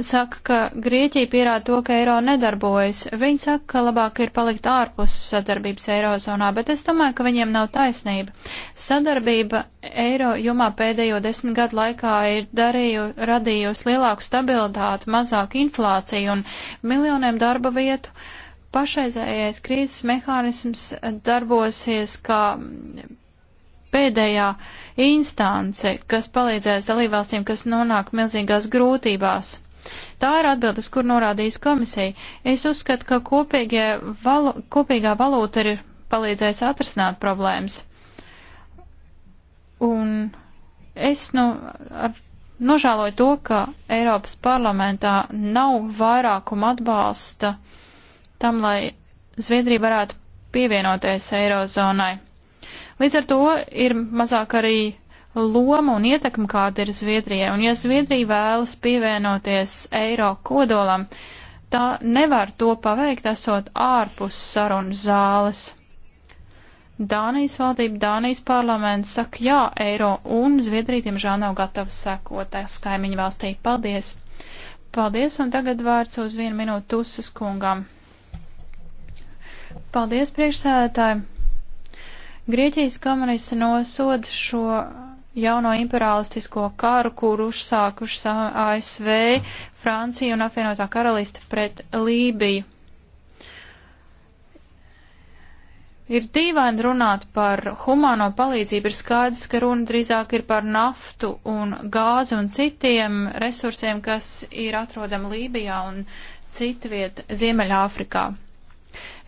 saka, ka Grieķija pierāda to, ka eiro nedarbojas. Viņi saka, ka labāk ir palikt ārpus sadarbības eirozonā, bet es domāju, ka viņiem nav taisnība. Sadarbība eiro jomā pēdējo desmit gadu laikā ir darīju, radījusi lielāku stabilitāti, mazāku inflāciju un miljoniem darba vietu. Pašreizējais krīzes mehānisms darbosies kā pēdējā instance, kas palīdzēs dalībvalstīm, kas nonāk milzīgās grūtībās. Tā ir atbildes, kur norādījis komisija. Es uzskatu, ka valo, kopīgā valūta ir palīdzējusi atrisināt problēmas. Un es nu ar, nožēloju to, ka Eiropas parlamentā nav vairākuma atbalsta tam, lai Zviedrija varētu pievienoties Eirozonai. Līdz ar to ir mazāk arī loma un ietekme, kāda ir Zviedrijai. Un ja Zviedrija vēlas pievienoties eiro kodolam, tā nevar to paveikt, esot ārpus sarunu zāles. Dānijas valdība, Dānijas parlaments saka jā eiro, un Zviedrija, diemžēl, nav gatava sekot tās kaimiņu valstī. Paldies! Paldies, un tagad vārds uz vienu minūtu Tusas kungam. Paldies, priekšsēdētāji! Grieķijas komunisti nosod šo jauno imperialistisko karu, kur uzsākušas ASV, Francija un apvienotā karaliste pret Lībiju. Ir dīvaini runāt par humāno palīdzību, ir skaidrs, ka runa drīzāk ir par naftu un gāzi un citiem resursiem, kas ir atrodami Lībijā un citviet Ziemeļāfrikā.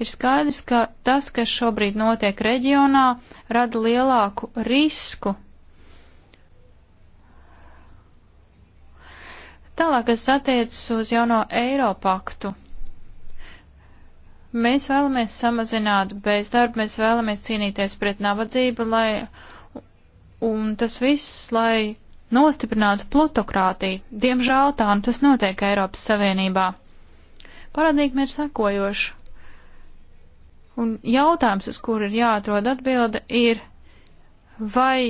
Ir skaidrs, ka tas, kas šobrīd notiek reģionā, rada lielāku risku Tālāk, kas attiecas uz jauno Eiropaktu. Mēs vēlamies samazināt bezdarbu, mēs vēlamies cīnīties pret nabadzību, lai, un tas viss, lai nostiprinātu plutokrātiju. Diemžēl tā, un tas notiek Eiropas Savienībā. Paradīgumi ir sekojoši. Un jautājums, uz kuru ir jāatrod atbilde, ir, vai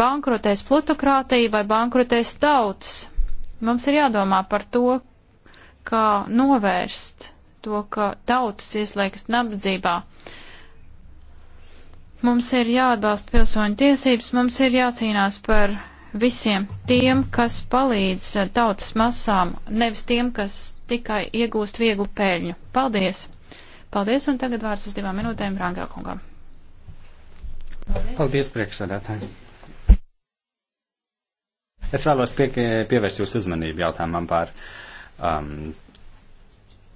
bankrotēs plutokrātija vai bankrotēs tautas. Mums ir jādomā par to, kā novērst to, ka tautas ieslēgas nabadzībā. Mums ir jāatbalsta pilsoņu tiesības, mums ir jācīnās par visiem tiem, kas palīdz tautas masām, nevis tiem, kas tikai iegūst vieglu pēļņu. Paldies! Paldies, un tagad vārds uz divām minūtēm Rāngā kungam. Paldies, Paldies priekšsēdētāji! Es vēlos pie, pievērst jūsu uzmanību jautājumam par um,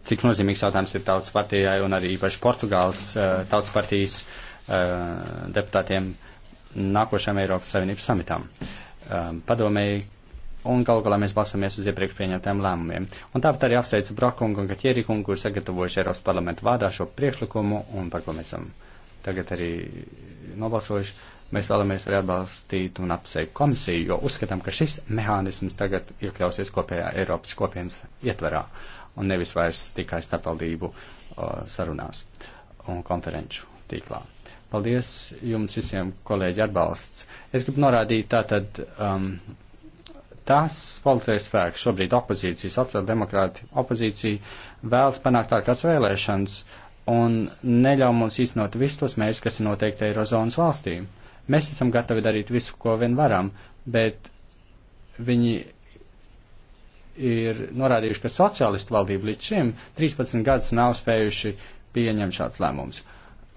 cik nozīmīgs jautājums ir tautas partijai un arī īpaši Portugāles uh, tautas partijas uh, deputātiem nākošajam Eiropas Savienības samitam. Um, Padomēji, un galu galā mēs balsamies uz iepriekš pieņemtiem lēmumiem. Un tāpat arī apsveicu Brokungu un Kaķierikungu, kur sagatavojuši Eiropas parlamentu vārdā šo priekšlikumu un par ko mēs esam tagad arī nobalsojuši. Mēs vēlamies arī atbalstīt un apsveikt komisiju, jo uzskatām, ka šis mehānisms tagad iekļausies kopējā Eiropas kopienas ietverā un nevis vairs tikai starpvaldību uh, sarunās un konferenču tīklā. Paldies jums visiem kolēģi atbalsts. Es gribu norādīt tātad. Um, tas politiskais spēks, šobrīd opozīcija, sociāldemokrāti, opozīcija vēlas panākt ārkārtas vēlēšanas un neļauj mums īstenot visus tos mērķus, kas ir noteikti Eirozonas valstīm. Mēs esam gatavi darīt visu, ko vien varam, bet viņi ir norādījuši, ka sociālistu valdība līdz šim 13 gadus nav spējuši pieņemt šāds lēmums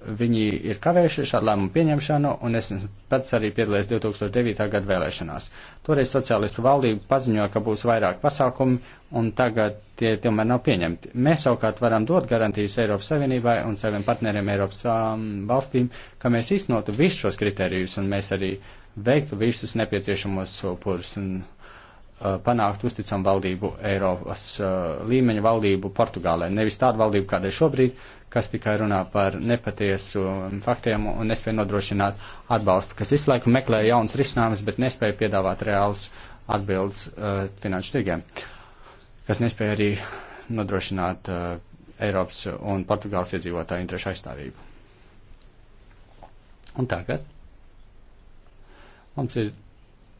viņi ir kavējušies ar lēmumu pieņemšanu, un es pats arī piedalījos 2009. gada vēlēšanās. Toreiz socialistu valdība paziņoja, ka būs vairāk pasākumu, un tagad tie tomēr nav pieņemti. Mēs savukārt varam dot garantijas Eiropas Savienībai un saviem partneriem Eiropas um, valstīm, ka mēs iznotu visus šos kriterijus, un mēs arī veiktu visus nepieciešamos sopurus un uh, panākt uzticam valdību Eiropas uh, līmeņa valdību Portugālē, nevis tādu valdību, kāda ir šobrīd, uh, kas tikai runā par nepatiesu faktiem un nespēja nodrošināt atbalstu, kas visu laiku meklē jaunas risinājumus, bet nespēja piedāvāt reāls atbildes uh, finanšu tirgiem, kas nespēja arī nodrošināt uh, Eiropas un Portugāles iedzīvotāju interešu aizstāvību. Un tagad mums ir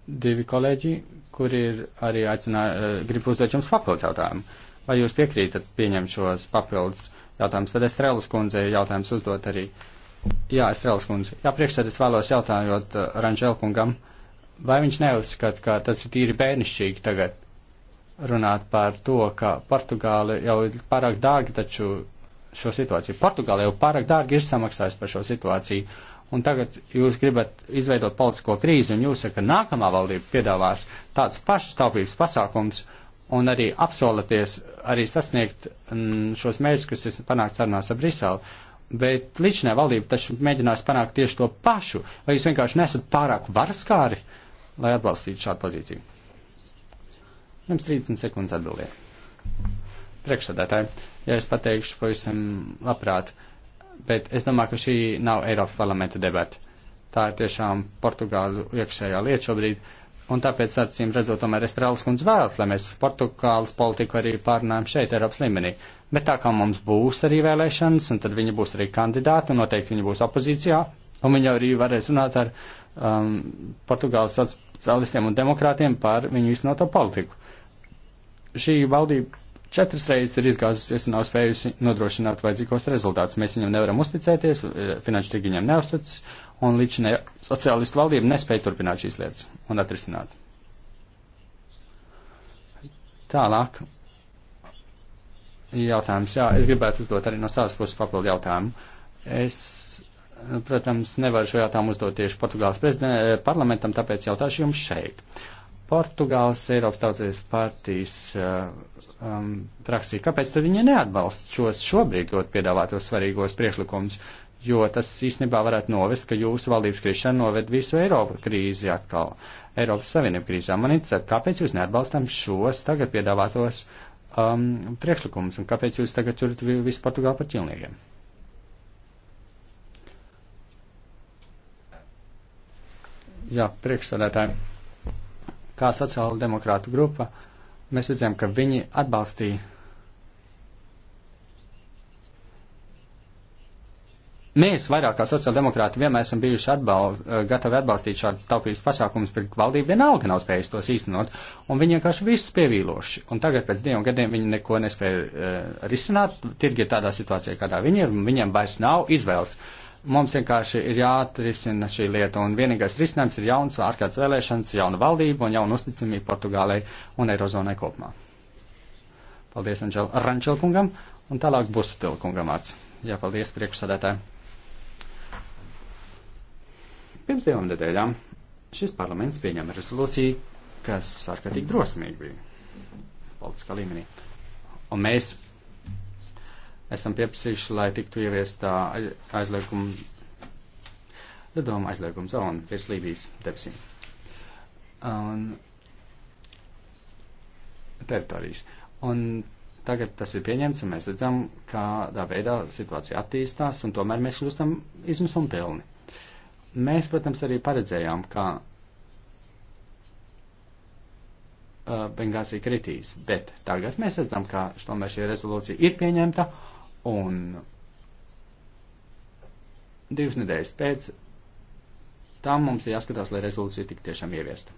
divi kolēģi, kuri ir arī aicināja, uh, grib uzdot jums papildus jautājumu. Vai jūs piekrītat pieņemt šos papildus jautājums. Tad Estrēlas kundze jautājums uzdot arī. Jā, Estrēlas kundze. Jā, priekšsēd es vēlos jautājot uh, Ranželkungam, vai viņš neuzskata, ka tas ir tīri bērnišķīgi tagad runāt par to, ka Portugāli jau ir pārāk dārgi taču šo situāciju. Portugāli jau pārāk dārgi ir samaksājis par šo situāciju. Un tagad jūs gribat izveidot politisko krīzi, un jūs sakat, ka nākamā valdība piedāvās tāds pašs taupības pasākums, uh, un arī apsolaties arī sasniegt m, mm, šos mērķus, kas ir panākt sarunās ar Briselu. Bet līdšanai valdība taču mēģinās panākt tieši to pašu, vai jūs vienkārši nesat pārāk varaskāri, lai atbalstītu šādu pozīciju. Jums 30 sekundes atbildēt. Priekšsādātāji, ja es pateikšu pavisam labprāt, bet es domāju, ka šī nav Eiropas parlamenta debata. Tā ir tiešām Portugālu iekšējā lieta šobrīd Un tāpēc, acīm redzot, tomēr Estrēlas kundze vēlas, lai mēs Portugāles politiku arī pārnājam šeit, Eiropas līmenī. Bet tā kā mums būs arī vēlēšanas, un tad viņa būs arī kandidāta, un noteikti viņa būs opozīcijā, un viņa arī varēs runāt ar um, Portugāles sociālistiem un demokrātiem par viņu iznoto politiku. Šī valdība četras reizes ir izgāzusies un nav spējusi nodrošināt vajadzīgos rezultātus. Mēs viņam nevaram uzticēties, eh, finanšu tirgi viņam neuzticas, un līdšanai sociālistu valdība nespēja turpināt šīs lietas un atrisināt. Tālāk. Jautājums, jā, es gribētu uzdot arī no savas puses papildu jautājumu. Es, protams, nevaru šo jautājumu uzdot tieši Portugāles parlamentam, tāpēc jautāšu jums šeit. Portugāles Eiropas tautas partijas uh, um, praksī, kāpēc tad viņi neatbalsta šos šobrīd ļoti piedāvātos svarīgos priekšlikumus? Uh, jo tas īstenībā varētu novest, ka jūsu valdības krišana noved visu Eiropu krīzi atkal, Eiropas Savienību krīzā. Man interesē, kāpēc jūs neatbalstam šos tagad piedāvātos um, priekšlikumus un kāpēc jūs tagad turat visu Portugālu par ķilniekiem? Jā, priekšsādātāji, kā sociāla demokrātu grupa, mēs redzējām, ka viņi atbalstīja Mēs, vairāk kā sociāldemokrāti, vienmēr esam bijuši atbal, eh, gatavi atbalstīt šādus taupības pasākumus, bet valdība vienalga nav spējusi tos īstenot, un viņi vienkārši visus pievīloši. Un tagad pēc diviem gadiem viņi neko nespēja uh, risināt, tirgi ir tādā situācijā, kādā viņi ir, un viņiem vairs nav izvēles. Mums vienkārši ir jāatrisina šī lieta, un vienīgais risinājums ir jauns ārkārtas vēlēšanas, jauna valdība un jauna uzticamība Portugālei un Eirozonai kopumā. Paldies Anģela Rančelkungam, un tālāk Busutilkungam vārds. Jā, paldies priekšsādētāji. Pirms divām nedēļām šis parlaments pieņēma rezolūciju, kas ārkārtīgi drosmīgi bija politiskā līmenī. Un mēs esam pieprasījuši, lai tiktu ieviestā aizlieguma, lidojuma aizlieguma zona virs Lībijas debesīm. Un teritorijas. Un tagad tas ir pieņemts, un mēs redzam, kādā veidā situācija attīstās, un tomēr mēs kļūstam izmisuma pilni. Mēs, protams, arī paredzējām, ka uh, Bengāzija kritīs, bet tagad mēs redzam, ka tomēr šī rezolūcija ir pieņemta un divas nedēļas pēc tam mums ir jāskatās, lai rezolūcija tik tiešām ieviesta.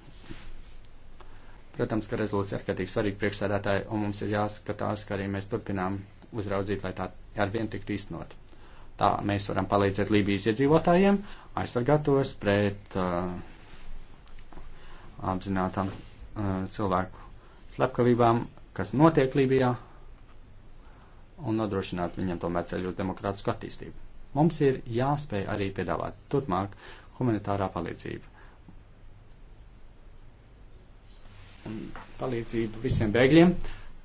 Protams, ka rezolūcija ir ārkārtīgi svarīga priekšsēdētāji, un mums ir jāskatās, ka arī mēs turpinām uzraudzīt, lai tā arvien tiktu īstenot. Tā mēs varam palīdzēt Lībijas iedzīvotājiem, aizsargātos pret uh, apzinātām uh, cilvēku slepkavībām, kas notiek Lībijā, un nodrošināt viņam tomēr ceļu uz demokrātisku attīstību. Mums ir jāspēj arī piedāvāt turpmāk humanitārā palīdzība. Un palīdzību visiem bēgļiem,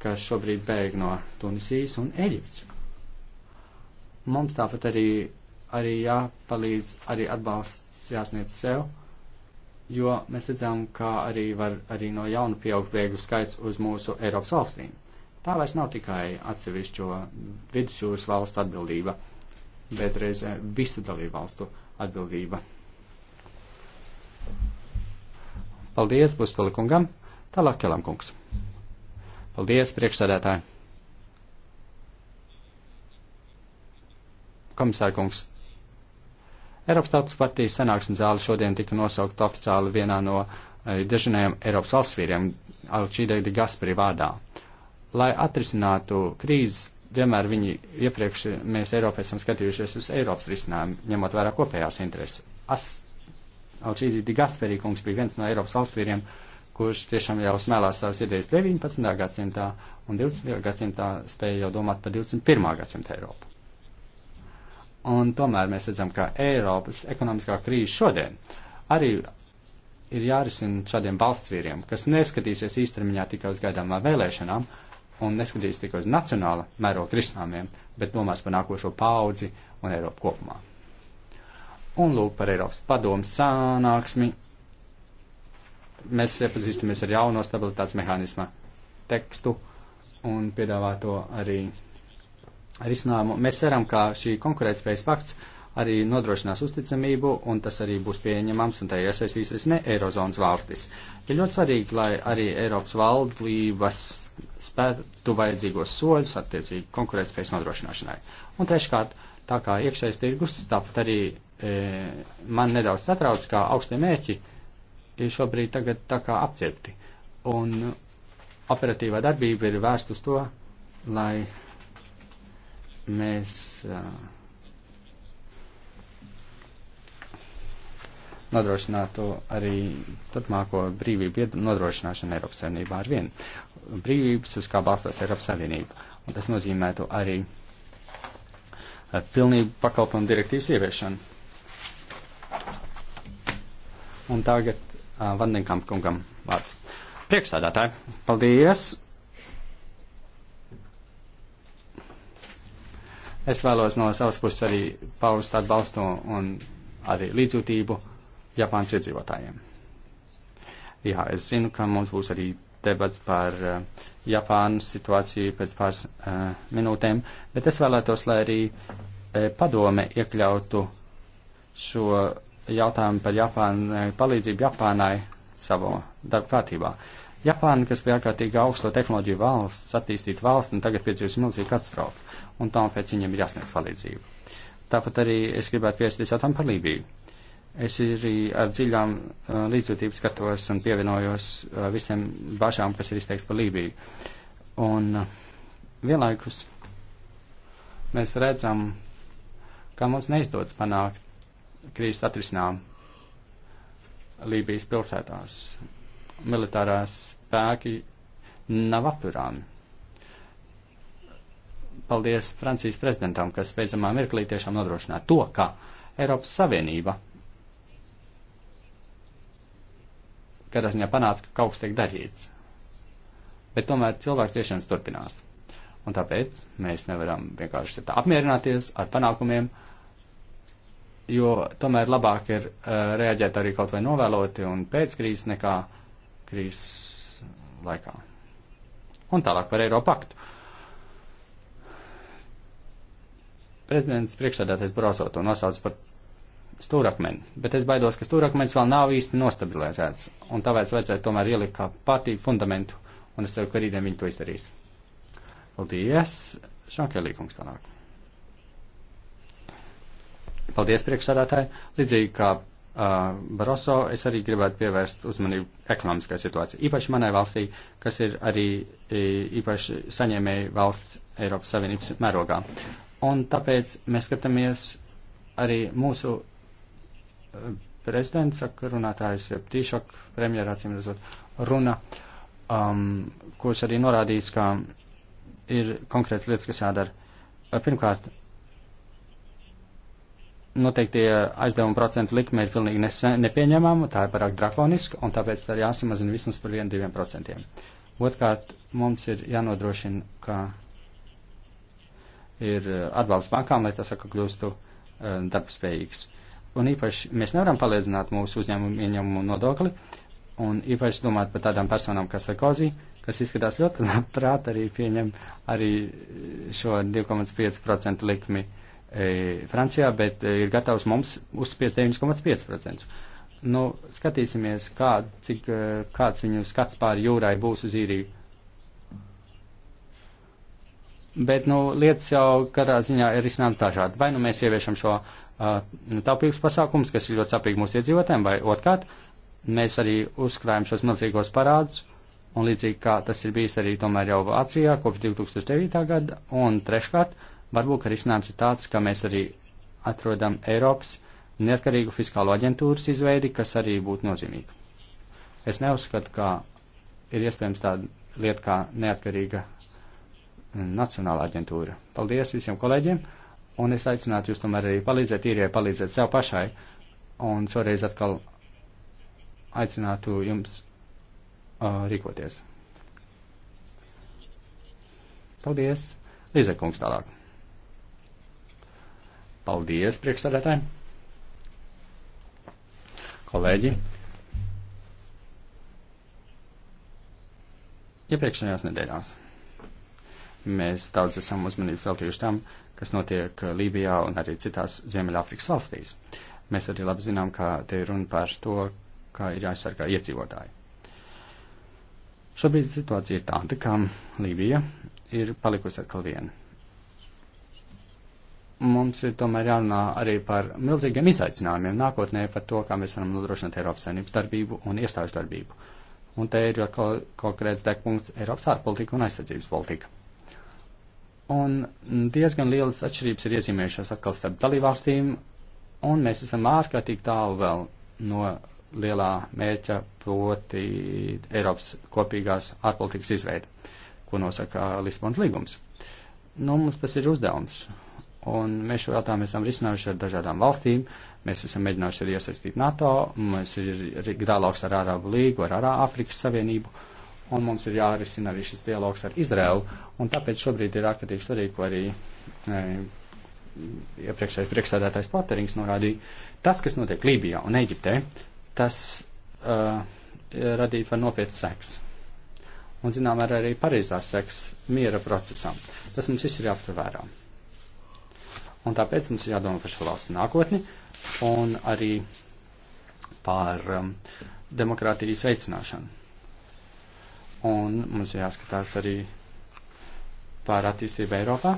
kas šobrīd bēg no Tunisijas un Eģiptes. Mums tāpat arī arī jāpalīdz, arī atbalsts jāsniedz sev, jo mēs redzam, ka arī var arī no jauna pieaugt bēgļu skaits uz mūsu Eiropas valstīm. Tā vairs nav tikai atsevišķo vidusjūras valstu atbildība, bet reizē visu dalību valstu atbildība. Paldies, būs palikungam. Tālāk, Kelam kungs. Paldies, priekšsēdētāji. Komisārkungs. Eiropas Tautas partijas sanāksmes zāle šodien tika nosaukt oficiāli vienā no eh, dažiem Eiropas valsts vīriem, Alčīdeidi Gaspari vārdā. Lai atrisinātu krīzes, vienmēr viņi iepriekš mēs Eiropā esam skatījušies uz Eiropas risinājumu, ņemot vērā kopējās intereses. Alčīdeidi Gaspari kungs bija viens no Eiropas valsts vīriem, kurš tiešām jau smēlās savas idejas 19. gadsimtā un 20. gadsimtā spēja jau domāt par 21. gadsimtu Eiropu. Un tomēr mēs redzam, ka Eiropas ekonomiskā krīze šodien arī ir jārisina šādiem valstsvīriem, kas neskatīsies īstermiņā tikai uz gaidāmā vēlēšanām un neskatīs tikai uz nacionāla mēroga risinājumiem, bet domās par nākošo paudzi un Eiropu kopumā. Un lūk par Eiropas padomu sānāksmi. Mēs iepazīstamies ar jauno stabilitātes mehānisma tekstu un piedāvā to arī risinājumu. Mēs ceram, ka šī konkurētspējas pakts arī nodrošinās uzticamību, un tas arī būs pieņemams, un tajā iesaistīsies ne Eirozonas valstis. Ir ļoti svarīgi, lai arī Eiropas valdības spētu vajadzīgos soļus attiecīgi konkurētspējas nodrošināšanai. Un treškārt, tā kā iekšējais tirgus, tāpat arī e, man nedaudz satrauc, kā augstie mērķi ir šobrīd tagad tā kā apciepti. Un operatīvā darbība ir vērsta uz to, lai Mēs uh, nodrošinātu arī turpmāko brīvību nodrošināšanu Eiropas Savienībā ar vienu. Brīvības, uz kā balstās Eiropas Savienība. Un tas nozīmētu arī uh, pilnību pakalpojumu direktīvas ieviešanu. Un tagad uh, Vandenkamp kungam vārds. Priekšsādātāji, paldies! Es vēlos no savas puses arī paust atbalstu un arī līdzjūtību Japānas iedzīvotājiem. Jā, es zinu, ka mums būs arī debats par uh, eh, Japānas situāciju pēc pāris uh, minūtēm, bet es vēlētos, lai arī uh, padome iekļautu šo jautājumu par Japānu, palīdzību Japānai savā darba kārtībā. Uh, Japāna, kas bija ārkārtīgi augsto tehnoloģiju valsts, attīstīta valsts, un tagad piedzīvusi milzīgu katastrofu, un tāpēc viņiem ir jāsniedz palīdzību. Tāpat arī es gribētu piesties jautājumu par Lībiju. Es arī ar dziļām uh, līdzjūtību skatos un pievienojos uh, visiem bažām, kas ir izteikts par Lībiju. Un uh, vienlaikus mēs redzam, ka mums neizdodas panākt krīzes atrisinājumu Lībijas pilsētās militārās spēki nav apturāmi. Paldies Francijas prezidentam, kas beidzamā mirklī tiešām nodrošināja to, ka Eiropas Savienība kādā ziņā panāca, ka kaut kas tiek darīts. Bet tomēr cilvēks ciešanas turpinās. Un tāpēc mēs nevaram vienkārši tā apmierināties ar panākumiem, jo tomēr labāk ir uh, reaģēt arī kaut vai novēloti un pēc krīzes nekā uh, krīzes laikā. Un tālāk par Eiropaktu. Prezidents priekšsēdētais Brozo to nosauc par stūrakmeni, bet es baidos, ka stūrakmenis vēl nav īsti nostabilizēts, un tāpēc vajadzētu tomēr ielikt kā partiju fundamentu, un es ceru, ka rītdien viņi to izdarīs. Paldies, Šankelī kungs tālāk. Paldies priekšsēdētāji, līdzīgi kā Uh, Baroso, es arī gribētu pievērst uzmanību ekonomiskai situācijai, īpaši manai valstī, kas ir arī e, īpaši saņēmēji valsts Eiropas Savienības mērogā. Un tāpēc mēs skatāmies arī mūsu e, prezidents, saka runātājs, ja tīšāk premjerā, acīm redzot, runa, um, kurš arī norādījis, ka ir konkrēti lietas, kas jādara. Pirmkārt, noteiktie aizdevuma procentu likme ir pilnīgi nesen, nepieņemama, tā ir pārāk drakoniska, un tāpēc tā ir jāsamazina vismaz par 1-2%. Otkārt, mums ir jānodrošina, ka ir eh, atbalsts bankām, lai tas atkal kļūstu eh, darbspējīgs. Un īpaši mēs nevaram palīdzināt mūsu uzņēmumu ieņēmumu nodokli, un īpaši domāt par tādām personām kā Sarkozy, kas izskatās ļoti labprāt arī pieņem arī eh, šo 2,5% likmi. Uh, E, Francijā, bet e, ir gatavs mums uzspiest 9,5%. Nu, skatīsimies, kā, cik, e, kāds viņu skats pāri jūrai būs uz īriju. Bet, nu, lietas jau katrā ziņā ir izsnāms dažādi. Vai nu mēs ieviešam šo uh, taupības pasākums, kas ir ļoti sapīgi mūsu iedzīvotēm, vai otrkārt, mēs arī uzkrājam šos milzīgos parādus, un līdzīgi kā tas ir bijis arī tomēr jau Vācijā kopš 2009. gada, un treškārt, uh, Varbūt, ka risinājums ir tāds, ka mēs arī atrodam Eiropas neatkarīgu fiskālo aģentūras izveidi, kas arī būtu nozīmīga. Es neuzskatu, ka ir iespējams tāda lieta kā neatkarīga mm, nacionāla aģentūra. Paldies visiem kolēģiem, un es aicinātu jūs tomēr arī palīdzēt īrijai, palīdzēt sev pašai, un šoreiz atkal aicinātu jums uh, rīkoties. Paldies! Līdzekungs tālāk. Paldies, priekšsādātāji! Kolēģi! Iepriekšējās ja nedēļās mēs daudz esam uzmanību veltījuši tam, kas notiek Lībijā un arī citās Ziemeļāfrikas valstīs. Mēs arī labi zinām, ka te ir runa par to, kā ir jāaizsargā iedzīvotāji. Šobrīd situācija ir tāda, ka Lībija ir palikusi atkal viena mums ir tomēr jārunā arī par milzīgiem izaicinājumiem nākotnē, par to, kā mēs varam nodrošināt Eiropas saimnības darbību un iestāžu darbību. Un te ir jau konkrēts degpunkts Eiropas ārpolitika un aizsardzības politika. Un diezgan lielas atšķirības ir iezīmējušās atkal starp dalībvalstīm, un mēs esam ārkārtīgi tālu vēl no lielā mērķa, proti Eiropas kopīgās ārpolitikas izveida, ko nosaka Lisbonas līgums. Nu, mums tas ir uzdevums Un mēs šo jautājumu esam risinājuši ar dažādām valstīm. Mēs esam mēģinājuši arī iesaistīt NATO, mums ir dialogs ar Arābu līgu, ar Arā Afrikas Savienību, un mums ir jārisina arī šis dialogs ar Izraelu. Un tāpēc šobrīd ir ārkārtīgi svarīgi, ko arī e, iepriekšējais priekšsēdētājs Paterings norādīja. Tas, kas notiek Lībijā un Eģiptē, tas e, eh, radīt var nopietns seks. Un, zinām, arī Parīzās seks miera procesam. Tas mums viss ir jāaptur vērā. Un tāpēc mums ir jādomā par šo valstu nākotni un arī par um, demokrātijas veicināšanu. Un mums ir jāskatās arī par attīstību Eiropā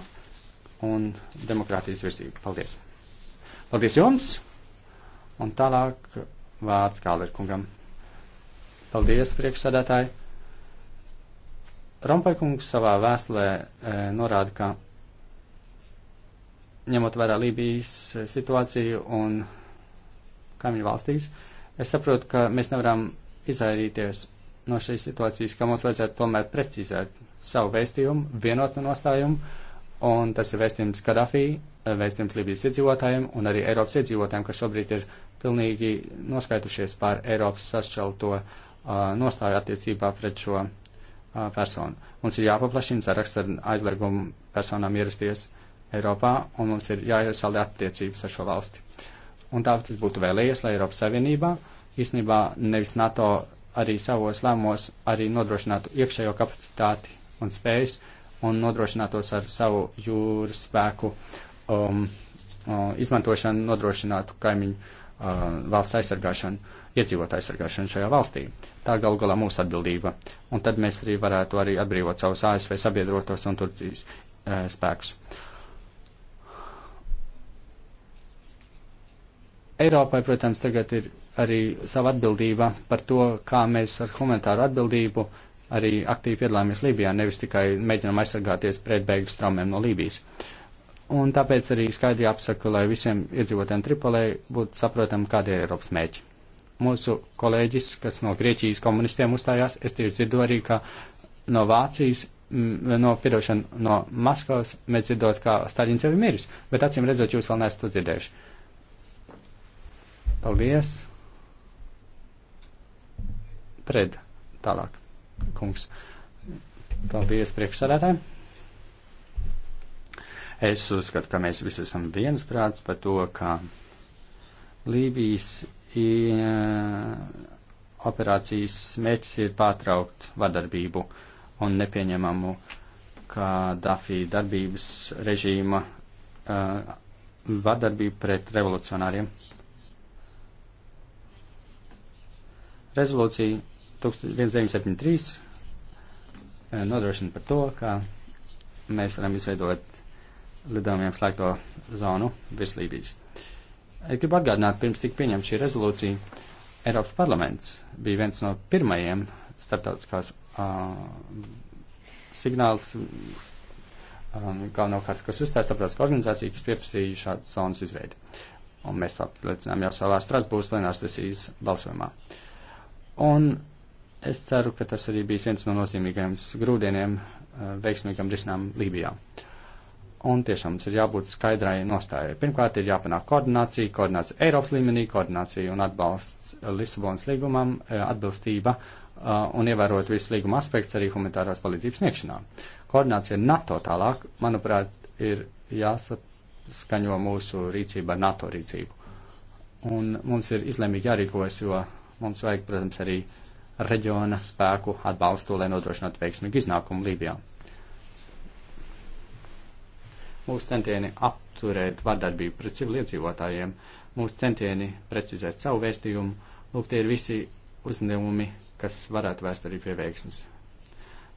un demokrātijas virzību. Paldies! Paldies jums! Un tālāk vārds Kālerkungam. Paldies, priekšsādātāji! Rompaikungs savā vēstulē e, norāda, ka ņemot vērā Lībijas eh, situāciju un kaimiņu valstīs, es saprotu, ka mēs nevaram izvairīties no šīs situācijas, ka mums vajadzētu tomēr precizēt savu vēstījumu, vienotu nostājumu, un tas ir vēstījums Kadafī, eh, vēstījums Lībijas iedzīvotājiem un arī Eiropas iedzīvotājiem, kas šobrīd ir pilnīgi noskaitušies par Eiropas sašķelto uh, nostāju attiecībā pret šo uh, personu. Mums ir jāpaplašina saraksts ar aizliegumu personām ierasties Eiropā, un mums ir jāiesaldē attiecības ar šo valsti. Un tā tas būtu vēlējies, lai Eiropas Savienībā, īstenībā nevis NATO arī savos lēmumos arī nodrošinātu iekšējo kapacitāti un spējas un nodrošinātos ar savu jūras spēku um, um izmantošanu, nodrošinātu kaimiņu uh, valsts aizsargāšanu, iedzīvotāju aizsargāšanu šajā valstī. Tā gal galā mūsu atbildība. Un tad mēs arī varētu arī atbrīvot savus ASV sabiedrotos un Turcijas uh, spēkus. Uh, Eiropai, protams, tagad ir arī sava atbildība par to, kā mēs ar humanitāru atbildību arī aktīvi piedalāmies Lībijā, nevis tikai mēģinām aizsargāties pret beigu straumēm no Lībijas. Un tāpēc arī skaidri apsaka, lai visiem iedzīvotājiem Tripolē būtu saprotam, kāda ir Eiropas mēķi. Mūsu kolēģis, kas no Grieķijas komunistiem uzstājās, es tieši dzirdu arī, ka no Vācijas mm, no, piedošana, no Maskavas mēs dzirdot, kā Staļins jau ir miris, bet acīm redzot, jūs vēl neesat to dzirdējuši. Paldies. Pred. Tālāk. Kungs. Paldies priekšsādātājiem. Es uzskatu, ka mēs visi esam viensprāts par to, ka Lībijas eh, operācijas mērķis ir pārtraukt vadarbību un nepieņemamu, ka Dafī darbības režīma uh, eh, vadarbību pret revolucionāriem. Rezolūcija 1973 e, nodrošina par to, ka mēs varam izveidot lidojumiem slēgto zonu virs Lībijas. Es gribu atgādināt, pirms tika pieņemta šī rezolūcija, Eiropas parlaments bija viens no pirmajiem starptautiskās uh, signāls, um, galvenokārt, kas uzstāja starptautiskā organizācija, kas pieprasīja šādas zonas izveidi. Un mēs to apliecinām jau savā Strasbūras plenārsesijas balsojumā. Uh, Un es ceru, ka tas arī bijis viens no nozīmīgajiem grūdieniem eh, veiksmīgam risinām Lībijā. Un tiešām mums ir jābūt skaidrai nostājai. Pirmkārt, ir jāpanāk koordinācija, koordinācija Eiropas līmenī, koordinācija un atbalsts Lisabonas līgumam, eh, atbilstība eh, un ievērot visu līguma aspekts arī humanitārās palīdzības sniegšanā. Koordinācija NATO tālāk, manuprāt, ir jāsaskaņo mūsu rīcība ar NATO rīcību. Un mums ir izlēmīgi jārīkojas, jo Mums vajag, protams, arī reģiona spēku atbalstu, lai nodrošinātu veiksmīgu iznākumu Lībijā. Mūsu centieni apturēt vardarbību pret civiliedzīvotājiem, mūsu centieni precizēt savu vēstījumu, lūk, tie ir visi uzņēmumi, kas varētu vēst arī pie veiksmes.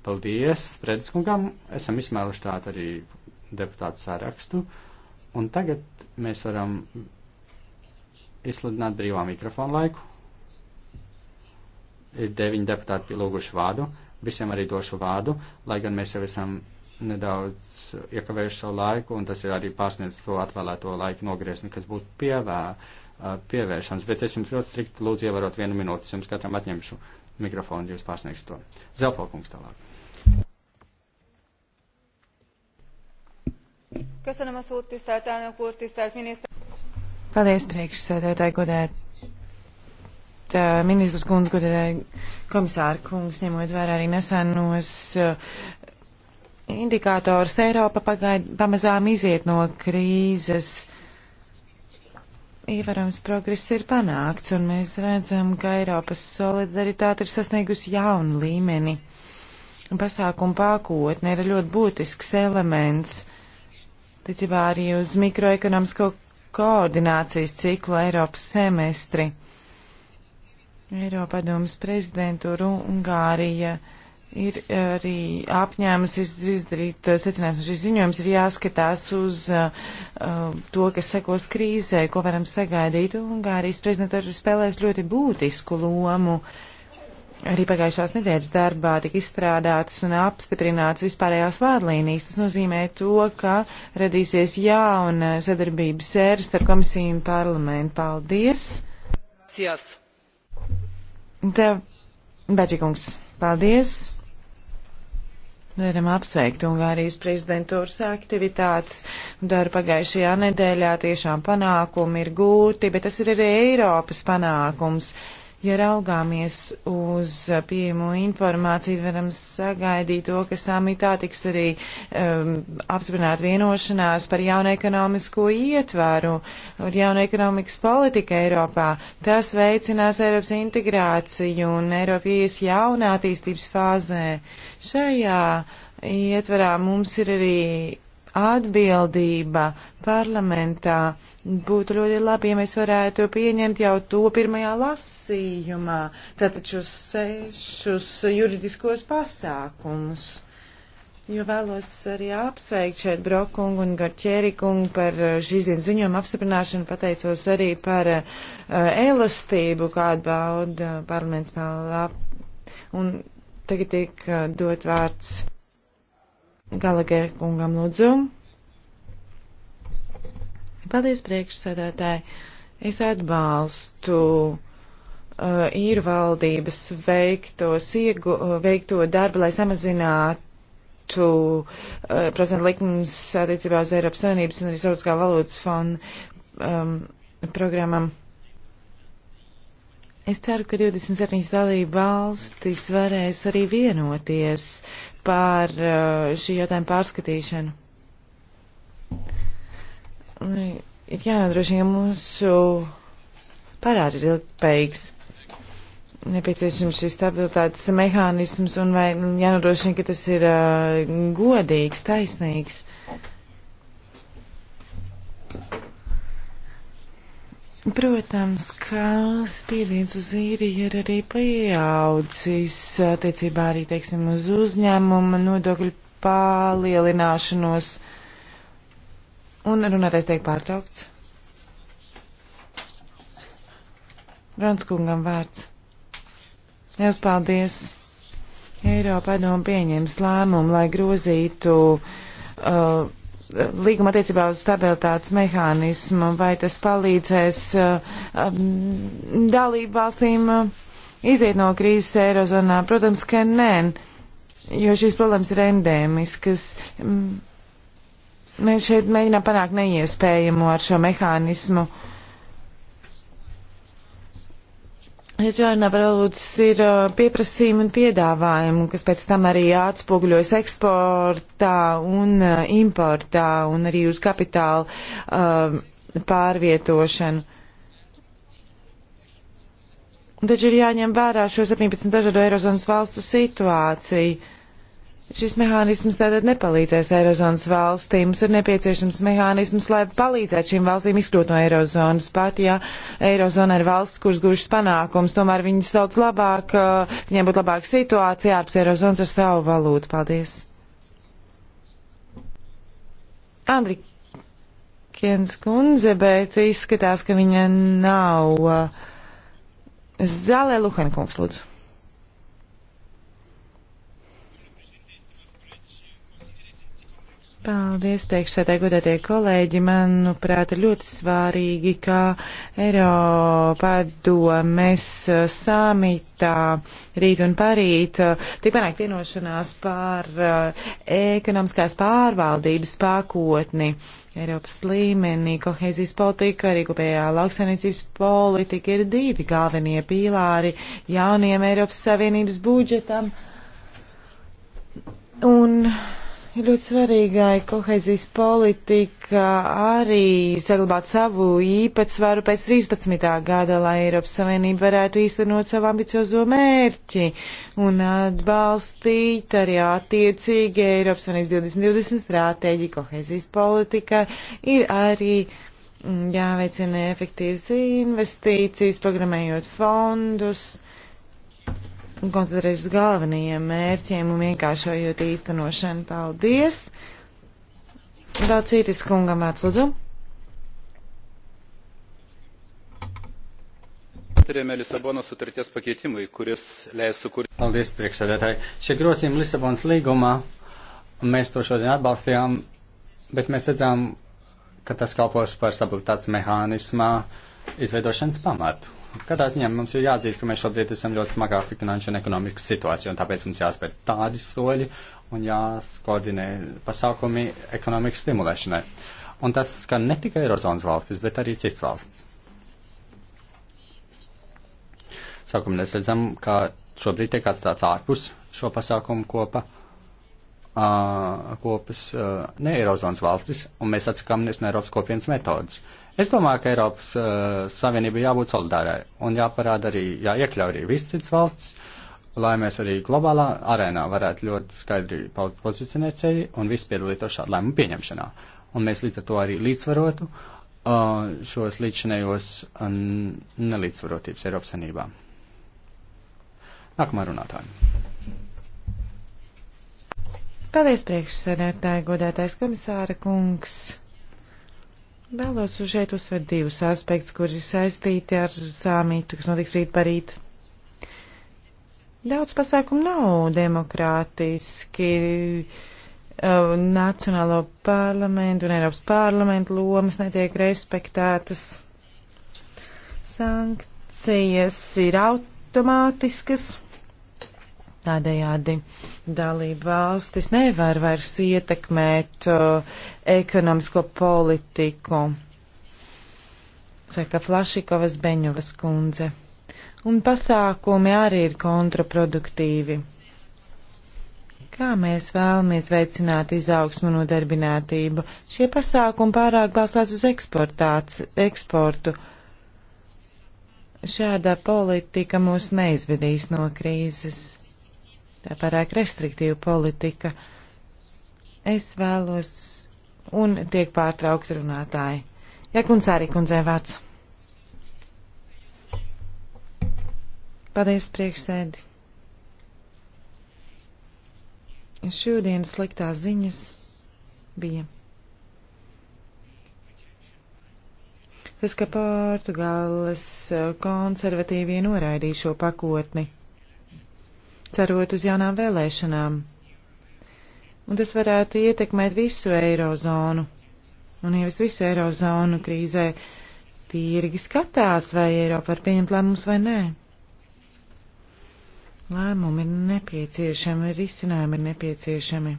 Paldies, Prediskungam, esam izsmēluši tādu arī deputātu sārakstu, un tagad mēs varam izsludināt brīvā mikrofonu laiku ir deviņi deputāti pielūguši vārdu, visiem arī došu vārdu, lai gan mēs jau esam nedaudz iekavējuši savu laiku, un tas ir arī pārsniedz to atvēlēto laiku nogriezni, kas būtu pievē, pievēršams. Bet es jums ļoti strikti lūdzu ievērot vienu minūti, es jums katram atņemšu mikrofonu, jūs pārsniegsiet to. Zelpalkungs tālāk. Köszönöm a szót, tisztelt elnök úr, tisztelt miniszter. Paldies, priekšsēdētāji, godēt Godēt uh, eh, ministrs kundz, godēt komisāra kungs, ņemot vērā arī nesenos uh, indikātors Eiropa pagaid, pamazām iziet no krīzes. Ievarams progress ir panākts, un mēs redzam, ka Eiropas solidaritāte ir sasniegusi jaunu līmeni. Pasākuma pakotne ir ļoti būtisks elements, ticībā arī uz mikroekonomisko koordinācijas ciklu Eiropas semestri. Eiropadomas prezidentūra Ungārija ir arī apņēmusies izdarīt eh, secinājumus. Šis ziņojums ir jāskatās uz uh, to, kas sekos krīzē, ko varam sagaidīt. Ungārijas prezidentūra spēlēs ļoti būtisku lomu. Arī pagājušās nedēļas darbā tika izstrādātas un apstiprinātas vispārējās vārdlīnijas. Tas nozīmē to, ka radīsies jauna sadarbības sēra starp komisiju un parlamentu. Paldies! Sijas. Tev, Bečikungs, paldies! Varam apsveikt Ungārijas prezidentūras aktivitātes. Daru pagājušajā nedēļā tiešām panākumi ir gūti, bet tas ir arī Eiropas panākums. Uh, Ja raugāmies uz pieejamo informāciju, varam sagaidīt to, ka samitā tiks arī um, apsprināt vienošanās par jaunu ekonomisko ietvaru un jaunu ekonomikas politiku Eiropā. Tas veicinās Eiropas integrāciju un Eiropijas jaunā attīstības fāzē. Šajā ietvarā mums ir arī atbildība parlamentā. Būtu ļoti labi, ja mēs varētu pieņemt jau to pirmajā lasījumā, tātad šos sešus juridiskos pasākumus. Jo vēlos arī apsveikt šeit Brokungu un Garķērikungu par eh, šīs dienas ziņojumu apstiprināšanu, pateicos arī par uh, elastību, kādu bauda parlaments mēlā. Un tagad tiek eh, dot vārds Galagēra kungam lūdzu. Paldies, priekšsēdētāji. Es atbalstu uh, īru valdības veiktos, iegu, uh, veikto darbu, lai samazinātu uh, procentu likums attiecībā uz Eiropas Savienības un arī Sautiskā valūtas fonda um, programmam. Es ceru, ka 27 dalība valstis varēs arī vienoties par eh, šī jautājuma pārskatīšanu. Ir jānodrošina, ka mūsu parādi ir ilgspējīgs. Nepieciešams šis stabilitātes mehānisms un vai jānodrošina, ka tas ir uh, godīgs, taisnīgs. Thank you. Protams, ka spiediens uz īriju ir arī pieaudzis attiecībā arī, teiksim, uz uzņēmuma nodokļu palielināšanos. Un runātais tiek pārtraukts. Bronskungam vārds. Liels paldies! Eiropa padomu pieņems lēmumu, lai grozītu uh, līguma attiecībā uz stabilitātes mehānismu, vai tas palīdzēs uh, um, dalību valstīm uh, iziet no krīzes Eirozonā? Protams, ka nē, jo šīs problēmas ir endēmiskas. Mm, mēs šeit mēģinām panākt neiespējamo ar šo mehānismu. Uh, Ir jārunā par valūtas, ir pieprasījumi un piedāvājumi, kas pēc tam arī atspoguļojas eksportā un importā un arī uz kapitālu uh, pārvietošanu. Taču ir jāņem vērā šo 17 dažādu Eirozonas valstu situāciju. Šis mehānisms tātad nepalīdzēs Eirozonas valstīm. Mums ir nepieciešams mehānisms, lai palīdzētu šīm valstīm izkļūt no Eirozonas. Pat ja Eirozona ir valsts, kuras guvušas panākums, tomēr viņas daudz labāk, uh, viņiem būtu labāka situācija ārpus Eirozonas ar savu valūtu. Paldies. Andri Kienas kundze, bet izskatās, ka viņa nav. Uh, Zālē Luhankungs, lūdzu. Paldies, priekšsēdē, godētie kolēģi. Manuprāt, ir ļoti svārīgi, ka Eiropadomes uh, samitā rīt un parīt uh, tik panākt vienošanās par uh, ekonomiskās pārvaldības pakotni. Eiropas līmenī kohēzijas politika, arī kopējā lauksainiecības politika ir divi galvenie pīlāri jauniem Eiropas Savienības budžetam. Un ļoti svarīgai kohezijas politika arī saglabāt savu īpatsvaru pēc 13. gada, lai Eiropas Savienība varētu īstenot savu ambiciozo mērķi un atbalstīt arī attiecīgi Eiropas Savienības 2020 stratēģi. Kohezijas politika ir arī mm, jāveicina efektīvas investīcijas, programmējot fondus un koncentrēties uz galvenajiem mērķiem un vienkāršojot īstenošanu. Paldies! Vēl cītis kungam vārds lūdzu. aptarėme Lisabonos sutarties pakeitimui, kuris leis sukurti. Paldies, priekšsēdētāji. Šie grozījumi Lisabonas līgumā, mēs to šodien atbalstījām, bet mēs redzam, ka tas kalpos par stabilitātes mehānismā izveidošanas pamatu. Katrā ziņā mums ir jāatzīst, ka mēs šobrīd esam ļoti smagā finanšu un ekonomikas situācijā, un tāpēc mums jāspēr tādi soļi un jāskoordinē pasākumi ekonomikas stimulēšanai. Un tas skan ne tikai Eirozonas valstis, bet arī citas valstis. Sākumā mēs redzam, ka šobrīd tiek atstāts ārpus šo pasākumu kopa, uh, kopas uh, ne Eirozonas valstis, un mēs atsakāmies no Eiropas kopienas metodas. Uh, Es domāju, ka Eiropas uh, Savienība jābūt solidārai un jāparāda arī, jāiekļauj arī visas citas valsts, lai mēs arī globālā arēnā varētu ļoti skaidri paust pozicionēt sevi un visi piedalītos šādu lēmumu pieņemšanā. Un mēs līdz ar to arī līdzsvarotu uh, šos līdzinējos nelīdzsvarotības Eiropas Savienībā. Nākamā runātāja. Paldies priekšsēdētāji, godētais komisāra kungs. Vēlos šeit uzsvērt divus aspektus, kuri ir saistīti ar sāmītu, kas notiks rīt parīt. Daudz pasākumu nav demokrātiski. Nacionālo parlamentu un Eiropas parlamentu lomas netiek respektētas. Sankcijas ir automātiskas Tādējādi dalība valstis nevar vairs ietekmēt uh, ekonomisko politiku, saka Flašikovas Beņovas kundze. Un pasākumi arī ir kontraproduktīvi. Kā mēs vēlamies veicināt izaugsmu un nodarbinātību? Šie pasākumi pārāk balstās uz eksportu. Šādā politika mūs neizvedīs no krīzes tā pārāk restriktīva politika. Es vēlos un tiek pārtraukti runātāji. Jā, kundz arī kundzē vārds. Paldies, priekšsēdi. Šodienas sliktās ziņas bija. Tas, ka Portugāles konservatīvie noraidīja šo pakotni cerot uz jaunām vēlēšanām. Un tas varētu ietekmēt visu eirozonu. Un ievis ja visu eirozonu krīzē tīrgi skatās, vai Eiropa var pieņemt lēmumus vai nē. Lēmumi ir nepieciešami, risinājumi ir nepieciešami.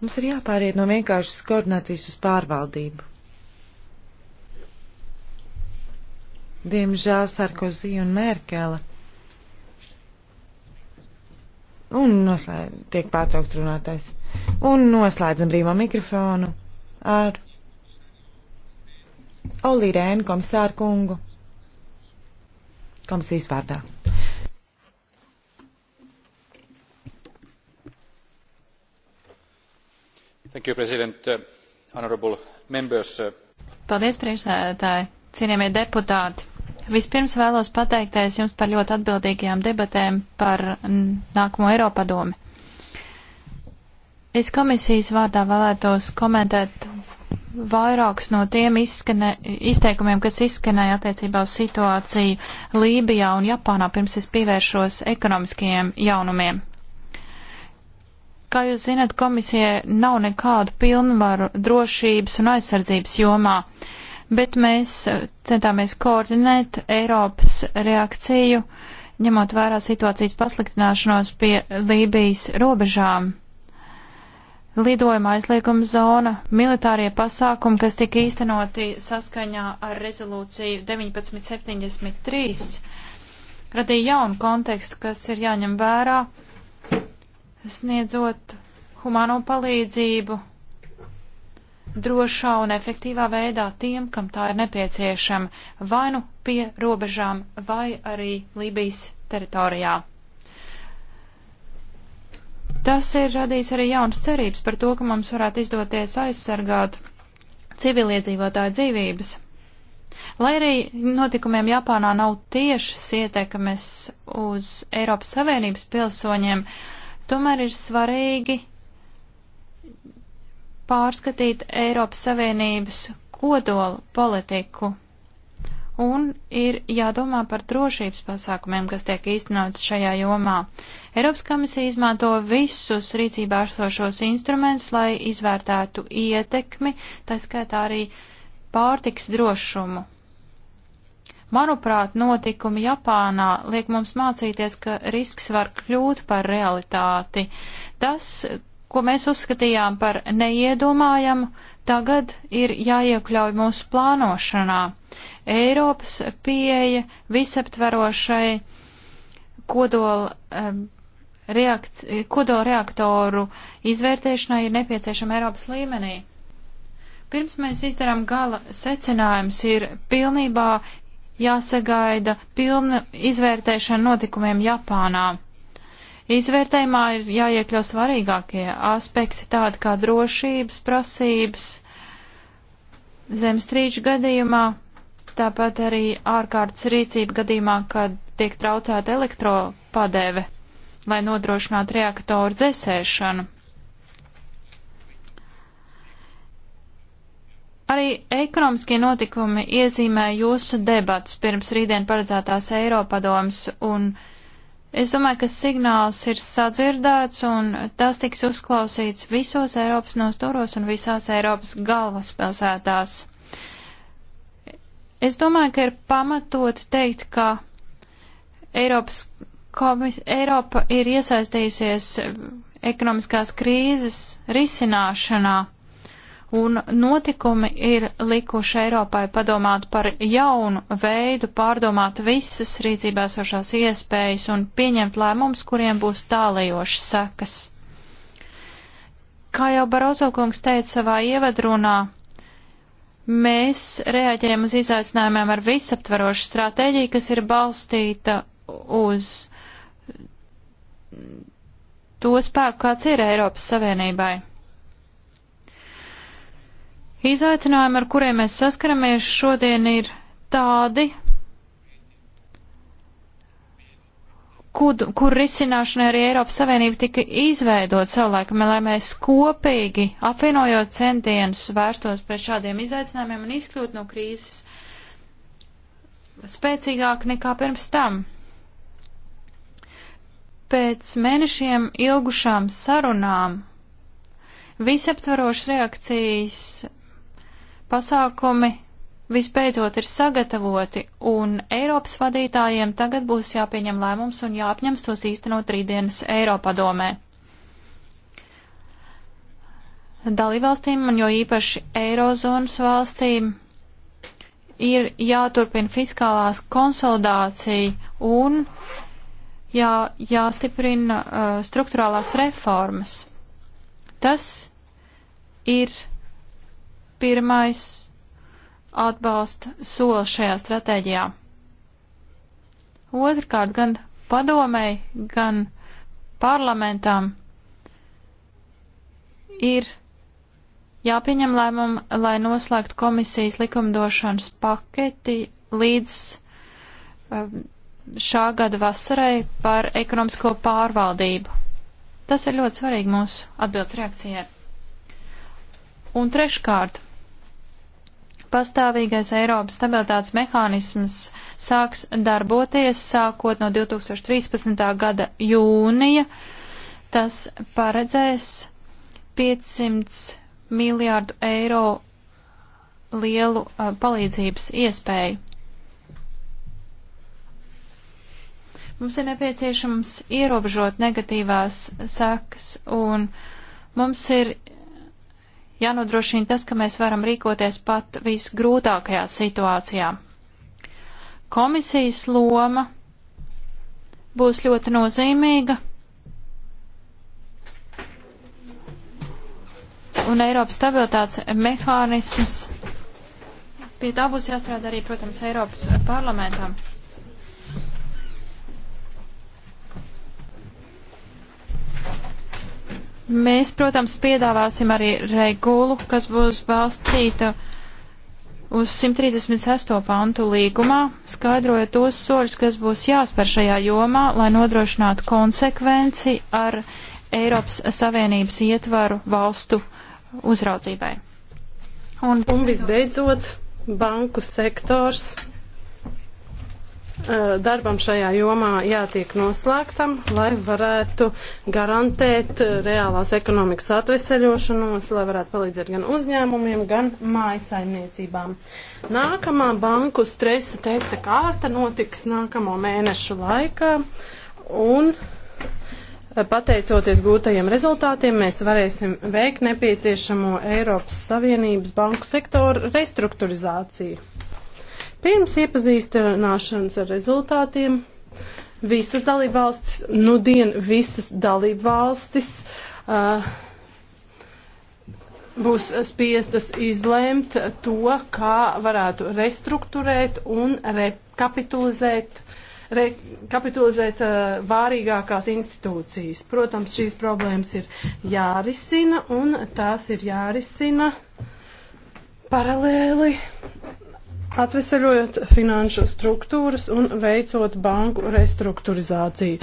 Mums ir jāpāriet no vienkāršas koordinācijas uz pārvaldību. Diemžēl Sarkozī un Merkele. Un noslēdz, tiek pārtraukt runātais. Un noslēdzam brīvo mikrofonu ar Olī Rēnu komisāru kungu. Komisijas vārdā. You, uh, Paldies, priekšsēdētāji, cienījamie deputāti! Vispirms vēlos pateikties jums par ļoti atbildīgajām debatēm par nākamo Eiropadomi. Es komisijas vārdā vēlētos komentēt vairākus no tiem izskanē, izteikumiem, kas izskanēja attiecībā uz situāciju Lībijā un Japānā, pirms es pievēršos ekonomiskajiem jaunumiem. Kā jūs zināt, komisijai nav nekādu pilnvaru drošības un aizsardzības jomā, bet mēs eh, centāmies koordinēt Eiropas reakciju, ņemot vērā situācijas pasliktināšanos pie Lībijas robežām. Lidojuma aizlieguma zona, militārie pasākumi, kas tika īstenoti saskaņā ar rezolūciju 1973, radīja jaunu kontekstu, kas ir jāņem vērā sniedzot humano palīdzību drošā un efektīvā veidā tiem, kam tā ir nepieciešama, vai nu pie robežām, vai arī Lībijas teritorijā. Tas ir radījis arī jaunas cerības par to, ka mums varētu izdoties aizsargāt civiliedzīvotāju dzīvības. Lai arī notikumiem Japānā nav tiešas ietekmes uz Eiropas Savienības pilsoņiem, uh, Tomēr ir svarīgi pārskatīt Eiropas Savienības kodolu politiku un ir jādomā par drošības pasākumiem, kas tiek īstenots šajā jomā. Eiropas komisija izmanto visus rīcībā esošos instrumentus, lai izvērtētu ietekmi, tā skaitā arī pārtiks drošumu. Manuprāt, notikumi Japānā liek mums mācīties, ka risks var kļūt par realitāti. Tas, ko mēs uzskatījām par neiedomājamu, tagad ir jāiekļauj mūsu plānošanā. Eiropas pieeja visaptverošai kodola, reakc, kodola reaktoru izvērtēšanai ir nepieciešama Eiropas līmenī. Pirms mēs izdarām gala secinājums, ir pilnībā jāsagaida pilna izvērtēšana notikumiem Japānā. Izvērtējumā ir jāiekļau svarīgākie aspekti, tādi kā drošības prasības, zemstrīču gadījumā, tāpat arī ārkārtas rīcība gadījumā, kad tiek traucēta elektropadeve, lai nodrošinātu reaktoru dzesēšanu. Arī ekonomiskie notikumi iezīmē jūsu debats pirms rītdien paredzētās Eiropadomas, un es domāju, ka signāls ir sadzirdēts, un tas tiks uzklausīts visos Eiropas nostūros un visās Eiropas galvaspilsētās. Es domāju, ka ir pamatot teikt, ka Eiropas komis, Eiropa ir iesaistījusies ekonomiskās krīzes risināšanā un notikumi ir likuši Eiropai padomāt par jaunu veidu, pārdomāt visas rīcībā sošās iespējas un pieņemt lēmumus, kuriem būs tālajošas sekas. Kā jau Barozo kungs teica savā ievadrunā, mēs reaģējam uz izaicinājumiem ar visaptvarošu stratēģiju, kas ir balstīta uz to spēku, kāds ir Eiropas Savienībai. Izaicinājumi, ar kuriem mēs saskaramies šodien, ir tādi, kur, kur risināšanai arī Eiropas Savienība tika izveidot savulaik, lai mēs kopīgi, apvienojot centienus, vērstos pret šādiem izaicinājumiem un izkļūt no krīzes spēcīgāk nekā pirms tam. Pēc mēnešiem ilgušām sarunām visaptvarošas reakcijas pasākumi visbeidzot ir sagatavoti, un Eiropas vadītājiem tagad būs jāpieņem lēmums un jāapņems tos īstenot rītdienas Eiropadomē. Dalībvalstīm, un jo īpaši Eirozonas valstīm, ir jāturpina fiskālās konsolidācija un jā, jāstiprina uh, struktūrālās reformas. Tas ir pirmais atbalsta solis šajā stratēģijā. Otrkārt, gan padomēji, gan parlamentām ir jāpieņem lēmumu, lai noslēgtu komisijas likumdošanas paketi līdz um, šā gada vasarai par ekonomisko pārvaldību. Tas ir ļoti svarīgi mūsu atbildes reakcijai. Un treškārt, pastāvīgais Eiropas stabilitātes mehānisms sāks darboties sākot no 2013. gada jūnija. Tas paredzēs 500 miljārdu eiro lielu uh, palīdzības iespēju. Mums ir nepieciešams ierobežot negatīvās sekas, un mums ir jānodrošina tas, ka mēs varam rīkoties pat visgrūtākajā situācijā. Komisijas loma būs ļoti nozīmīga. Un Eiropas stabilitātes mehānisms. Pie tā būs jāstrādā arī, protams, Eiropas parlamentam. Mēs, protams, piedāvāsim arī regulu, kas būs balstīta uz 136. pantu līgumā, skaidrojot tos soļus, kas būs jāspēr šajā jomā, lai nodrošinātu konsekvenci ar Eiropas Savienības ietvaru valstu uzraudzībai. Un, un visbeidzot, banku sektors Eh, darbam šajā jomā jātiek noslēgtam, lai varētu garantēt eh, reālās ekonomikas atveseļošanos, lai varētu palīdzēt gan uzņēmumiem, gan mājasaimniecībām. Nākamā banku stresa testa kārta notiks nākamo mēnešu laikā un eh, pateicoties gūtajiem rezultātiem, mēs varēsim veikt nepieciešamo Eiropas Savienības banku sektoru restruktūrizāciju. Pirms iepazīstināšanas ar rezultātiem visas dalībvalstis, nu dien visas dalībvalstis uh, būs spiestas izlēmt to, kā varētu restruktūrēt un rekapitalizēt rekapitalizēt uh, vārīgākās institūcijas. Protams, šīs problēmas ir jārisina un tās ir jārisina paralēli atvesaļojot finanšu struktūras un veicot banku restruktūrizāciju.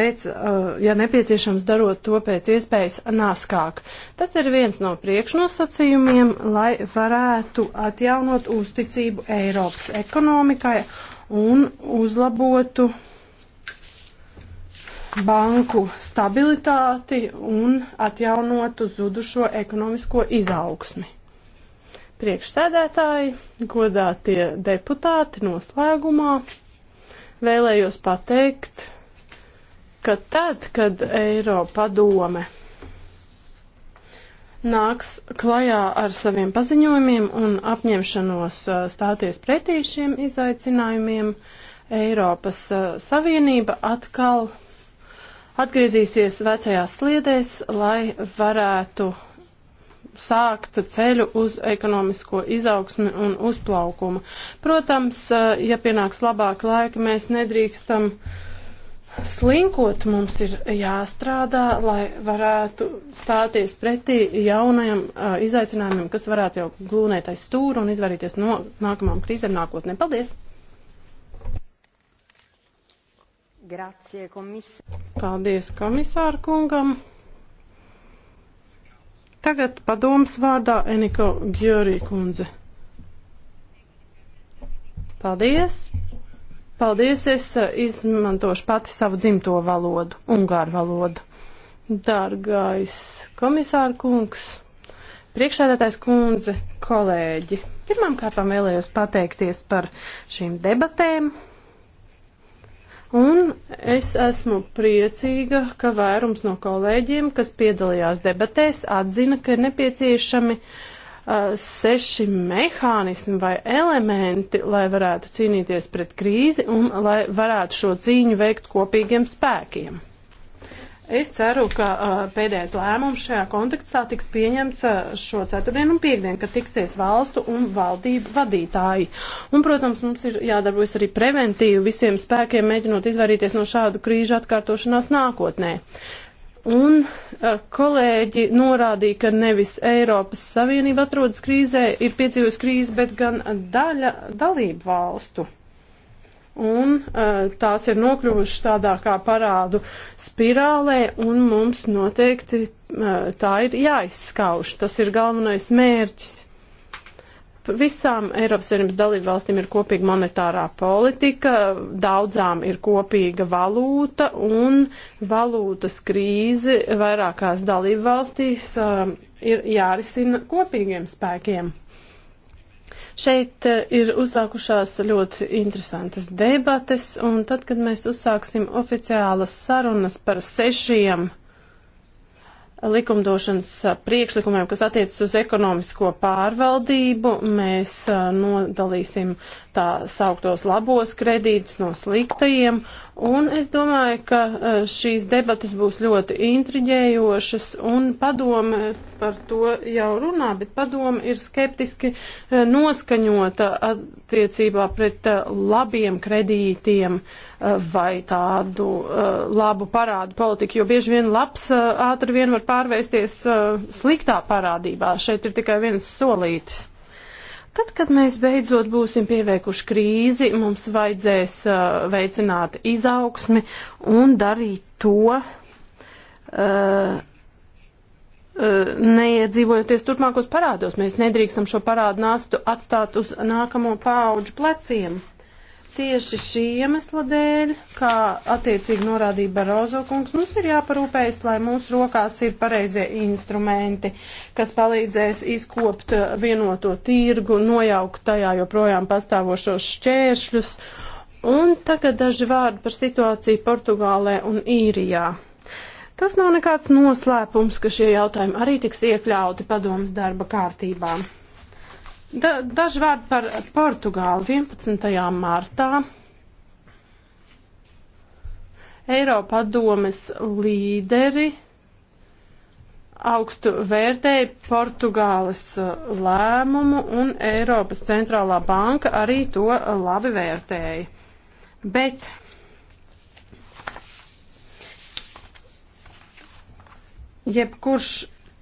Pēc, uh, ja nepieciešams, darot to pēc iespējas nāskāk. Tas ir viens no priekšnosacījumiem, lai varētu atjaunot uzticību Eiropas ekonomikai un uzlabotu banku stabilitāti un atjaunotu zudušo ekonomisko izaugsmi. Priekšsēdētāji, godātie deputāti, noslēgumā vēlējos pateikt, ka tad, kad Eiropa padome nāks klajā ar saviem paziņojumiem un apņemšanos stāties pretī šiem izaicinājumiem, Eiropas Savienība atkal atgriezīsies vecajās sliedēs, lai varētu sākt ceļu uz ekonomisko izaugsmi un uzplaukumu. Protams, eh, ja pienāks labāk laika, mēs nedrīkstam slinkot, mums ir jāstrādā, lai varētu stāties pretī jaunajam eh, izaicinājumam, kas varētu jau glūnēt aiz stūra un izvairīties no nākamām krīzēm nākotnē. Paldies! Grazie, komis Paldies komisāru kungam! Tagad padoms vārdā Eniko Gjorī kundze. Paldies! Paldies, es eh, izmantošu pati savu dzimto valodu, ungāru valodu. Dārgais komisāra kungs, priekšsēdētājs kundze, kolēģi. Pirmkārt vēlējos pateikties par šīm debatēm, Un es esmu priecīga, ka vairums no kolēģiem, kas piedalījās debatēs, atzina, ka ir nepieciešami uh, seši mehānismi vai elementi, lai varētu cīnīties pret krīzi un lai varētu šo cīņu veikt kopīgiem spēkiem. Es ceru, ka uh, pēdējais lēmums šajā kontekstā tiks pieņemts uh, šo ceturtdienu un piekdienu, kad tiksies valstu un valdību vadītāji. Un, protams, mums ir jādarbojas arī preventīvi visiem spēkiem, mēģinot izvairīties no šādu krīžu atkārtošanās nākotnē. Un uh, kolēģi norādīja, ka nevis Eiropas Savienība atrodas krīzē, ir piedzīvusi krīzi, bet gan daļa dalību valstu un eh, tās ir nokļuvušas tādā kā parādu spirālē, un mums noteikti eh, tā ir jāizskauž. Tas ir galvenais mērķis visām Eiropas Savienības dalību valstīm ir kopīga monetārā politika, daudzām ir kopīga valūta un valūtas krīze vairākās dalību valstīs uh, ir jārisina kopīgiem spēkiem. Šeit eh, ir uzsākušās ļoti interesantas debates, un tad, kad mēs uzsāksim oficiālas sarunas par sešiem likumdošanas eh, priekšlikumiem, kas attiecas uz ekonomisko pārvaldību, mēs eh, nodalīsim tā sauktos labos kredītus no sliktajiem, un es domāju, ka e, šīs debatas būs ļoti intriģējošas, un padome par to jau runā, bet padome ir skeptiski e, noskaņota attiecībā pret e, labiem kredītiem vai tādu labu parādu politiku, jo bieži vien labs ātri vien var pārvērsties sliktā parādībā. Šeit ir tikai viens solītis. Tad, kad mēs beidzot būsim pieveikuši krīzi, mums vajadzēs uh, veicināt izaugsmi un darīt to, uh, uh, neiedzīvojoties turpmākos parādos. Mēs nedrīkstam šo parādu nāstu atstāt uz nākamo paauģu pleciem. Tieši šī iemesla dēļ, kā attiecīgi norādīja Barozo kungs, mums ir jāparūpējas, lai mūsu rokās ir pareizie instrumenti, kas palīdzēs izkopt vienoto tirgu, nojaukt tajā joprojām pastāvošos šķēršļus. Un tagad daži vārdi par situāciju Portugālē un Īrijā. Tas nav nekāds noslēpums, ka šie jautājumi arī tiks iekļauti padomas darba kārtībā. Da, daži vārdi par Portugālu 11. martā. Eiropa domes līderi augstu vērtēja Portugāles uh, lēmumu un Eiropas centrālā banka arī to uh, labi vērtēja. Bet jebkurš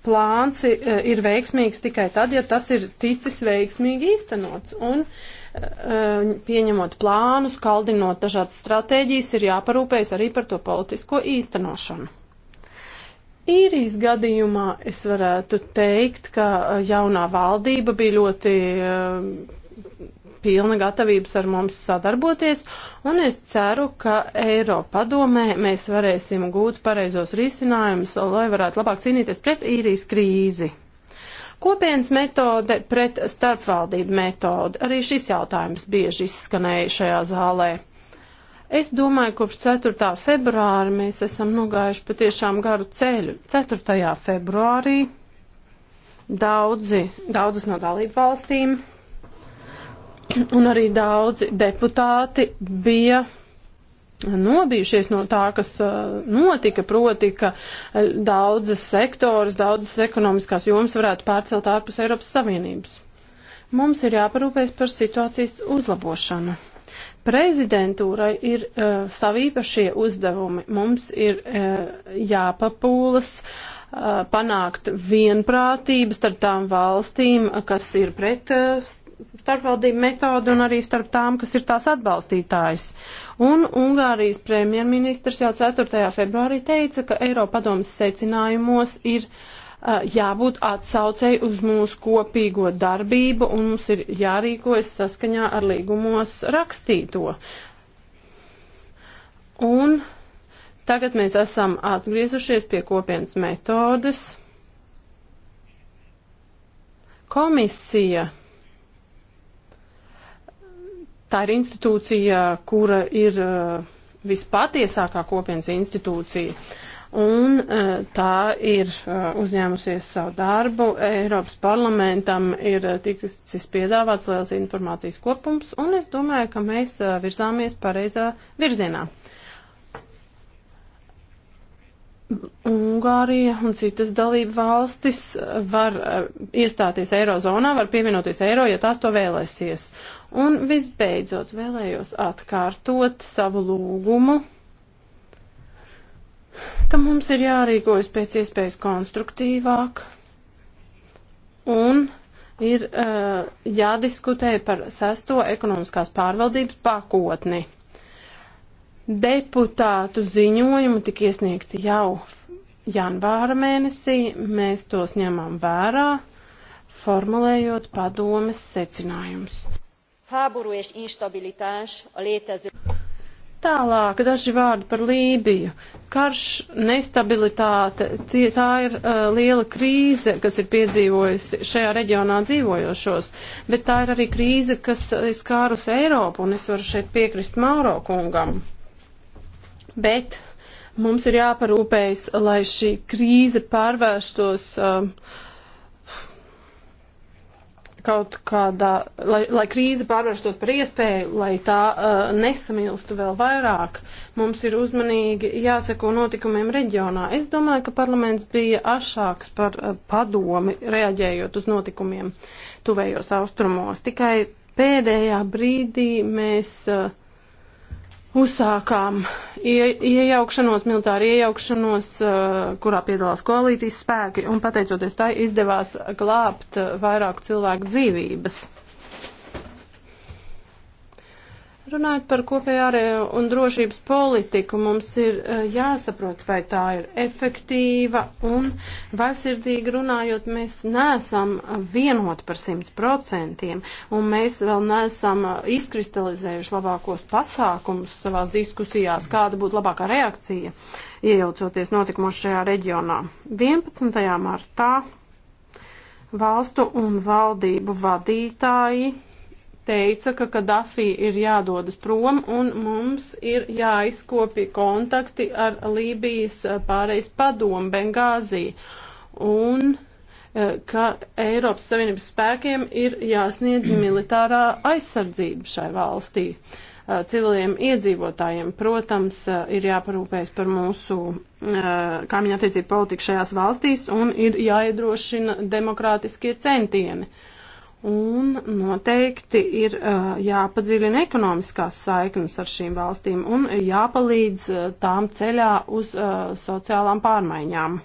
plāns eh, ir veiksmīgs tikai tad, ja tas ir ticis veiksmīgi īstenots. Un, eh, pieņemot plānus, kaldinot dažādas stratēģijas, ir jāparūpējas arī par to politisko īstenošanu. Īrijas gadījumā es varētu teikt, ka eh, jaunā valdība bija ļoti pilna gatavības ar mums sadarboties, un es ceru, ka Eiropa padomē mēs varēsim gūt pareizos risinājumus, lai varētu labāk cīnīties pret īrijas krīzi. Kopienas metode pret starpvaldību metodi. Arī šis jautājums bieži izskanēja šajā zālē. Es domāju, kopš 4. februāra mēs esam nogājuši patiešām garu ceļu. 4. februārī daudzi, daudzas no dalību valstīm un arī daudzi deputāti bija nobijušies no tā, kas uh, notika, proti, ka uh, daudzas sektoras, daudzas ekonomiskās jomas varētu pārcelt ārpus Eiropas Savienības. Mums ir jāparūpēs par situācijas uzlabošanu. Prezidentūrai ir uh, savīpašie uzdevumi. Mums ir uh, jāpapūlas uh, panākt vienprātību starp tām valstīm, kas ir pret uh, starpvaldību metodu un arī starp tām, kas ir tās atbalstītājs. Un Ungārijas premjerministrs jau 4. februārī teica, ka Eiropadomas secinājumos ir uh, jābūt atsaucei uz mūsu kopīgo darbību un mums ir jārīkojas saskaņā ar līgumos rakstīto. Un tagad mēs esam atgriezušies pie kopienas metodes. Komisija Tā ir institūcija, kura ir eh, vispatiesākā kopienas institūcija. Un eh, tā ir eh, uzņēmusies savu darbu. Eiropas parlamentam ir tiks piedāvāts liels informācijas kopums, un es domāju, ka mēs virzāmies pareizā virzienā. Ungārija un citas dalība valstis var iestāties Eirozonā, var pievienoties Eiro, ja tās to vēlēsies. Un visbeidzot vēlējos atkārtot savu lūgumu, ka mums ir jārīkojas pēc iespējas konstruktīvāk un ir uh, jādiskutē par sesto ekonomiskās pārvaldības pakotni. Deputātu ziņojumi tika iesniegti jau janvāra mēnesī, mēs tos ņemam vērā, formulējot padomes secinājumus háború és instabilitás a létező. Tālāk daži vārdi par Lībiju. Karš, nestabilitāte, tie, tā ir uh, liela krīze, kas ir piedzīvojusi šajā reģionā dzīvojošos, bet tā ir arī krīze, kas ir skārus Eiropu, un es varu šeit piekrist Mauro kungam. Bet mums ir jāparūpējas, lai šī krīze pārvērstos. Uh, kaut kādā, lai, lai krīze pārvērstos par iespēju, lai tā uh, nesamilstu vēl vairāk. Mums ir uzmanīgi jāseko notikumiem reģionā. Es domāju, ka parlaments bija ašāks par uh, padomi, reaģējot uz notikumiem tuvējos austrumos. Tikai pēdējā brīdī mēs. Uh, uzsākām ie, iejaukšanos, militāru iejaukšanos, uh, kurā piedalās koalīcijas spēki, un pateicoties tai izdevās glābt uh, vairāku cilvēku dzīvības. Runājot par kopējā ārējo un drošības politiku, mums ir e, jāsaprot, vai tā ir efektīva un vaisirdīgi runājot, mēs neesam vienoti par simt procentiem un mēs vēl neesam e, izkristalizējuši labākos pasākumus savās diskusijās, kāda būtu labākā reakcija iejaucoties notikumos šajā reģionā. 11. martā valstu un valdību vadītāji teica, ka Kadafī ir jādodas prom un mums ir jāizkopja kontakti ar Lībijas eh, pārējais padomu Bengāzī. Un eh, ka Eiropas Savienības spēkiem ir jāsniedz militārā aizsardzība šai valstī. Eh, civiliem iedzīvotājiem, protams, ir jāparūpējas par mūsu kaimiņu attiecību politiku šajās valstīs un ir jāiedrošina demokrātiskie centieni. Uh, Un noteikti ir uh, jāpadziļina ekonomiskās saiknes ar šīm valstīm un jāpalīdz uh, tām ceļā uz uh, sociālām pārmaiņām.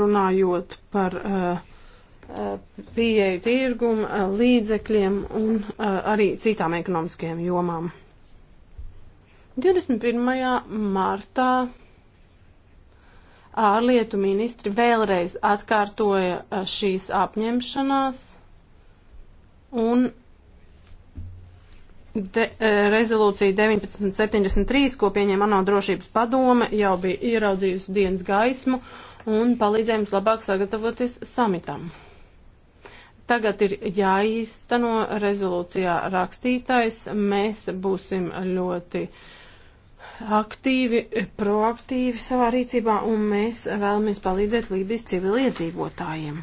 Runājot par uh, uh pieeju tirgumu, uh, līdzekļiem un uh, arī citām ekonomiskajām jomām. 21. martā ārlietu ministri vēlreiz atkārtoja šīs apņemšanās un de, rezolūcija 1973, ko pieņēma ANO drošības padome, jau bija ieraudzījusi dienas gaismu un palīdzēja mums labāk sagatavoties samitam. Tagad ir jāīsteno rezolūcijā rakstītais, mēs būsim ļoti uh, aktīvi, proaktīvi savā rīcībā, un mēs vēlamies palīdzēt Lībijas civiliedzīvotājiem.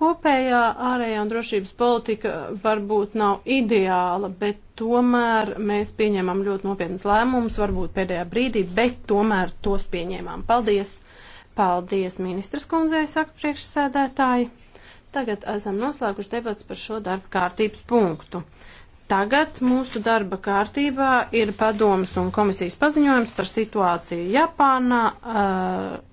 Kopējā ārējā un drošības politika varbūt nav ideāla, bet tomēr mēs pieņemam ļoti nopietnas lēmumus, varbūt pēdējā brīdī, bet tomēr tos pieņēmām. Paldies! Paldies ministras kundzei, saka priekšsēdētāji. Tagad esam noslēguši debats par šo darba kārtības punktu. Tagad mūsu darba kārtībā ir padomas un komisijas paziņojums par situāciju Japānā. Uh,